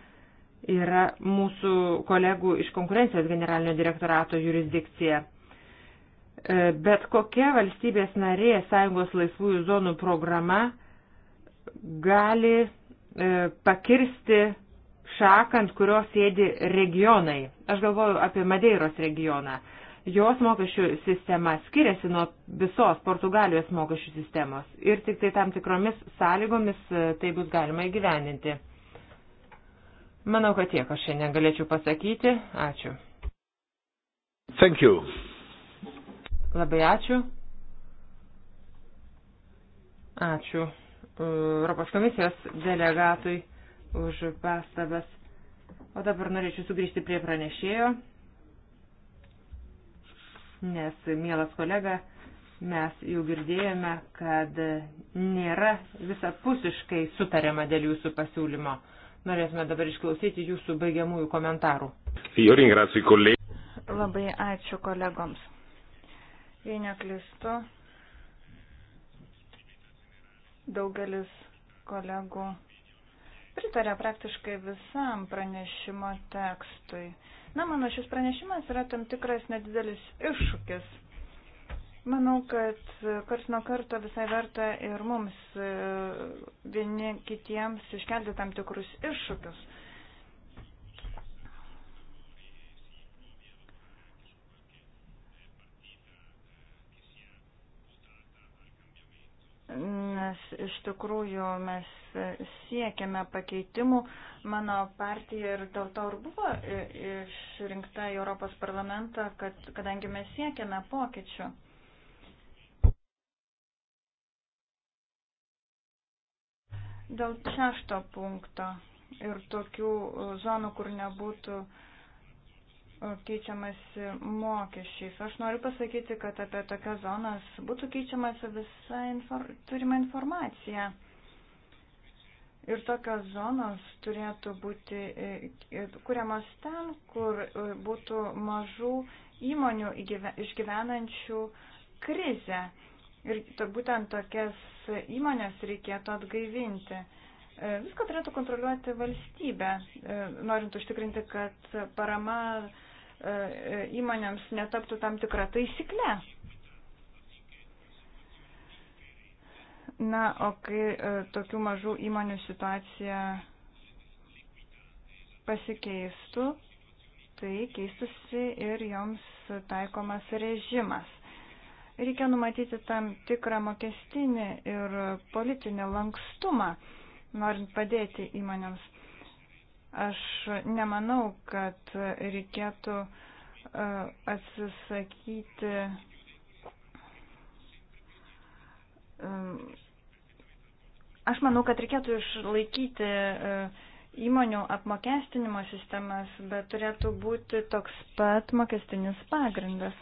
yra mūsų kolegų iš konkurencijos generalinio direktorato jurisdikcija. E, bet kokia valstybės narė Sąjungos laisvųjų zonų programa gali e, pakirsti šakant, kurios sėdi regionai. Aš galvoju apie Madeiros regioną. Jos mokesčių sistema skiriasi nuo visos Portugalijos mokesčių sistemos ir tik tai tam tikromis sąlygomis e, tai bus galima įgyveninti. Manau, kad tiek aš šiandien galėčiau pasakyti. Ačiū. Thank you. Labai ačiū. Ačiū uh, Europos komisijos delegatui už pastabas. O dabar norėčiau sugrįžti prie pranešėjo, nes, mielas kolega, mes jau girdėjome, kad nėra visapusiškai sutariama dėl jūsų pasiūlymo. Norėtume dabar išklausyti jūsų baigiamųjų komentarų. Labai ačiū kolegoms. Jei neklistu, daugelis kolegų pritarė praktiškai visam pranešimo tekstui. Na, mano šis pranešimas yra tam tikras nedidelis iššūkis Manau, kad kars nuo karto visai verta ir mums e, vieni kitiems iškelti tam tikrus iššūkius. Nes iš tikrųjų mes siekiame pakeitimų. Mano partija ir dėl to ir buvo e, išrinkta į Europos parlamentą, kad, kadangi mes siekiame pokyčių. Dėl šešto punkto ir tokių e, zonų, kur nebūtų e, keičiamasi mokesčiais. Aš noriu pasakyti, kad apie tokias zonas būtų keičiamasi visa infor turima informacija. Ir tokios zonos turėtų būti e, kuriamas ten, kur būtų mažų įmonių išgyvenančių krizę. Ir būtent tokias įmonės reikėtų atgaivinti. E, viską turėtų kontroliuoti valstybė, e, norint užtikrinti, kad parama e, įmonėms netaptų tam tikrą taisyklę. Na, o kai tokių mažų įmonių situacija pasikeistų, tai keistusi ir joms taikomas režimas. Reikia numatyti tam tikrą mokestinį ir politinį lankstumą, norint padėti įmonėms. Aš nemanau, kad reikėtų e, atsisakyti e, Aš manau, kad reikėtų išlaikyti e, įmonių apmokestinimo sistemas, bet turėtų būti toks pat mokestinis pagrindas.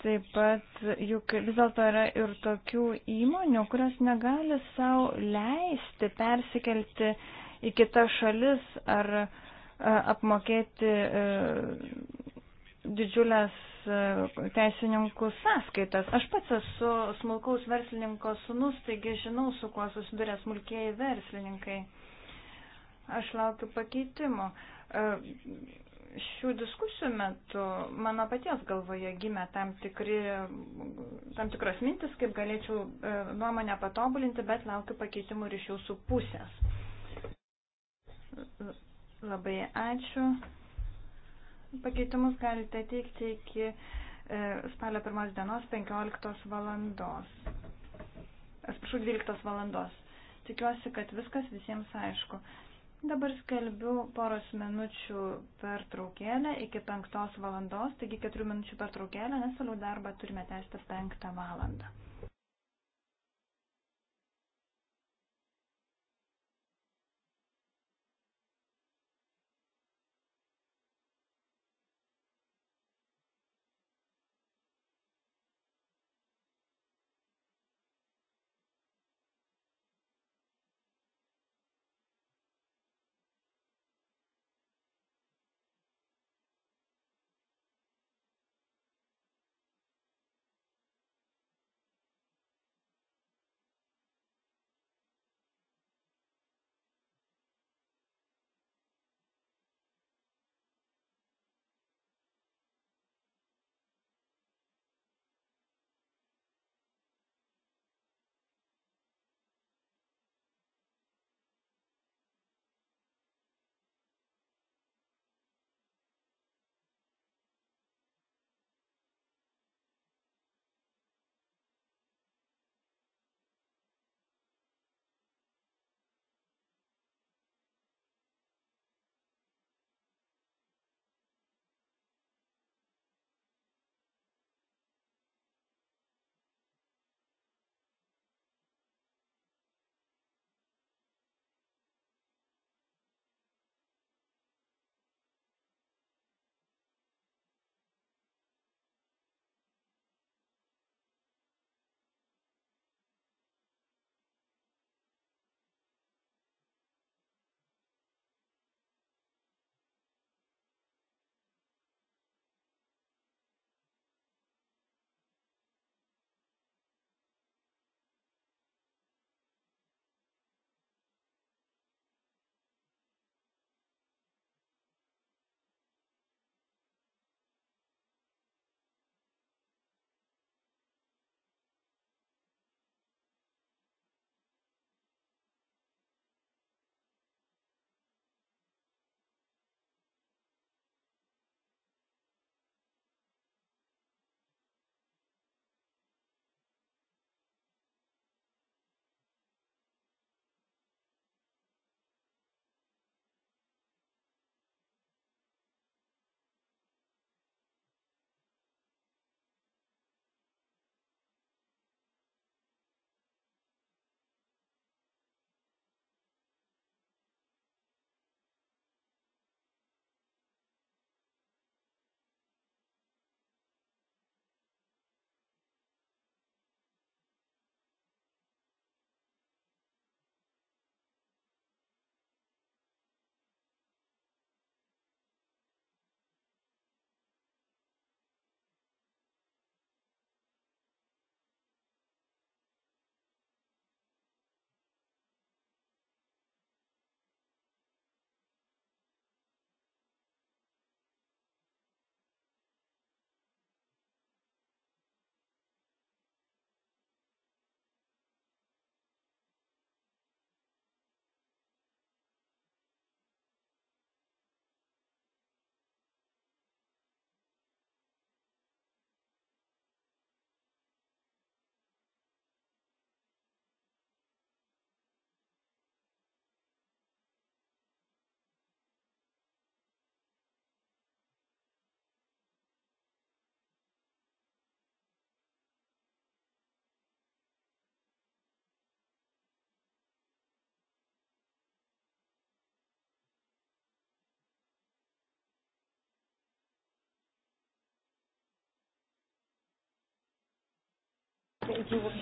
Taip pat juk vis dėlto yra ir tokių įmonių, kurios negali savo leisti persikelti į kitas šalis ar e, apmokėti e, didžiulės e, teisininkų sąskaitas. Aš pats esu smulkaus verslininko sunus, taigi žinau, su kuo susiduria smulkieji verslininkai. Aš laukiu pakeitimo šių diskusijų metu mano paties galvoje gimė tam, tikri, tam tikros mintis, kaip galėčiau e, nuomonę patobulinti, bet laukiu pakeitimų ir iš jūsų pusės. Labai ačiū. Pakeitimus galite teikti iki e, spalio pirmos dienos 15 valandos. Atsiprašau, 12 valandos. Tikiuosi, kad viskas visiems aišku. Dabar skelbiu poros minučių per traukėlę iki penktos valandos, taigi keturių minučių per traukėlę, nes toliau darbą turime tęsti penktą valandą.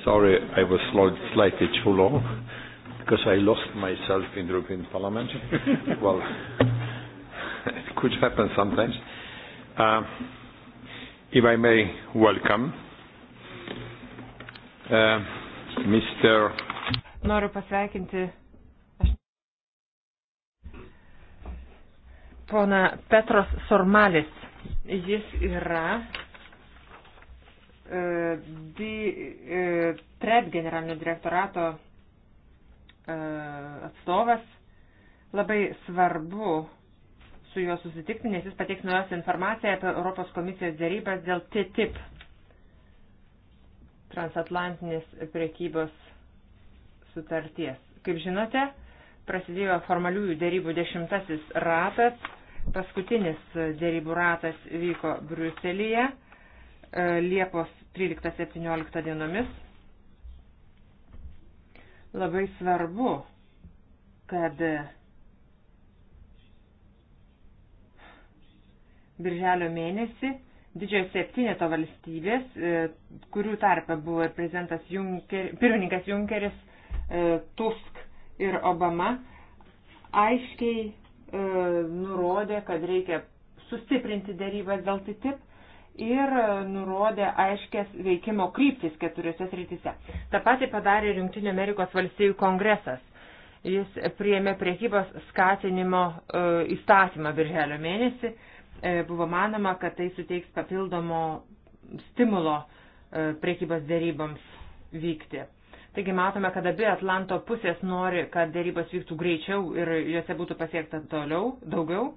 Sorry, I was slightly too long because I lost myself in the European Parliament. well, it could happen sometimes. Uh, if I may welcome uh, Mr. Noriu pasveikinti pona Petros Sormalis. Jis yra E, e, PRED generalinio direktorato e, atstovas. Labai svarbu su juo susitikti, nes jis pateiks naujausią informaciją apie Europos komisijos dėrybas dėl TTIP transatlantinės prekybos sutarties. Kaip žinote, prasidėjo formaliųjų dėrybų dešimtasis ratas. Paskutinis dėrybų ratas vyko Briuselėje Liepos 13-17 dienomis. Labai svarbu, kad birželio mėnesį didžiojo septyneto valstybės, e, kurių tarpe buvo ir prezidentas Junker, pirmininkas Junkeris, e, Tusk ir Obama, aiškiai e, nurodė, kad reikia sustiprinti darybas dėl TTIP ir nurodė aiškės veikimo kryptis keturiose srityse. Ta pati padarė ir Junktinio Amerikos valstybių kongresas. Jis priėmė priekybos skatinimo e, įstatymą birželio mėnesį. E, buvo manoma, kad tai suteiks papildomo stimulo e, priekybos dėryboms vykti. Taigi matome, kad abi Atlanto pusės nori, kad dėrybos vyktų greičiau ir juose būtų pasiekta toliau, daugiau.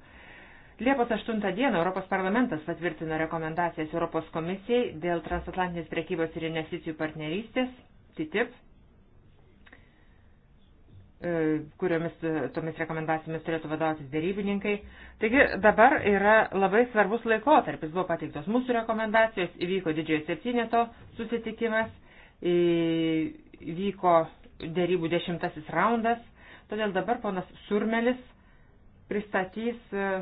Liepos 8 dieną Europos parlamentas patvirtino rekomendacijas Europos komisijai dėl transatlantinės prekybos ir investicijų partnerystės, TTIP, e, kuriomis e, tomis rekomendacijomis turėtų vadovautis dėrybininkai. Taigi dabar yra labai svarbus laikotarpis, buvo pateiktos mūsų rekomendacijos, įvyko didžiojo septyneto susitikimas, įvyko dėrybų dešimtasis raundas, todėl dabar ponas Surmelis pristatys e,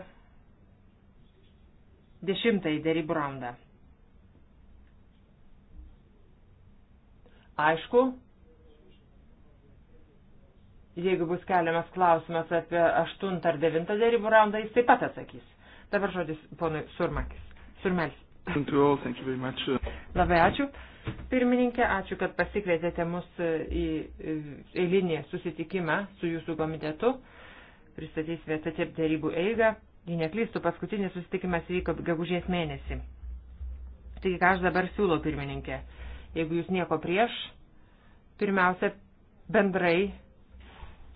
dešimtąjį dėrybų raundą. Aišku, jeigu bus keliamas klausimas apie 8 ar 9 dėrybų raundą, jis taip pat atsakys. Dabar žodis ponui Surmakis. Surmelis. Labai ačiū. Pirmininkė, ačiū, kad pasikvietėte mus į eilinį susitikimą su jūsų komitetu. Pristatysime TTIP dėrybų eigą jei neklystų, paskutinis susitikimas vyko gegužės mėnesį. Taigi, ką aš dabar siūlau, pirmininkė, jeigu jūs nieko prieš, pirmiausia, bendrai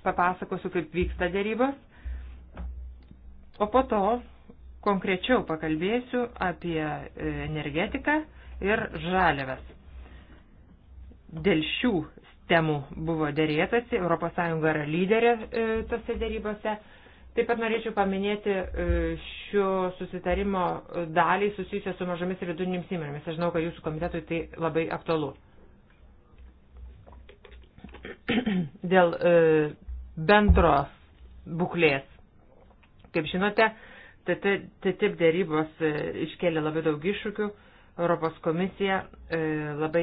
papasakosiu, kaip vyksta dėrybos, o po to konkrečiau pakalbėsiu apie e, energetiką ir žalėves. Dėl šių temų buvo dėrėtasi, ES yra lyderė e, tose dėrybose Taip pat norėčiau paminėti e, šio susitarimo dalį susijusią su mažomis ir vidutinėmis įmonėmis. Aš žinau, kad jūsų komitetui tai labai aktualu. Dėl e, bendro būklės. Kaip žinote, TTIP dėrybos e, iškėlė labai daug iššūkių. Europos komisija labai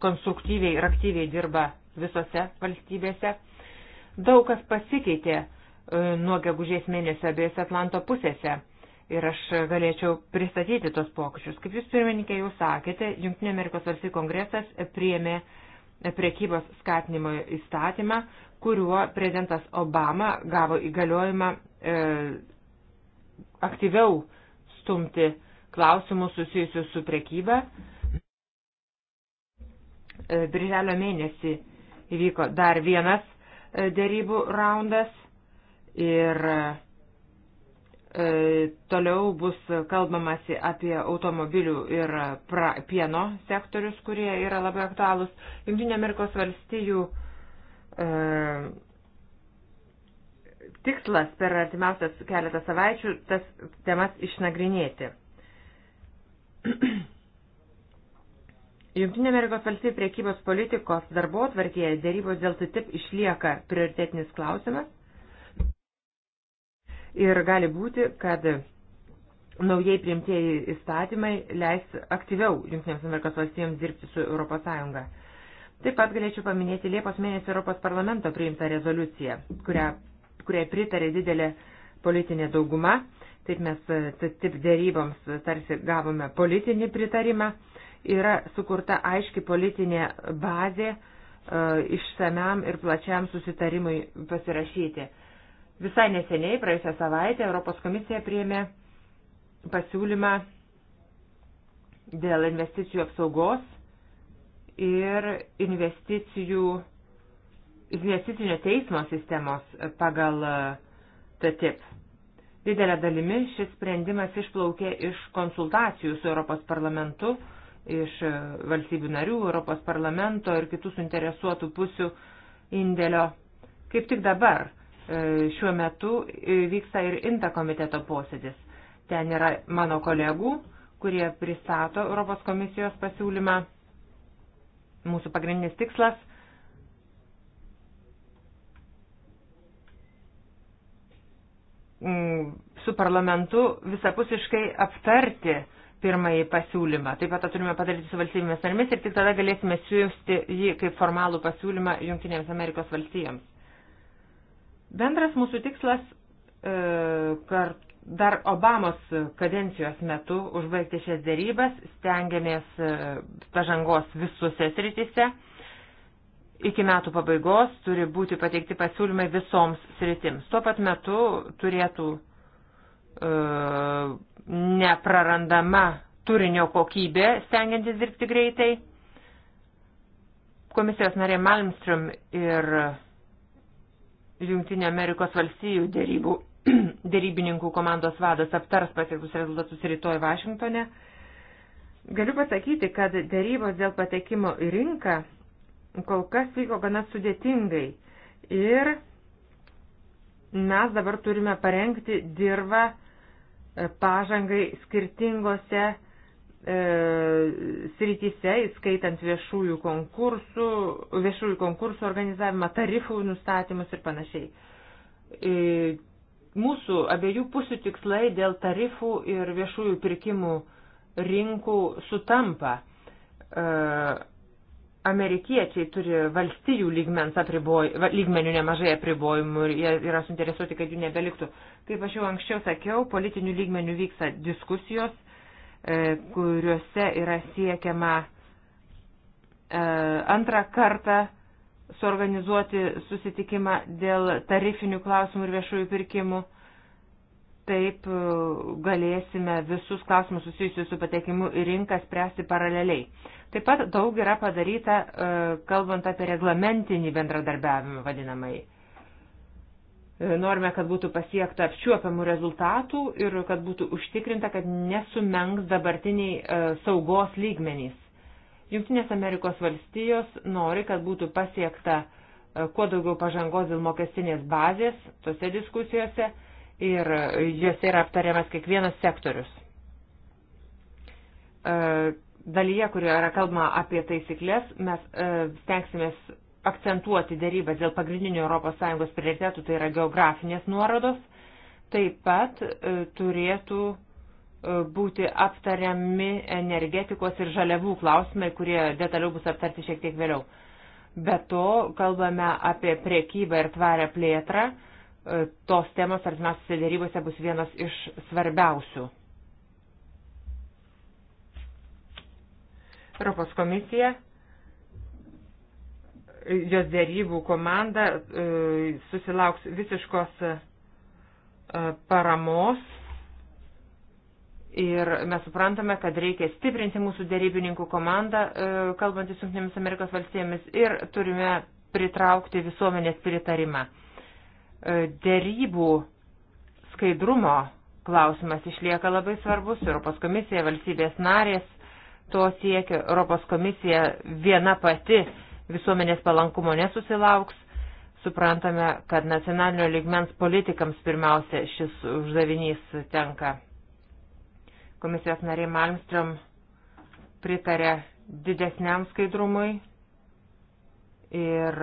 konstruktyviai ir aktyviai dirba visose valstybėse. Daug kas pasikeitė E, nuo gegužės mėnesio abiejose Atlanto pusėse. Ir aš galėčiau pristatyti tos pokyčius. Kaip jūs pirmininkė jau sakėte, Junktinė Amerikos valstybių kongresas priėmė priekybos skatinimo įstatymą, kuriuo prezidentas Obama gavo įgaliojimą e, aktyviau stumti klausimus susijusius su priekyba. E, Birželio mėnesį įvyko dar vienas e, dėrybų raundas ir e, Toliau bus kalbamasi apie automobilių ir pra, pieno sektorius, kurie yra labai aktualūs. Junktinė Amerikos valstijų e, tikslas per artimiausias keletą savaičių tas temas išnagrinėti. Junktinė Amerikos valstijų priekybos politikos darbo atvarkėje dėrybos dėl TTIP išlieka prioritetinis klausimas Ir gali būti, kad naujai priimtieji įstatymai leis aktyviau Junktinėms Amerikos valstijoms dirbti su ES. Taip pat galėčiau paminėti Liepos mėnesį Europos parlamento priimtą rezoliuciją, kurią, kuriai pritarė didelė politinė dauguma. Taip mes taip dėryboms tarsi gavome politinį pritarimą. Yra sukurta aiški politinė bazė e, išsamiam ir plačiam susitarimui pasirašyti. Visai neseniai, praėjusią savaitę, Europos komisija priėmė pasiūlymą dėl investicijų apsaugos ir investicijų, investicinio teismo sistemos pagal TTIP. Didelė dalimi šis sprendimas išplaukė iš konsultacijų su Europos parlamentu, iš valstybių narių, Europos parlamento ir kitų suinteresuotų pusių indėlio. Kaip tik dabar E, šiuo metu e, vyksta ir INTA komiteto posėdis. Ten yra mano kolegų, kurie pristato Europos komisijos pasiūlymą. Mūsų pagrindinis tikslas mm, su parlamentu visapusiškai aptarti pirmąjį pasiūlymą. Taip pat turime padaryti su valstybėmis narėmis ir tik tada galėsime siūsti jį kaip formalų pasiūlymą Junktinėms Amerikos valstijoms. Bendras mūsų tikslas e, kartu dar Obamos kadencijos metu užbaigti šias dėrybas, stengiamės e, pažangos visuose sritise. Iki metų pabaigos turi būti pateikti pasiūlymai visoms sritims. Tuo pat metu turėtų e, neprarandama turinio kokybė, stengiantis dirbti greitai. Komisijos narė Malmström ir Junktinė Amerikos valstijų dėrybų, dėrybininkų komandos vadas aptars pasiektus rezultatus rytoj Vašingtone. Galiu pasakyti, kad dėrybos dėl patekimo į rinką kol kas vyko gana sudėtingai ir mes dabar turime parengti dirbą e, pažangai skirtingose E, srityse, įskaitant viešųjų konkursų, viešųjų konkursų organizavimą, tarifų nustatymus ir panašiai. E, mūsų abiejų pusių tikslai dėl tarifų ir viešųjų pirkimų rinkų sutampa. E, amerikiečiai turi valstijų apriboj, lygmenių nemažai apribojimų ir jie yra suinteresuoti, kad jų nebeliktų. Kaip aš jau anksčiau sakiau, politinių lygmenių vyksta diskusijos E, kuriuose yra siekiama e, antrą kartą suorganizuoti susitikimą dėl tarifinių klausimų ir viešųjų pirkimų. Taip e, galėsime visus klausimus susijusius su patekimu į rinką spręsti paraleliai. Taip pat daug yra padaryta, kalbant apie reglamentinį bendradarbiavimą vadinamai. Norime, kad būtų pasiekta apčiuopiamų rezultatų ir kad būtų užtikrinta, kad nesumenks dabartiniai e, saugos lygmenys. Junktinės Amerikos valstijos nori, kad būtų pasiekta e, kuo daugiau pažangos dėl mokestinės bazės tose diskusijose ir e, jose yra aptariamas kiekvienas sektorius. Dalyje, kurioje yra kalbama apie taisyklės, mes stengsimės akcentuoti dėrybas dėl pagrindinių ES prioritetų, tai yra geografinės nuorodos, taip pat e, turėtų e, būti aptariami energetikos ir žaliavų klausimai, kurie detaliau bus aptarti šiek tiek vėliau. Be to, kalbame apie priekybą ir tvarę plėtrą. E, tos temos artimiausiose dėrybose bus vienas iš svarbiausių. Europos komisija jos dėrybų komanda e, susilauks visiškos e, paramos ir mes suprantame, kad reikia stiprinti mūsų dėrybininkų komandą, e, kalbantys Junktinėmis Amerikos valstybėmis ir turime pritraukti visuomenės pritarimą. Dėrybų skaidrumo klausimas išlieka labai svarbus. Europos komisija, valstybės narės to siekia. Europos komisija viena pati visuomenės palankumo nesusilauks. Suprantame, kad nacionalinio ligmens politikams pirmiausia šis uždavinys tenka. Komisijos nariai Malmström pritarė didesniam skaidrumui ir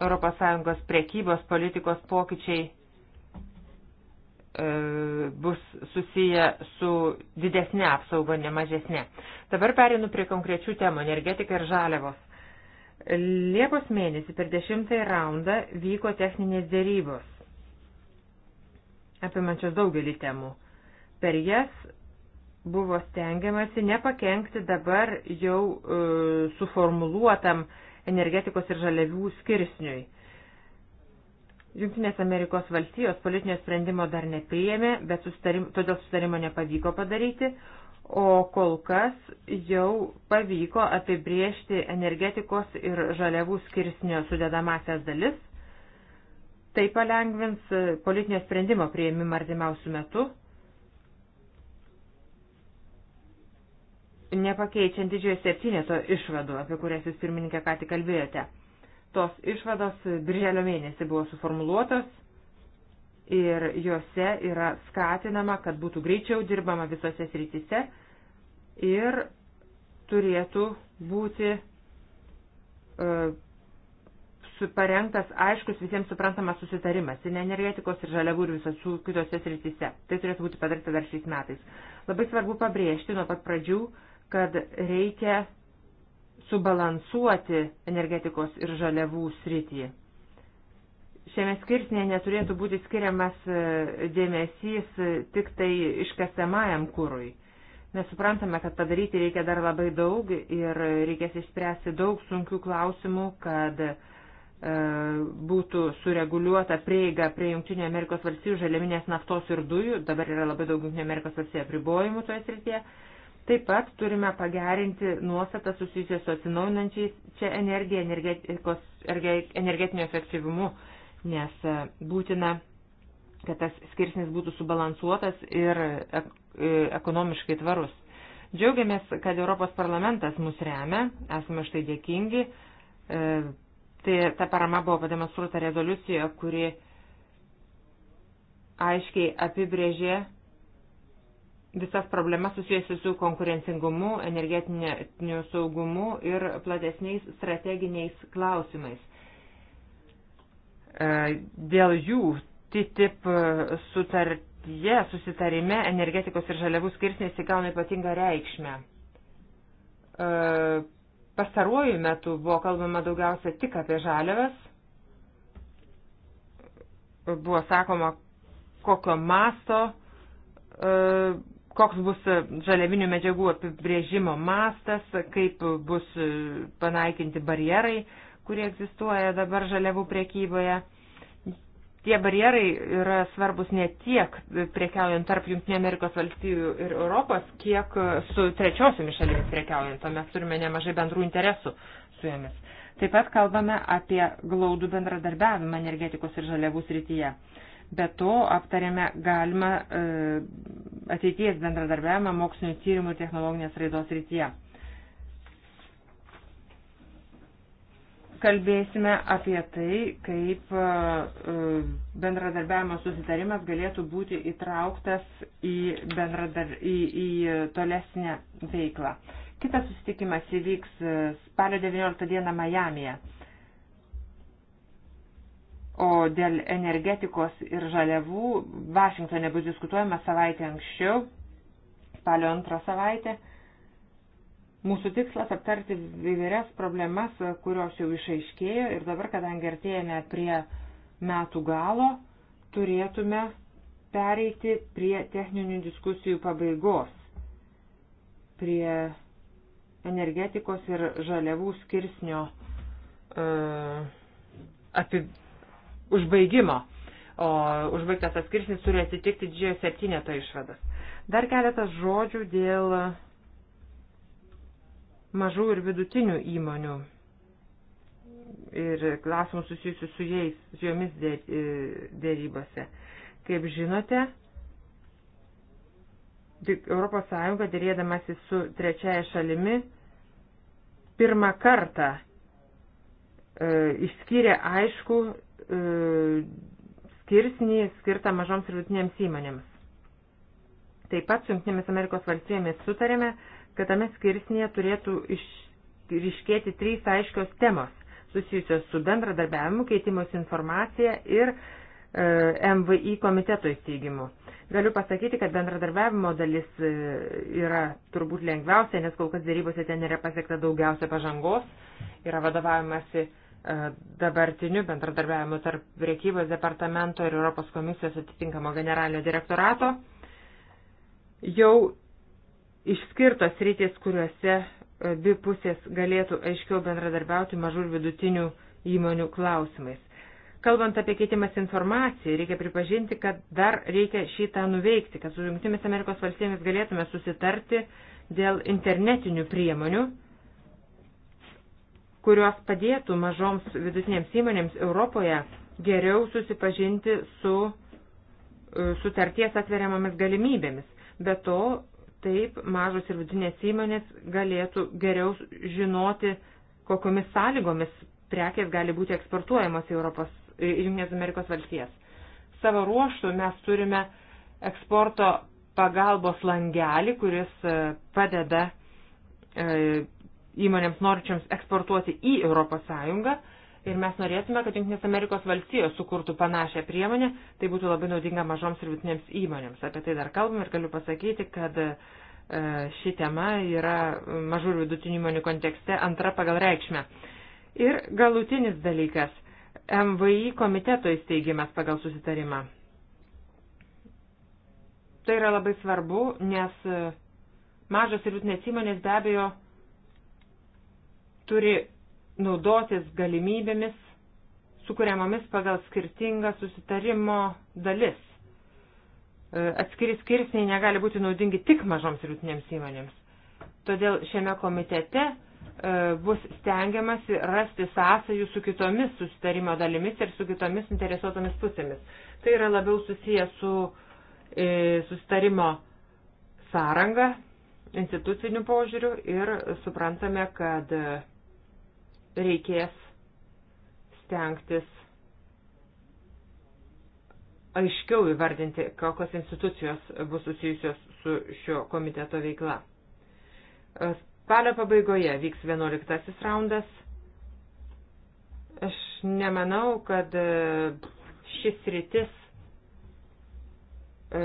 ES priekybos politikos pokyčiai e, bus susiję su didesnė apsauga, ne mažesnė. Dabar perinu prie konkrečių temų - energetika ir žaliavos. Liepos mėnesį per dešimtąjį raundą vyko techninės dėrybos, apimančios daugelį temų. Per jas buvo stengiamasi nepakenkti dabar jau e, suformuluotam energetikos ir žaliavių skirsniui. Junktinės Amerikos valstijos politinio sprendimo dar nepriėmė, bet sustarim, todėl sustarimo nepavyko padaryti, O kol kas jau pavyko apibriežti energetikos ir žaliavų skirsnio sudedamasias dalis. Tai palengvins politinio sprendimo prieimimą artimiausių metų, nepakeičiant didžiojo septyneto išvadų, apie kurias jūs pirmininkė ką tik kalbėjote. Tos išvados birželio mėnesį buvo suformuluotos ir juose yra skatinama, kad būtų greičiau dirbama visose srityse ir turėtų būti uh, parengtas aiškus visiems suprantamas susitarimas ir energetikos ir žaliavų ir visų kitose srityse. Tai turėtų būti padaryta dar šiais metais. Labai svarbu pabrėžti nuo pat pradžių, kad reikia subalansuoti energetikos ir žaliavų srityje. Šiame skirsnėje neturėtų būti skiriamas e, dėmesys e, tik tai iškasamajam kūrui. Mes suprantame, kad padaryti reikia dar labai daug ir reikės išspręsti daug sunkių klausimų, kad e, būtų sureguliuota prieiga prie Junktinio Amerikos valstybių žaliaminės naftos ir dujų. Dabar yra labai daug Junktinio Amerikos valstybių apribojimų toje srityje. Taip pat turime pagerinti nuostatą susijusią su atsinaujinančiais čia energija, energetinio efektyvumu, nes e, būtina kad tas skirsnis būtų subalansuotas ir e, e, ekonomiškai tvarus. Džiaugiamės, kad Europos parlamentas mus remia, esame štai dėkingi. E, tai ta parama buvo pademonstruota rezoliucijoje, kuri aiškiai apibrėžė visas problemas susijusius su konkurencingumu, energetiniu saugumu ir platesniais strateginiais klausimais. Dėl jų TTIP sutartyje, susitarime energetikos ir žaliavų skirsnis įgauna ypatingą reikšmę. E, pastaruoju metu buvo kalbama daugiausia tik apie žaliavas. Buvo sakoma, kokio masto, e, koks bus žaliavinių medžiagų apibrėžimo mastas, kaip bus panaikinti barjerai, kurie egzistuoja dabar žaliavų priekyboje tie barjerai yra svarbus ne tiek prekiaujant tarp Junktinė Amerikos valstybių ir Europos, kiek su trečiosiomis šalimis prekiaujant, o mes turime nemažai bendrų interesų su jomis. Taip pat kalbame apie glaudų bendradarbiavimą energetikos ir žaliavų srityje. Be to aptarėme galima e, ateities bendradarbiavimą mokslinio tyrimų ir technologinės raidos srityje. kalbėsime apie tai, kaip e, e, bendradarbiavimo susitarimas galėtų būti įtrauktas į, bendradar... į, į tolesnę veiklą. Kitas susitikimas įvyks e, spalio 19 dieną Majamije. O dėl energetikos ir žaliavų Vašingtonė bus diskutuojama savaitę anksčiau, spalio antrą savaitę. Mūsų tikslas aptarti įvairias problemas, kurios jau išaiškėjo ir dabar, kadangi artėjame prie metų galo, turėtume pereiti prie techninių diskusijų pabaigos, prie energetikos ir žaliavų skirsnio uh, api, užbaigimo. O užbaigtas tas skirsnis turi atitikti didžiojo septyneto išvadas. Dar keletas žodžių dėl uh, mažų ir vidutinių įmonių ir klausimų susijusių su jais, su jomis e, dėrybose. Kaip žinote, ES dėrėdamasi su trečiaja šalimi pirmą kartą e, išskyrė aišku e, skirsnį skirtą mažoms ir vidutinėms įmonėms. Taip pat su Junktinėmis Amerikos valstybėmis sutarėme, kad tame skirsnėje turėtų išryškėti trys aiškios temos susijusios su bendradarbiavimu, keitimos informacija ir e, MVI komiteto įsteigimu. Galiu pasakyti, kad bendradarbiavimo dalis e, yra turbūt lengviausia, nes kol kas dėrybose ten yra pasiekta daugiausia pažangos, yra vadovavimasi e, dabartiniu bendradarbiavimu tarp priekybos departamento ir Europos komisijos atitinkamo generalinio direktorato. Jau išskirtos rytis, kuriuose e, abi pusės galėtų aiškiau bendradarbiauti mažų ir vidutinių įmonių klausimais. Kalbant apie keitimas informaciją, reikia pripažinti, kad dar reikia šitą nuveikti, kad su Junktimis Amerikos valstybėmis galėtume susitarti dėl internetinių priemonių, kurios padėtų mažoms vidutinėms įmonėms Europoje geriau susipažinti su e, sutarties atveriamomis galimybėmis. Be to, Taip mažos ir vidinės įmonės galėtų geriau žinoti, kokiomis sąlygomis prekės gali būti eksportuojamos į Europos, Junktinės Amerikos valstijas. Savo ruoštų mes turime eksporto pagalbos langelį, kuris e, padeda e, įmonėms norinčiams eksportuoti į Europos Sąjungą Ir mes norėtume, kad Junktinės Amerikos valstijos sukurtų panašią priemonę, tai būtų labai naudinga mažoms ir vidutinėms įmonėms. Apie tai dar kalbam ir galiu pasakyti, kad e, ši tema yra mažų ir vidutinių įmonių kontekste antra pagal reikšmę. Ir galutinis dalykas - MVI komiteto įsteigimas pagal susitarimą. Tai yra labai svarbu, nes e, mažos ir vidutinės įmonės be abejo turi naudotis galimybėmis sukūriamomis pagal skirtingą susitarimo dalis. E, atskiri skirsniai negali būti naudingi tik mažoms ir vidutinėms įmonėms. Todėl šiame komitete e, bus stengiamasi rasti sąsajų su kitomis susitarimo dalimis ir su kitomis interesuotomis pusėmis. Tai yra labiau susiję su e, susitarimo sąranga, instituciniu požiūriu ir suprantame, kad reikės stengtis aiškiau įvardinti, kokios institucijos bus susijusios su šio komiteto veikla. Spalio pabaigoje vyks 11 raundas. Aš nemanau, kad šis rytis e,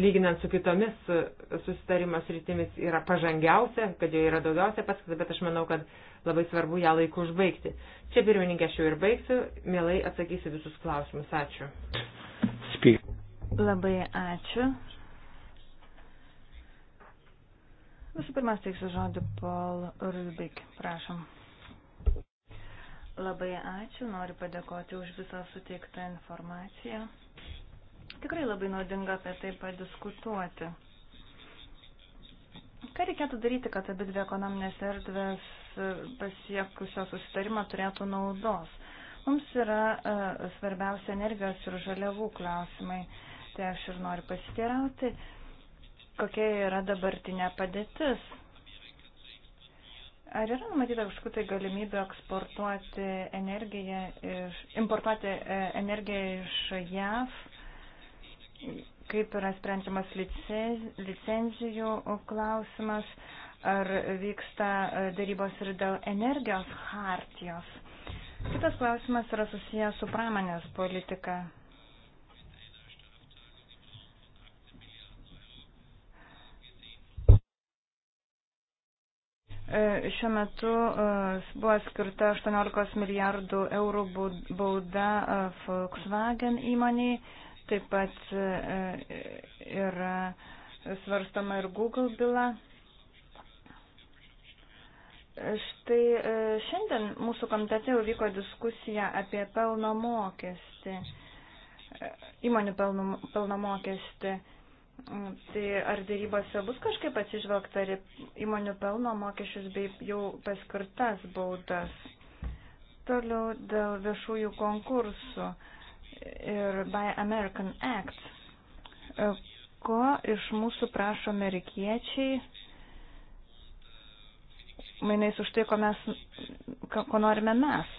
lyginant su kitomis e, susitarimo sritimis, yra pažangiausia, kad joje yra daugiausia paskata, bet aš manau, kad labai svarbu ją laiku užbaigti. Čia pirmininkė aš jau ir baigsiu, mielai atsakysiu visus klausimus. Ačiū. Speak. Labai ačiū. Visų pirma, teiksiu žodį Paul Rubik, prašom. Labai ačiū, noriu padėkoti už visą suteiktą informaciją. Tikrai labai naudinga apie tai padiskutuoti. Ką reikėtų daryti, kad abi dvi ekonominės erdvės e, pasiekusios susitarimą turėtų naudos? Mums yra uh, svarbiausia energijos ir žaliavų klausimai. Tai aš ir noriu pasiteirauti, kokia yra dabartinė padėtis. Ar yra numatyta kažkokiu tai galimybė eksportuoti energiją iš, importuoti e, energiją iš JAV? kaip yra sprendžiamas licenzijų klausimas, ar vyksta e, darybos ir dėl energijos hartijos. Kitas klausimas yra susijęs su pramonės politika. E, šiuo metu e, buvo skirta 18 milijardų eurų bauda Volkswagen įmoniai Taip pat e, yra svarstama ir Google byla. Štai e, šiandien mūsų komitete jau vyko diskusija apie pelno mokestį, e, įmonių pelno, pelno mokestį. Tai ar dėrybose bus kažkaip atsižvelgta ir įmonių pelno mokesčius bei jau paskirtas baudas? Toliau dėl viešųjų konkursų. Uh, ir Buy American Act. E, ko iš mūsų prašo amerikiečiai, mainais už tai, ko, mes, ko norime mes.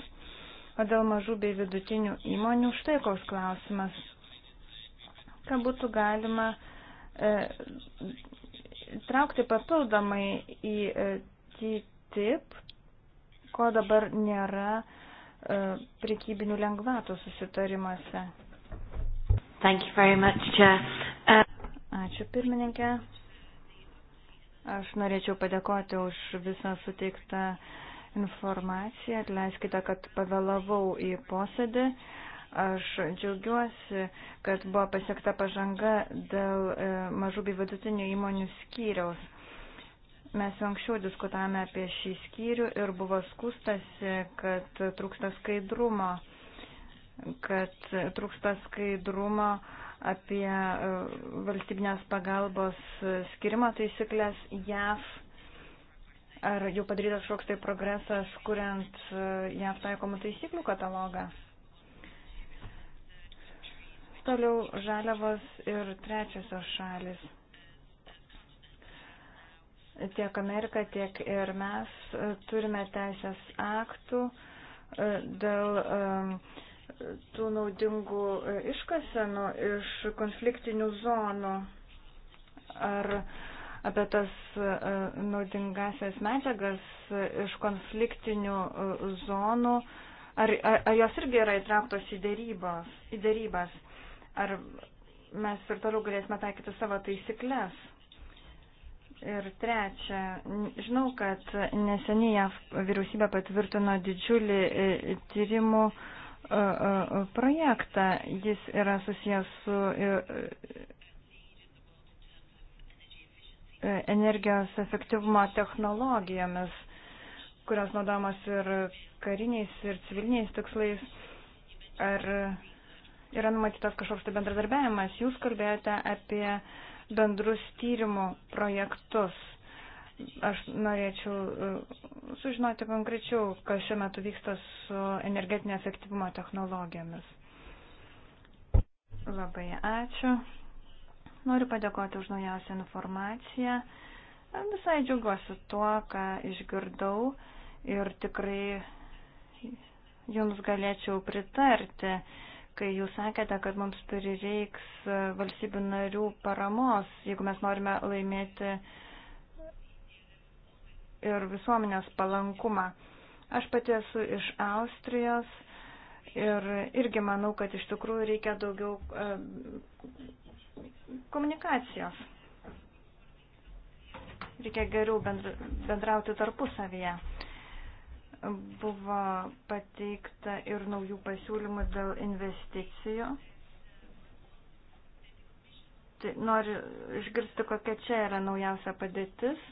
O dėl mažų bei vidutinių įmonių štai koks klausimas. Ką būtų galima e, traukti papildomai į e, TTIP, ko dabar nėra e, E, prekybinių lengvatų susitarimuose. Thank you very much, Chair. Uh... Ačiū pirmininkė. Aš norėčiau padėkoti už visą suteiktą informaciją. Atleiskite, kad pavėlavau į posėdį. Aš džiaugiuosi, kad buvo pasiekta pažanga dėl e, mažų bei vidutinių įmonių skyriaus. Mes jau anksčiau diskutavome apie šį skyrių ir buvo skūstasi, kad trūksta skaidrumo, kad trūksta skaidrumo apie e, valstybinės pagalbos skirimo taisyklės JAV. Ar jau padarytas koks tai progresas, kuriant e, JAV taikomų taisyklių katalogą? Toliau žaliavos ir trečiosios šalis tiek Amerika, tiek ir mes turime teisės aktų e, dėl e, tų naudingų e, iškasenų iš konfliktinių zonų. Ar apie tas naudingasias medžiagas iš konfliktinių zonų, ar, ar, ar jos irgi yra įtrauktos į, dėrybos, į dėrybas? Ar mes ir toliau galėsime taikyti savo taisyklės? Ir trečia, žinau, kad neseniai JAV vyriausybė patvirtino didžiulį e, tyrimų e, e, projektą. Jis yra susijęs su energijos efektyvumo technologijomis, kurios naudojamos ir kariniais, ir civiliniais tikslais. Ar yra numatytas kažkoks tai bendradarbiavimas? Jūs kalbėjote apie uh, bendrus tyrimų projektus. Aš norėčiau e, sužinoti konkrečiau, kas šiuo metu vyksta su energetinio efektyvumo technologijomis. Labai ačiū. Noriu padėkoti už naujausią informaciją. Visai džiaugiuosi tuo, ką išgirdau ir tikrai jums galėčiau pritarti kai jūs sakėte, kad mums prireiks e, valstybių narių paramos, jeigu mes norime laimėti ir visuomenės palankumą. Aš pati esu iš Austrijos ir irgi manau, kad iš tikrųjų reikia daugiau e, komunikacijos. Reikia geriau bendrauti tarpusavyje. Buvo pateikta ir naujų pasiūlymų dėl investicijų. Tai noriu išgirsti, kokia čia yra naujausia padėtis.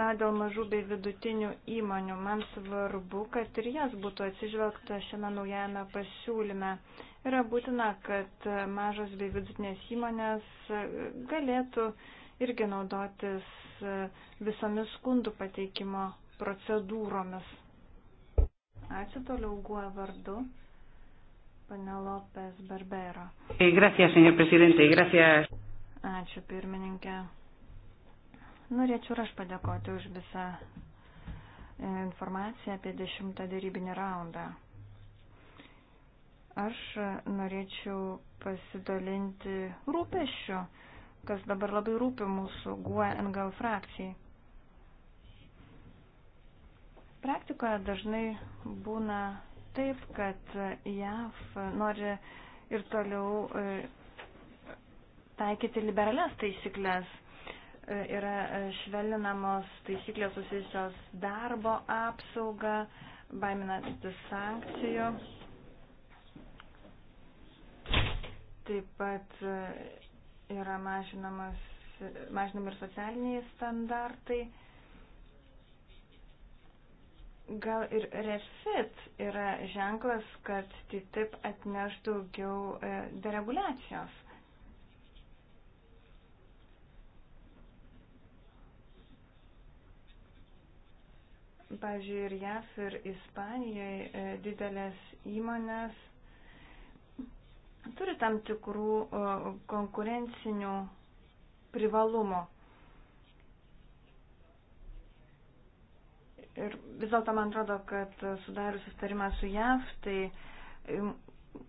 Na, dėl mažų bei vidutinių įmonių man svarbu, kad ir jas būtų atsižvelgta šiame naujame pasiūlyme. Yra būtina, kad mažos bei vidutinės įmonės galėtų irgi naudotis visomis skundų pateikimo procedūromis. Ačiū toliau guo vardu. Penelopės Barbero. Eh, gracias, señor presidente, gracias. Ačiū, pirmininkė. Norėčiau ir aš padėkoti už visą e, informaciją apie dešimtą dėrybinį raundą. Aš norėčiau pasidalinti rūpešiu, kas dabar labai rūpi mūsų GUE NGL frakcijai. Praktikoje dažnai būna taip, kad JAV nori ir toliau e, taikyti liberales taisyklės. E, yra e, švelninamos taisyklės susijusios darbo apsauga, baiminantis sankcijų. Taip pat yra mažinami ir socialiniai standartai. Gal ir refit yra ženklas, kad TTIP atneš daugiau e, deregulacijos. Pavyzdžiui, ir JAF, ir Ispanijoje didelės įmonės turi tam tikrų konkurencinių privalumų. Ir vis dėlto man atrodo, kad sudarius sustarimą su JAV, tai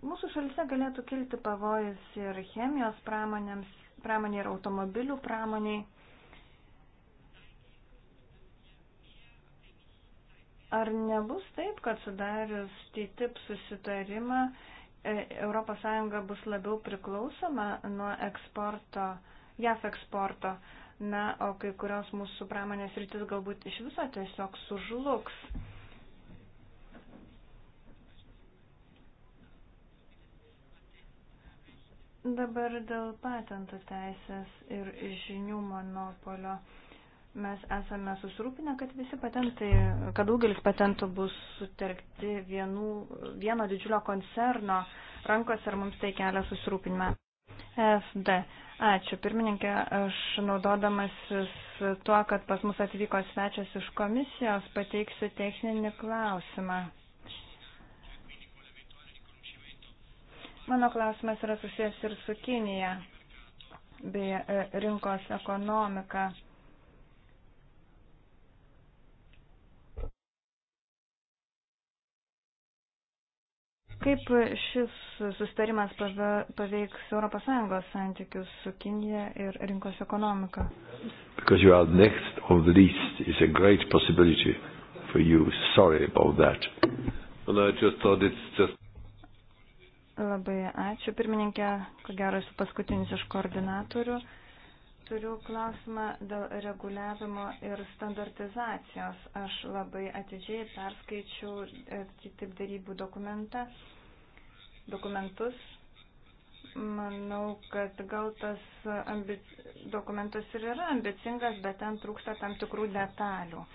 mūsų šalise galėtų kilti pavojus ir chemijos pramonėms, pramonė ir automobilių pramoniai. Ar nebus taip, kad sudarius TTIP susitarimą ES bus labiau priklausoma nuo eksporto, JAF eksporto? Na, o kai kurios mūsų pramonės rytis galbūt iš viso tiesiog sužlugs. Dabar dėl patentų teisės ir žinių monopolio. Mes esame susirūpinę, kad visi patentai, kad daugelis patentų bus sutelkti vienų, vieno didžiulio koncerno rankos ir mums tai kelia susirūpinimą. ESD. Ačiū, pirmininkė. Aš naudodamasis tuo, kad pas mus atvyko svečias iš komisijos, pateiksiu techninį klausimą. Mano klausimas yra susijęs ir su Kinija bei e, rinkos ekonomika. Kaip šis sustarimas paveiks ES santykius su Kinija ir rinkos ekonomika? Because you are next on the list is a great possibility for you. Sorry about that. Well, I just thought it's just. Labai ačiū, pirmininkė, ko gero esu paskutinis iš koordinatorių. Turiu klausimą dėl reguliavimo ir standartizacijos. Aš labai atidžiai perskaičiau kitaip e, darybų dokumentą, dokumentus. Manau, kad gal tas ambic... dokumentas ir yra ambicingas, bet ten trūksta tam tikrų detalių.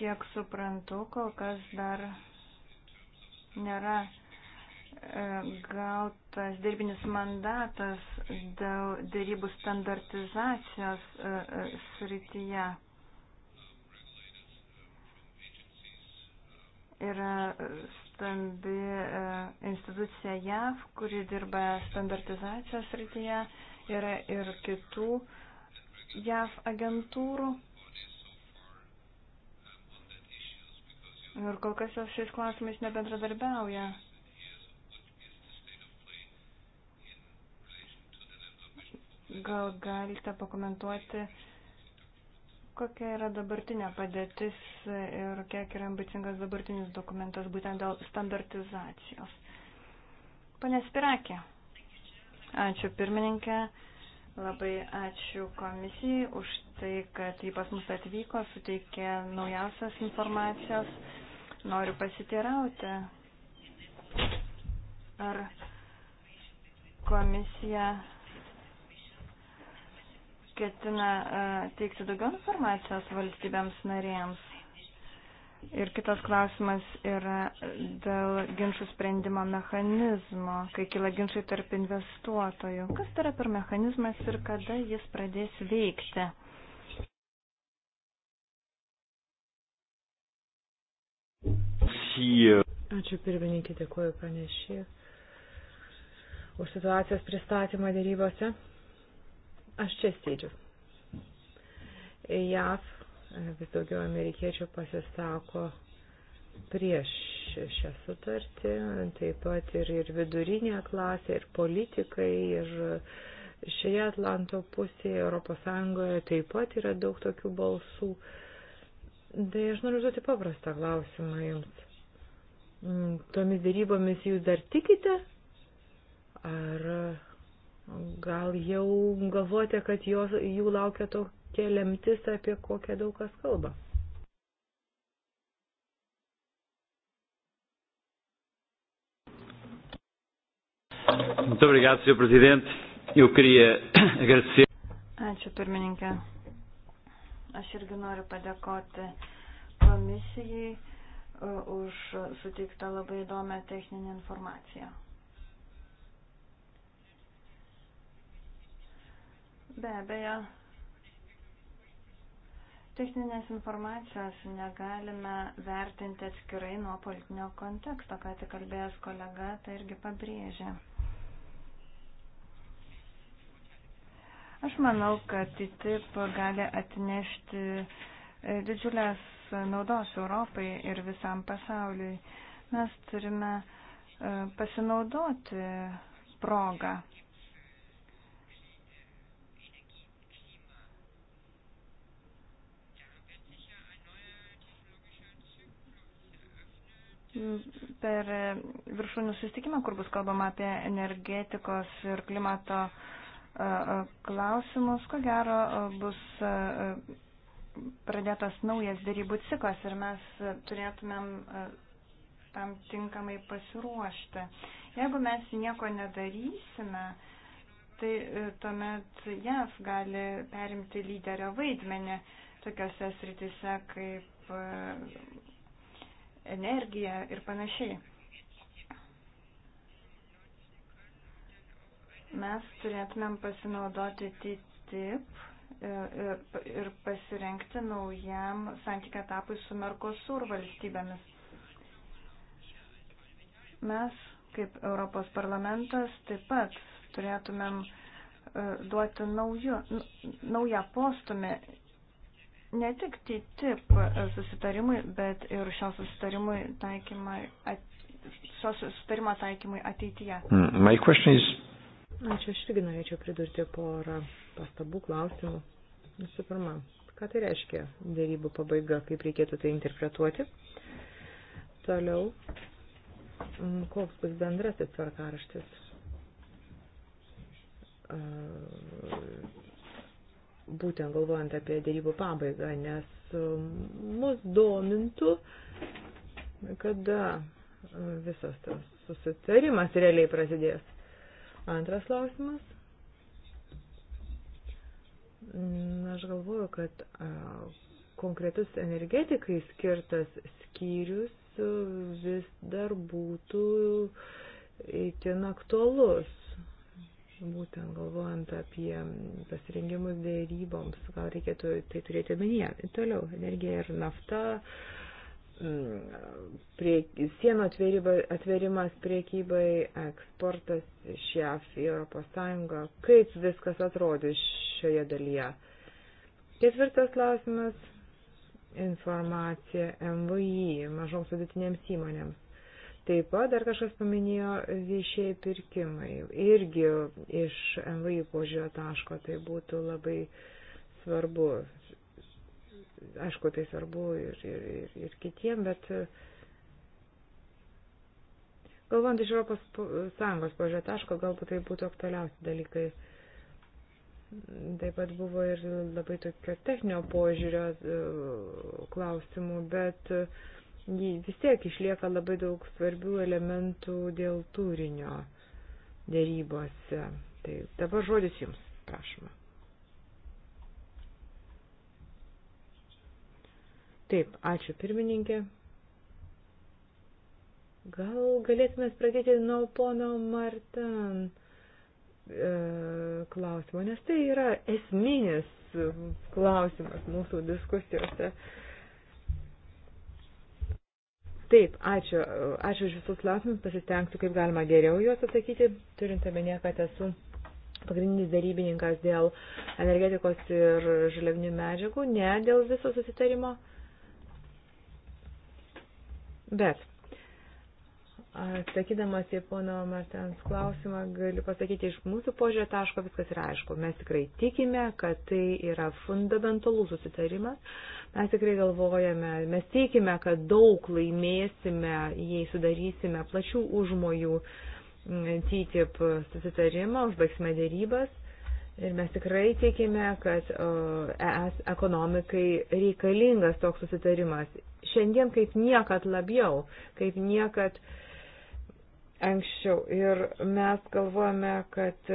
Kiek suprantu, kol kas dar nėra E, gautas dirbinis mandatas dėl dėrybų standartizacijos e, e, srityje. Yra stambi institucija JAV, kuri dirba standartizacijos srityje, yra ir kitų JAV agentūrų. Ir kol kas jos šiais klausimais nebendradarbiauja. Gal galite pakomentuoti, kokia yra dabartinė padėtis ir kiek yra ambicingas dabartinis dokumentas būtent dėl standartizacijos. Pane Spirakė, ačiū pirmininkė, labai ačiū komisijai už tai, kad jį pas mus atvyko, suteikė naujausias informacijos. Noriu pasiteirauti, ar komisija ketina e, teikti daugiau informacijos valstybėms narėms. Ir kitas klausimas yra dėl ginčių sprendimo mechanizmo, kai kila ginčiai tarp investuotojų. Kas tai yra per mechanizmas ir kada jis pradės veikti? Euh. Ačiū pirmininkė, dėkuoju pranešė už situacijos pristatymą dėrybose. Aš čia sėdžiu. JAV e, vis daugiau amerikiečių pasisako prieš šią sutartį, taip pat ir, ir vidurinė klasė, ir politikai, ir šioje Atlanto pusėje ES taip pat yra daug tokių balsų. Tai aš noriu užduoti paprastą klausimą jums. Mm, tomis dėrybomis jūs dar tikite? Ar Gal jau galvojate, kad jos, jų laukia tokia lemtis, apie kokią daug kas kalba? Muito obrigado, Sr. Presidente. Eu queria agradecer. Ačiū, pirmininkė. Aš irgi noriu padėkoti komisijai uh, už suteiktą labai įdomią techninę informaciją. Be abejo, techninės informacijos negalime vertinti atskirai nuo politinio konteksto, ką tik kalbėjęs kolega, tai irgi pabrėžė. Aš manau, kad TTIP gali atnešti e, didžiulės naudos Europai ir visam pasauliui. Mes turime e, pasinaudoti progą per viršūnių susitikimą, kur bus kalbama apie energetikos ir klimato e, e, klausimus, ko gero e, bus pradėtas naujas darybų ciklas ir mes turėtumėm tam tinkamai pasiruošti. Jeigu mes nieko nedarysime, tai tuomet JAV gali perimti lyderio vaidmenį tokiose sritise kaip energiją ir panašiai. Mes turėtumėm pasinaudoti TTIP e, e, ir pasirenkti naujam santykia etapui su Merkosur valstybėmis. Mes, kaip Europos parlamentas, taip pat turėtumėm e, duoti nauju, naują postumį ne tik TTIP susitarimui, bet ir šios susitarimui taikymai, šios susitarimo taikymai ateityje. Hmm, my question is. Ačiū, aš irgi norėčiau pridurti porą pastabų klausimų. Visų pirma, ką tai reiškia dėrybų pabaiga, kaip reikėtų tai interpretuoti. Toliau, hmm, koks bus bendrasis tvarkaraštis būtent galvojant apie dėrybų pabaigą, nes um, mus domintų, kada uh, visas tas susitarimas realiai prasidės. Antras klausimas. Mm, aš galvoju, kad uh, konkretus energetikai skirtas skyrius uh, vis dar būtų įtin aktualus būtent galvojant apie pasirengimus dėryboms, gal reikėtų tai turėti omenyje. Toliau, energija ir nafta, mm, prie, sienų atverimas priekybai, eksportas iš JAF į ES, kaip viskas atrodys šioje dalyje. Ketvirtas klausimas - informacija MVI, mažoms vidutinėms įmonėms Taip pat dar kažkas paminėjo viešieji pirkimai. Irgi iš MVI požiūrio taško tai būtų labai svarbu. Aišku, tai svarbu ir, ir, ir, ir kitiem, bet galvant iš Europos Sąjungos požiūrio taško, galbūt tai būtų aktualiausi dalykai. Taip pat buvo ir labai tokio techninio požiūrio e, klausimų, bet uh, vis tiek išlieka labai daug svarbių elementų dėl turinio dėrybose. Tai dabar žodis jums, prašoma. Taip, ačiū pirmininkė. Gal galėtume pradėti nuo pono Martin e, klausimo, nes tai yra esminis klausimas mūsų diskusijose. Uh, Taip, ačiū. Ačiū už visus klausimus, pasistengsiu kaip galima geriau juos atsakyti, turint omenyje, kad esu pagrindinis darybininkas dėl energetikos ir žaliavinių medžiagų, ne dėl viso susitarimo. Bet Atsakydamas į pono Martens klausimą, galiu pasakyti, iš mūsų požiūrio taško viskas yra aišku. Mes tikrai tikime, kad tai yra fundamentalus susitarimas. Mes tikrai galvojame, mes tikime, kad daug laimėsime, jei sudarysime plačių užmojų mm, TTIP susitarimą, užbaigsime dėrybas. Ir mes tikrai tikime, kad ES ekonomikai reikalingas toks susitarimas. Šiandien kaip niekad labiau, kaip niekad uh, anksčiau. Ir mes galvojame, kad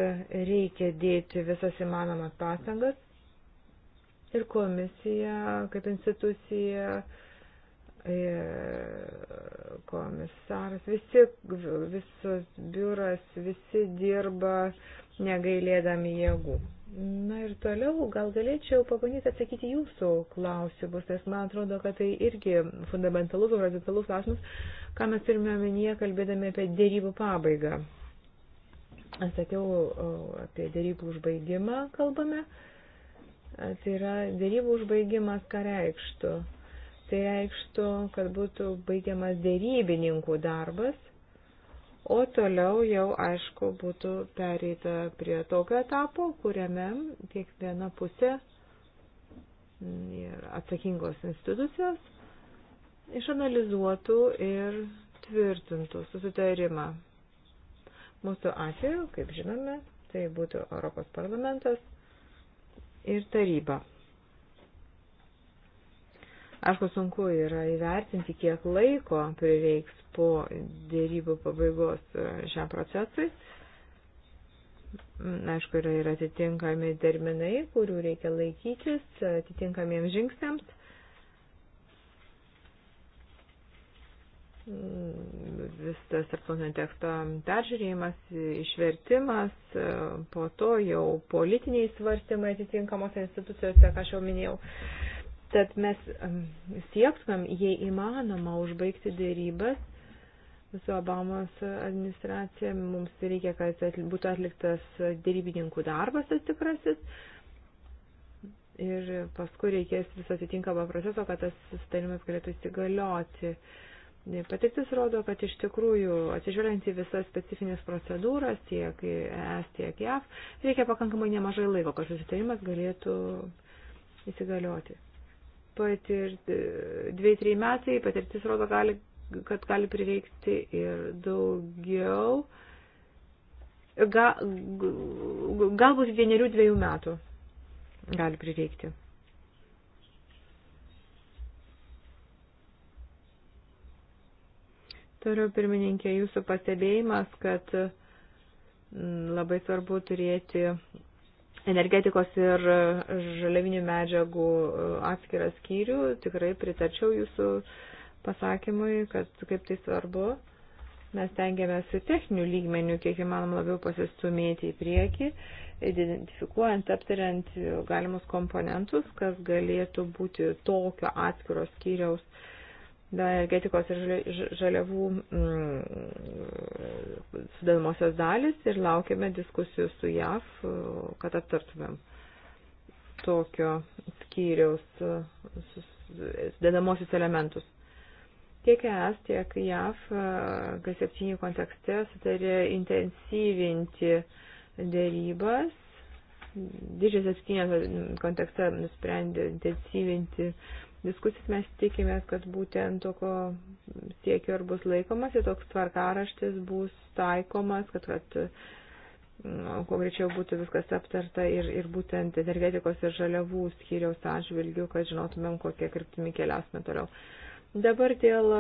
reikia dėti visas įmanomas pastangas. Ir komisija, kaip institucija, komisaras, visi, visos biuras, visi dirba negailėdami jėgų. Na ir toliau gal galėčiau pabandyti atsakyti jūsų klausimus, nes man atrodo, kad tai irgi fundamentalus, horizontalus klausimas, ką mes turime omenyje, kalbėdami apie dėrybų pabaigą. Aš sakiau apie dėrybų užbaigimą kalbame. Tai yra dėrybų užbaigimas, ką reikštų. Tai reikštų, kad būtų baigiamas dėrybininkų darbas O toliau jau, aišku, būtų pereita prie tokio etapo, kuriame kiekviena pusė ir atsakingos institucijos išanalizuotų ir tvirtintų susitarimą. Mūsų atveju, kaip žinome, tai būtų Europos parlamentas ir taryba. Aišku, sunku yra įvertinti, kiek laiko prireiks po dėrybų pabaigos e, šiam procesui. Mm, aišku, yra ir atitinkami terminai, kurių reikia laikytis atitinkamiems žingsniams. Mm, visas tarptautinio teksto peržiūrėjimas, išvertimas, e, po to jau politiniai svarstymai atitinkamos institucijose, ką aš jau minėjau. Tad mes siektumėm, jei įmanoma, užbaigti dėrybas su Obamos administracija. Mums reikia, kad būtų atliktas dėrybininkų darbas atsikrasis. Ir paskui reikės viso atitinkamo proceso, kad tas sustarimas galėtų įsigalioti. Patirtis rodo, kad iš tikrųjų, atsižvelgiant į visas specifinės procedūras, tiek ES, tiek JAV, reikia pakankamai nemažai laiko, kad susitarimas galėtų įsigalioti patirti 2-3 e, metai, patirtis rodo, gali, kad gali prireikti ir daugiau, ga, galbūt vienerių dviejų metų gali prireikti. Turiu pirmininkė jūsų pastebėjimas, kad labai svarbu turėti energetikos ir e, žaliavinių medžiagų e, atskirą skyrių, tikrai pritarčiau jūsų pasakymui, kad kaip tai svarbu. Mes tengiamės techninių lygmenių kiek įmanom labiau pasistumėti į priekį, identifikuojant, aptariant galimus komponentus, kas galėtų būti tokio atskiros skyriaus uh, energetikos ir žaliavų mm, sudedamosios dalis ir laukiame diskusijų su JAV, kad aptartumėm tokio skyriaus sudedamosius elementus. Tiek ES, tiek JAV G7 kontekste sutarė intensyvinti dėrybas. Didžiosios septynės kontekste nusprendė intensyvinti diskusijas mes tikimės, kad būtent tokio siekio ir bus laikomasi, toks tvarkaraštis bus taikomas, kad, kad kuo greičiau būtų viskas aptarta ir, ir būtent energetikos ir žaliavų skyriaus atžvilgių, kad žinotumėm, kokie kryptimi keliausime toliau. Dabar dėl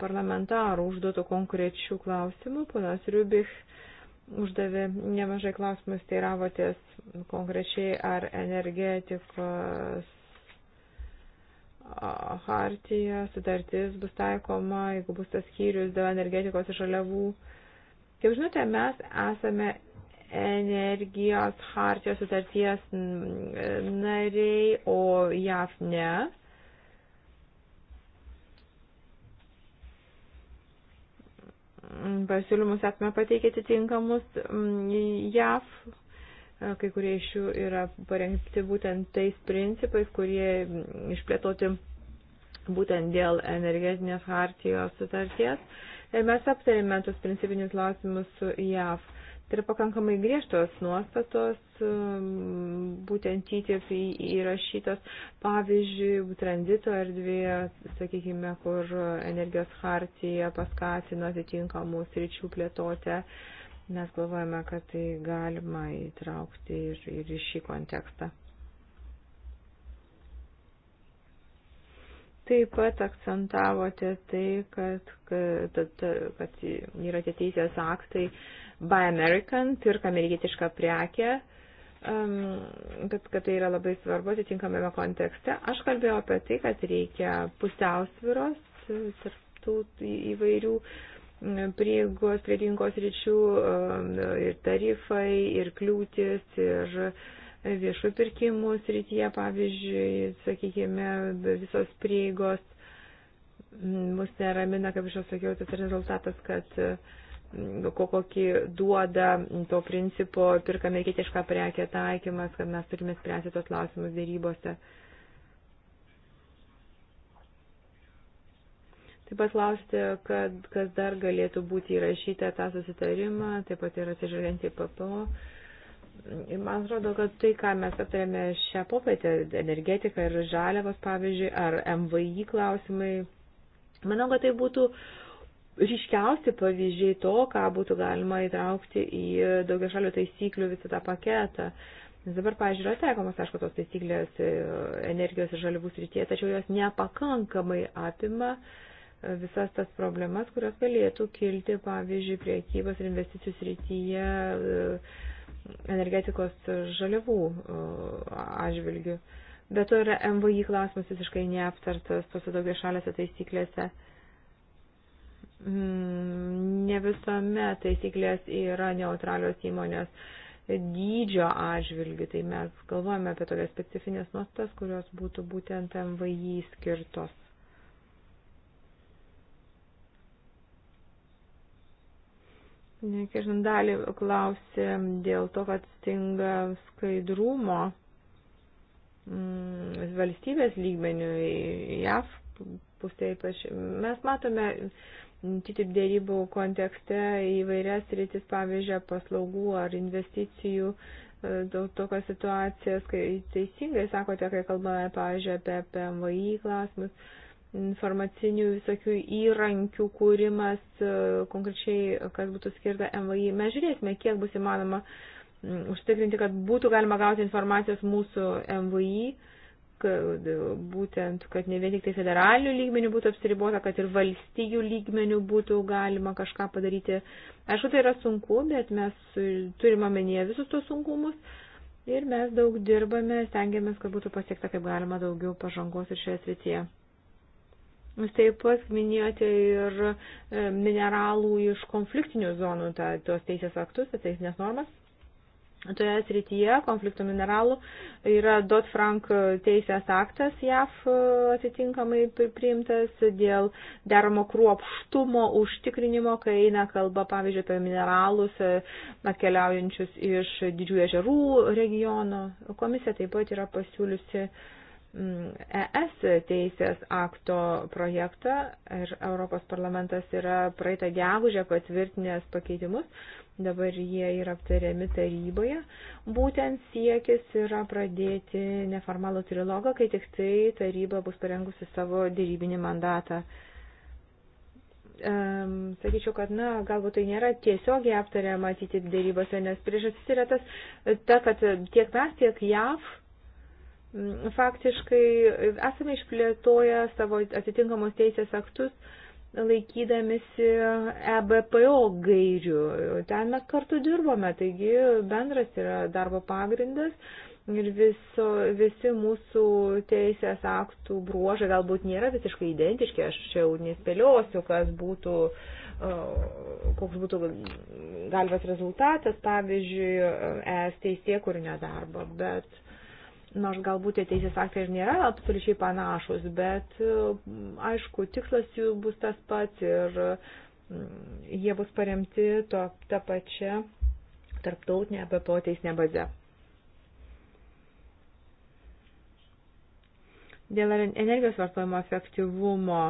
parlamentarų užduotų konkrečių klausimų, ponas Riubich uždavė nemažai klausimus, teiravotės konkrečiai ar energetikos hartija, sutartis bus taikoma, jeigu bus tas skyrius dėl energetikos ir žaliavų. Kaip žinote, mes esame energijos hartijos sutarties nariai, o JAF ne. Pasiūlymus esame pateikėti tinkamus JAF E, kai kurie iš jų yra parengti būtent tais principais, kurie išplėtoti būtent dėl energetinės hartijos sutarties. Ir mes aptarėme tos principinius klausimus su JAV. Tai yra pakankamai griežtos nuostatos, e, būtent TTIP įrašytos, pavyzdžiui, tranzito erdvėje, sakykime, kur energijos hartija paskatino atitinkamų sričių plėtotę. Uh, Mes galvojame, kad tai galima įtraukti ir, ir į šį kontekstą. Taip pat akcentavote tai, kad, kad, kad yra tie teisės aktai Buy American, pirk amerikietišką prekę, um, kad, kad tai yra labai svarbu atitinkamame kontekste. Aš kalbėjau apie tai, kad reikia pusiausviros tarptų įvairių uh, prieigos prie rinkos ryčių e, ir tarifai, ir kliūtis, ir viešų pirkimų srityje, pavyzdžiui, sakykime, visos prieigos. Mus neramina, kaip aš jau sakiau, tas rezultatas, kad e, kokį duoda to principo pirk amerikietišką prekę taikymas, kad mes turime spręsti tos klausimus dėrybose. Uh, Taip pat klausite, kad, kas dar galėtų būti įrašyta tą susitarimą, taip pat ir atsižvelgiant į PPO. Ir man atrodo, kad tai, ką mes aptarėme šią popietę, energetika ir žaliavos, pavyzdžiui, ar MVI klausimai, manau, kad tai būtų ryškiausi pavyzdžiai to, ką būtų galima įtraukti į daugia šalių taisyklių visą tą paketą. Nes dabar, pažiūrėjau, taikomas, aišku, tos taisyklės e, energijos ir žaliavų srityje, tačiau jos nepakankamai apima uh, visas tas problemas, kurios galėtų kilti, pavyzdžiui, priekybos ir investicijų srityje e, energetikos žaliavų e, atžvilgių. Bet to yra MVI klausimas visiškai neaptartas tose daugia šalėse taisyklėse. Mm, ne visuomet taisyklės yra neutralios įmonės dydžio atžvilgių, tai mes galvojame apie tokias specifines nuostas, kurios būtų būtent MVI skirtos. Kežandalį klausė dėl to, kad stinga skaidrumo mm, valstybės lygmenių į JAV pusė ypač. Mes matome TTIP dėrybų kontekste įvairias rytis, pavyzdžiui, paslaugų ar investicijų, dėl e, tokios situacijos, kai teisingai sakote, kai kalbame, pavyzdžiui, apie PMVI klausimus, informacinių visokių įrankių kūrimas, e, konkrečiai, kas būtų skirta MVI. Mes žiūrėsime, kiek bus įmanoma mm, užtikrinti, kad būtų galima gauti informacijos mūsų MVI, kad, e, būtent, kad ne vien tik tai federalinių lygmenių būtų apsiribota, kad ir valstijų lygmenių būtų galima kažką padaryti. Aišku, tai yra sunku, bet mes e, turime omenyje visus tos sunkumus. Ir mes daug dirbame, stengiamės, kad būtų pasiekta kaip galima daugiau pažangos ir šioje srityje. Jūs taip pat minėjote ir e, mineralų iš konfliktinių zonų, ta, tos teisės aktus, tas teisinės normas. Toje srityje konfliktų mineralų yra Dodd-Frank teisės aktas JAF e, atitinkamai priimtas dėl deramo kruopštumo užtikrinimo, kai eina kalba, pavyzdžiui, apie mineralus e, atkeliaujančius iš didžiųjų ežerų regiono. Komisija taip pat yra pasiūliusi uh, ES teisės akto projektą ir Europos parlamentas yra praeitą gegužę patvirtinęs pakeitimus, dabar jie yra aptariami taryboje. Būtent siekis yra pradėti neformalų trilogą, kai tik tai taryba bus parengusi savo dėrybinį mandatą. Um, sakyčiau, kad, na, galbūt tai nėra tiesiogiai aptariama atyti dėrybose, nes priežastis yra tas, ta, kad tiek mes, tiek JAV faktiškai esame išplėtoję savo atitinkamos teisės aktus laikydamisi EBPO gairių. Ten mes kartu dirbome, taigi bendras yra darbo pagrindas ir viso, visi mūsų teisės aktų bruožai galbūt nėra visiškai identiški, aš čia jau nespėliosiu, kas būtų, koks būtų galvas rezultatas, pavyzdžiui, e, es teisė kūrinio darbo, bet nors galbūt tie teisės aktai ir nėra absoliučiai panašus, bet e, aišku, tikslas jų bus tas pats ir mm, jie bus paremti to, tą pačią tarptautinę BPO teisinę bazę. Dėl energijos vartojimo efektyvumo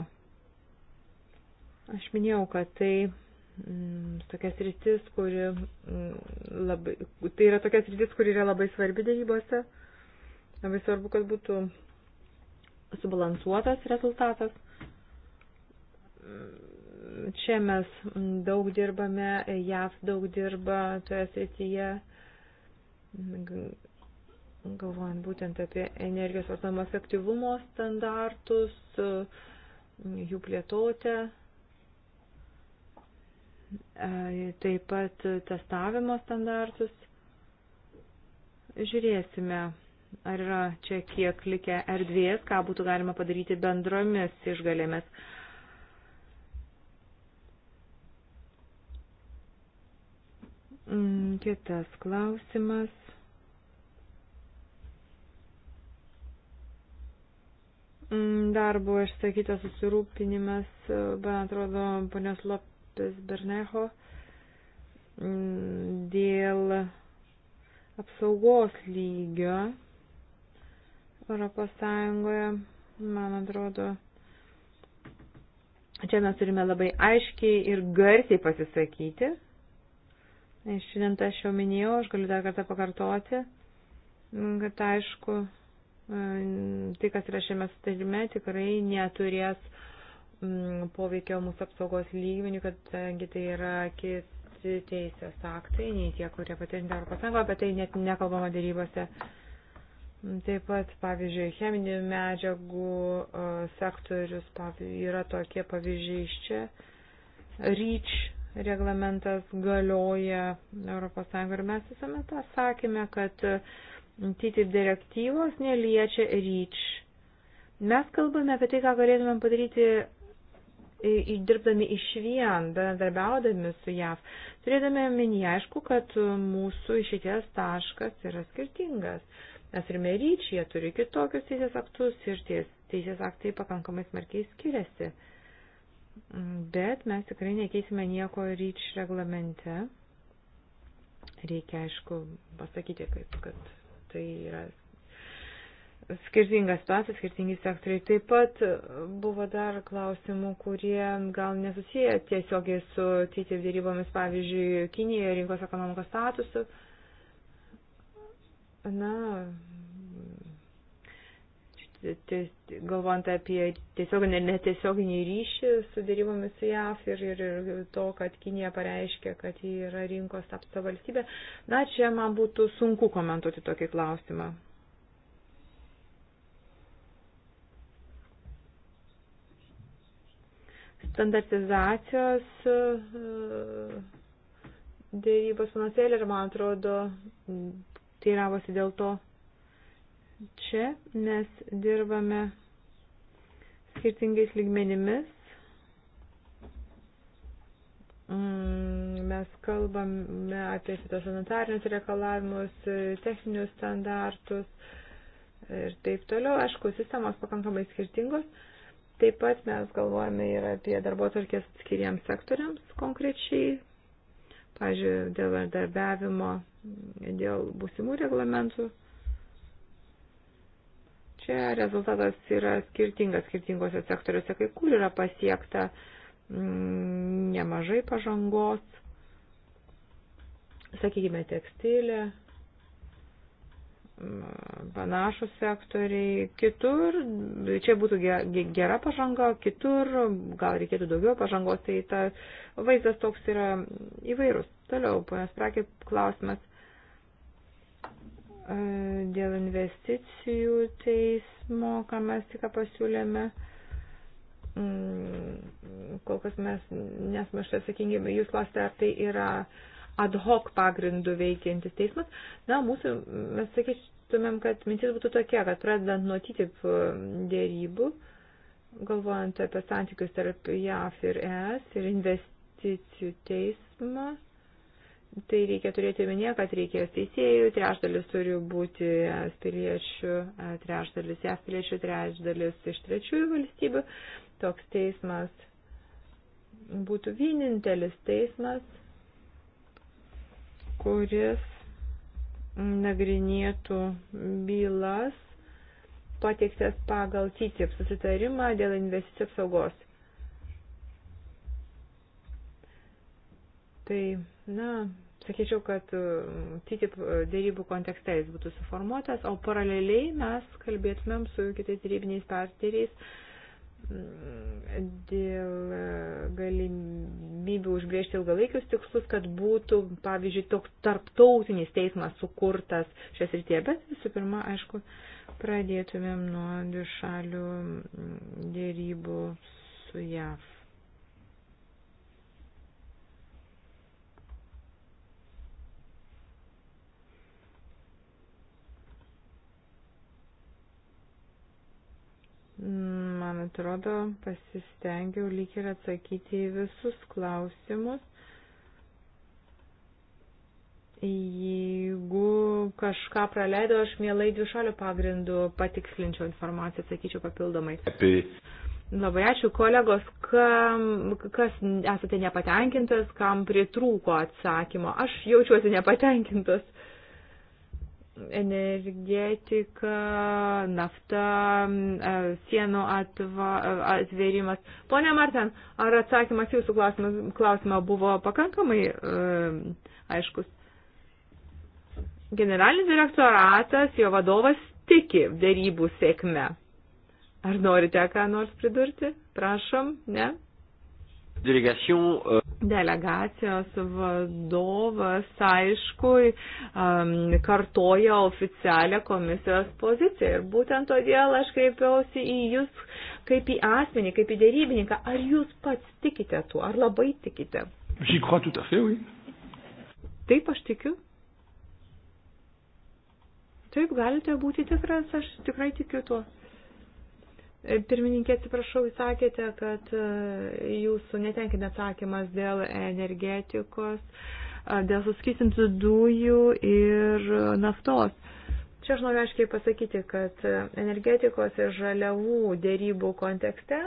aš minėjau, kad tai mm, tokias rytis, kuri mm, labai, tai yra tokias rytis, kuri yra labai svarbi dėrybose. Labai svarbu, kad būtų subalansuotas rezultatas. Čia mes daug dirbame, JAV daug dirba toje srityje, galvojant būtent apie energijos vartojimo efektyvumo standartus, jų plėtotę, taip pat testavimo standartus. Žiūrėsime ar yra čia kiek likę erdvės, ką būtų galima padaryti bendromis išgalėmis. Mm, kitas klausimas. Mm, darbo išsakytas susirūpinimas, man atrodo, ponios Lopės Berneho mm, dėl apsaugos lygio Europos Sąjungoje. Man atrodo, čia mes turime labai aiškiai ir garsiai pasisakyti. Ir šiandien tą aš jau minėjau, aš galiu dar kartą pakartoti, kad aišku, mm, tai, kas yra šiame sutarime, tikrai neturės mm, poveikio mūsų apsaugos lygmenių, kadangi tai yra kiti teisės aktai, nei tie, kurie patvirtinti Europos Sąjungą, apie tai net nekalbama dėrybose. Taip pat, pavyzdžiui, cheminių medžiagų e, sektorius pavyzdžiui, yra tokie pavyzdžiai iš čia. REACH reglamentas galioja ES ir mes visame tą sakėme, kad TTIP direktyvos neliečia REACH. Mes kalbame apie tai, ką galėtumėm padaryti e, dirbdami iš vien, bendarbiaudami su JAV, turėdami minį aišku, kad mūsų išėties taškas yra skirtingas Mes turime ryčį, jie turi kitokius teisės aktus ir ties, teisės aktai pakankamai smarkiai skiriasi. Mm, bet mes tikrai nekeisime nieko ryč reglamente. Reikia, aišku, pasakyti, kad, kad tai yra skirtinga situacija, skirtingi sektoriai. Taip pat buvo dar klausimų, kurie gal nesusiję tiesiogiai su TTIP dėrybomis, pavyzdžiui, Kinijoje rinkos ekonomikos statusu. Uh, Na, galvojant apie tiesioginį ir netiesioginį ryšį su dėrybomis su JAF ir, ir, ir to, kad Kinija pareiškia, kad ji yra rinkos apsta valstybė, na, čia man būtų sunku komentuoti tokį klausimą. Standartizacijos e, e, dėrybos su Naselė ir, man atrodo, teiravosi dėl to čia, nes dirbame skirtingais lygmenimis. Mm, mes kalbame apie fitosanitarinius reikalavimus, techninius standartus ir taip toliau. Aišku, sistemos pakankamai skirtingos. Taip pat mes galvojame ir apie darbo tvarkės skiriams sektoriams konkrečiai, pažiūrėjau, dėl bendarbiavimo, dėl būsimų reglamentų. Čia rezultatas yra skirtingas skirtingose sektoriuose, kai kur yra pasiekta mm, nemažai pažangos, sakykime, tekstilė, panašus sektoriai. Kitur, čia būtų gera pažanga, kitur gal reikėtų daugiau pažangos, tai ta vaizdas toks yra įvairus. Toliau, ponas Prakė, klausimas e, dėl investicijų teismo, ką mes tik pasiūlėme. Mm, kol kas mes nesame šitą atsakingi, jūs klausite, ar tai yra ad hoc pagrindų veikiantis teismas. Na, mūsų, mes sakyčiau, norėtumėm, kad mintis būtų tokia, kad pradedant nuo TTIP e, dėrybų, galvojant apie santykius tarp JAF ir ES ir investicijų teismą, tai reikia turėti minėje, kad reikės teisėjų, trešdalis turi būti ES piliečių, e, trešdalis ES piliečių, trešdalis iš trečiųjų valstybių. Toks teismas būtų vienintelis teismas, kuris nagrinėtų bylas pateiktas pagal TTIP susitarimą dėl investicijų apsaugos. Tai, na, sakyčiau, kad e, TTIP e, dėrybų kontekste jis būtų suformuotas, o paraleliai mes kalbėtumėm su kitais dėrybiniais partneriais Mm, dėl e, galimybių užbriežti ilgalaikius tikslus, kad būtų, pavyzdžiui, toks tarptautinis teismas sukurtas šias rytie. Bet visų pirma, aišku, pradėtumėm nuo dvišalių mm, dėrybų su JAV. man atrodo, pasistengiau lyg ir atsakyti į visus klausimus. Jeigu kažką praleido, aš mielai dvišalių pagrindų patikslinčiau informaciją, sakyčiau papildomai. Apie... Labai ačiū kolegos, kam, kas esate nepatenkintas, kam pritrūko atsakymo. Aš jaučiuosi nepatenkintas energetika, nafta, e, sienų atva, e, atvėrimas. Pone Martin, ar atsakymas jūsų klausimą, klausimą buvo pakankamai e, aiškus? Generalinis direktoratas, jo vadovas tiki dėrybų sėkme. Ar norite ką nors pridurti? Prašom, ne? E, Delegacijos vadovas, aišku, kartoja oficialią komisijos poziciją. Ir būtent todėl aš kreipiausi į jūs kaip į asmenį, kaip į dėrybininką. Ar jūs pats tikite tuo, ar labai tikite? Taip, aš tikiu. Taip, galite būti tikras, aš tikrai tikiu tuo. Pirmininkė, atsiprašau, jūs sakėte, kad e, jūsų netenkina atsakymas dėl energetikos, e, dėl suskistintų dujų ir naftos. Čia aš noriu aiškiai pasakyti, kad energetikos ir žaliavų dėrybų kontekste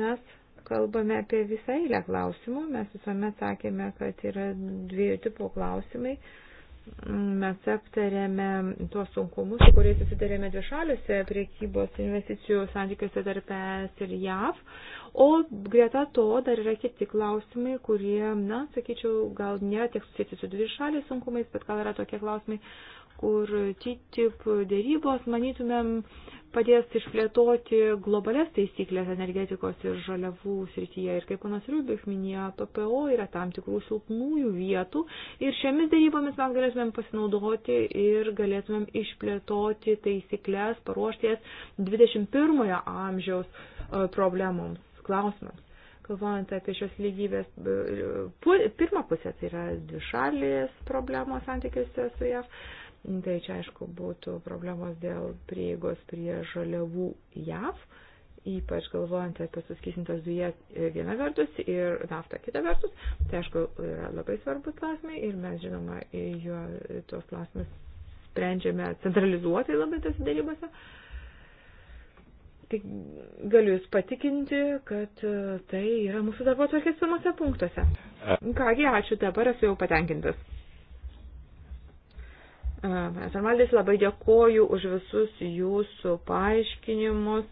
mes kalbame apie visą eilę klausimų. Mes visuomet sakėme, kad yra dviejų tipų klausimai. Uh, mes aptarėme tuos sunkumus, su kuriais susitarėme dvišaliuose priekybos investicijų santykiuose tarp ES ir JAV. O greta to dar yra kiti klausimai, kurie, na, sakyčiau, gal nėra tiek susijęti su dvišaliais sunkumais, bet gal yra tokie klausimai, kur TTIP dėrybos, manytumėm, padės išplėtoti globales taisyklės energetikos ir žaliavų srityje. Ir kaip panas Rubik minėjo, PPO yra tam tikrų silpnųjų vietų ir šiomis dėrybomis mes galėtumėm pasinaudoti ir galėtumėm išplėtoti taisyklės paruošties 21 amžiaus e, problemoms, klausimams galvojant apie šios lygybės pirmą pusę, tai yra dvišalės problemos santykiuose su JAV, Tai čia aišku būtų problemos dėl prieigos prie žaliavų JAV, ypač galvojant apie suskysintas dujas vieną vertus ir naftą kitą vertus. Tai aišku yra labai svarbus klausimai ir mes žinoma juo tuos klausimus sprendžiame centralizuotai labai tas darybose. Tai galiu Jūs patikinti, kad e, tai yra mūsų darbo tvarkės pirmose punktuose. Kągi, ačiū, dabar esu jau patenkintas. Esarmaldis, labai dėkoju už visus jūsų paaiškinimus.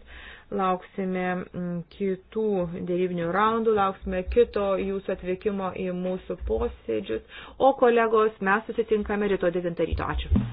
Lauksime mm, kitų dėrybinių raundų, lauksime kito jūsų atvykimo į mūsų posėdžius. O kolegos, mes susitinkame ryto 9 ryto. Ačiū.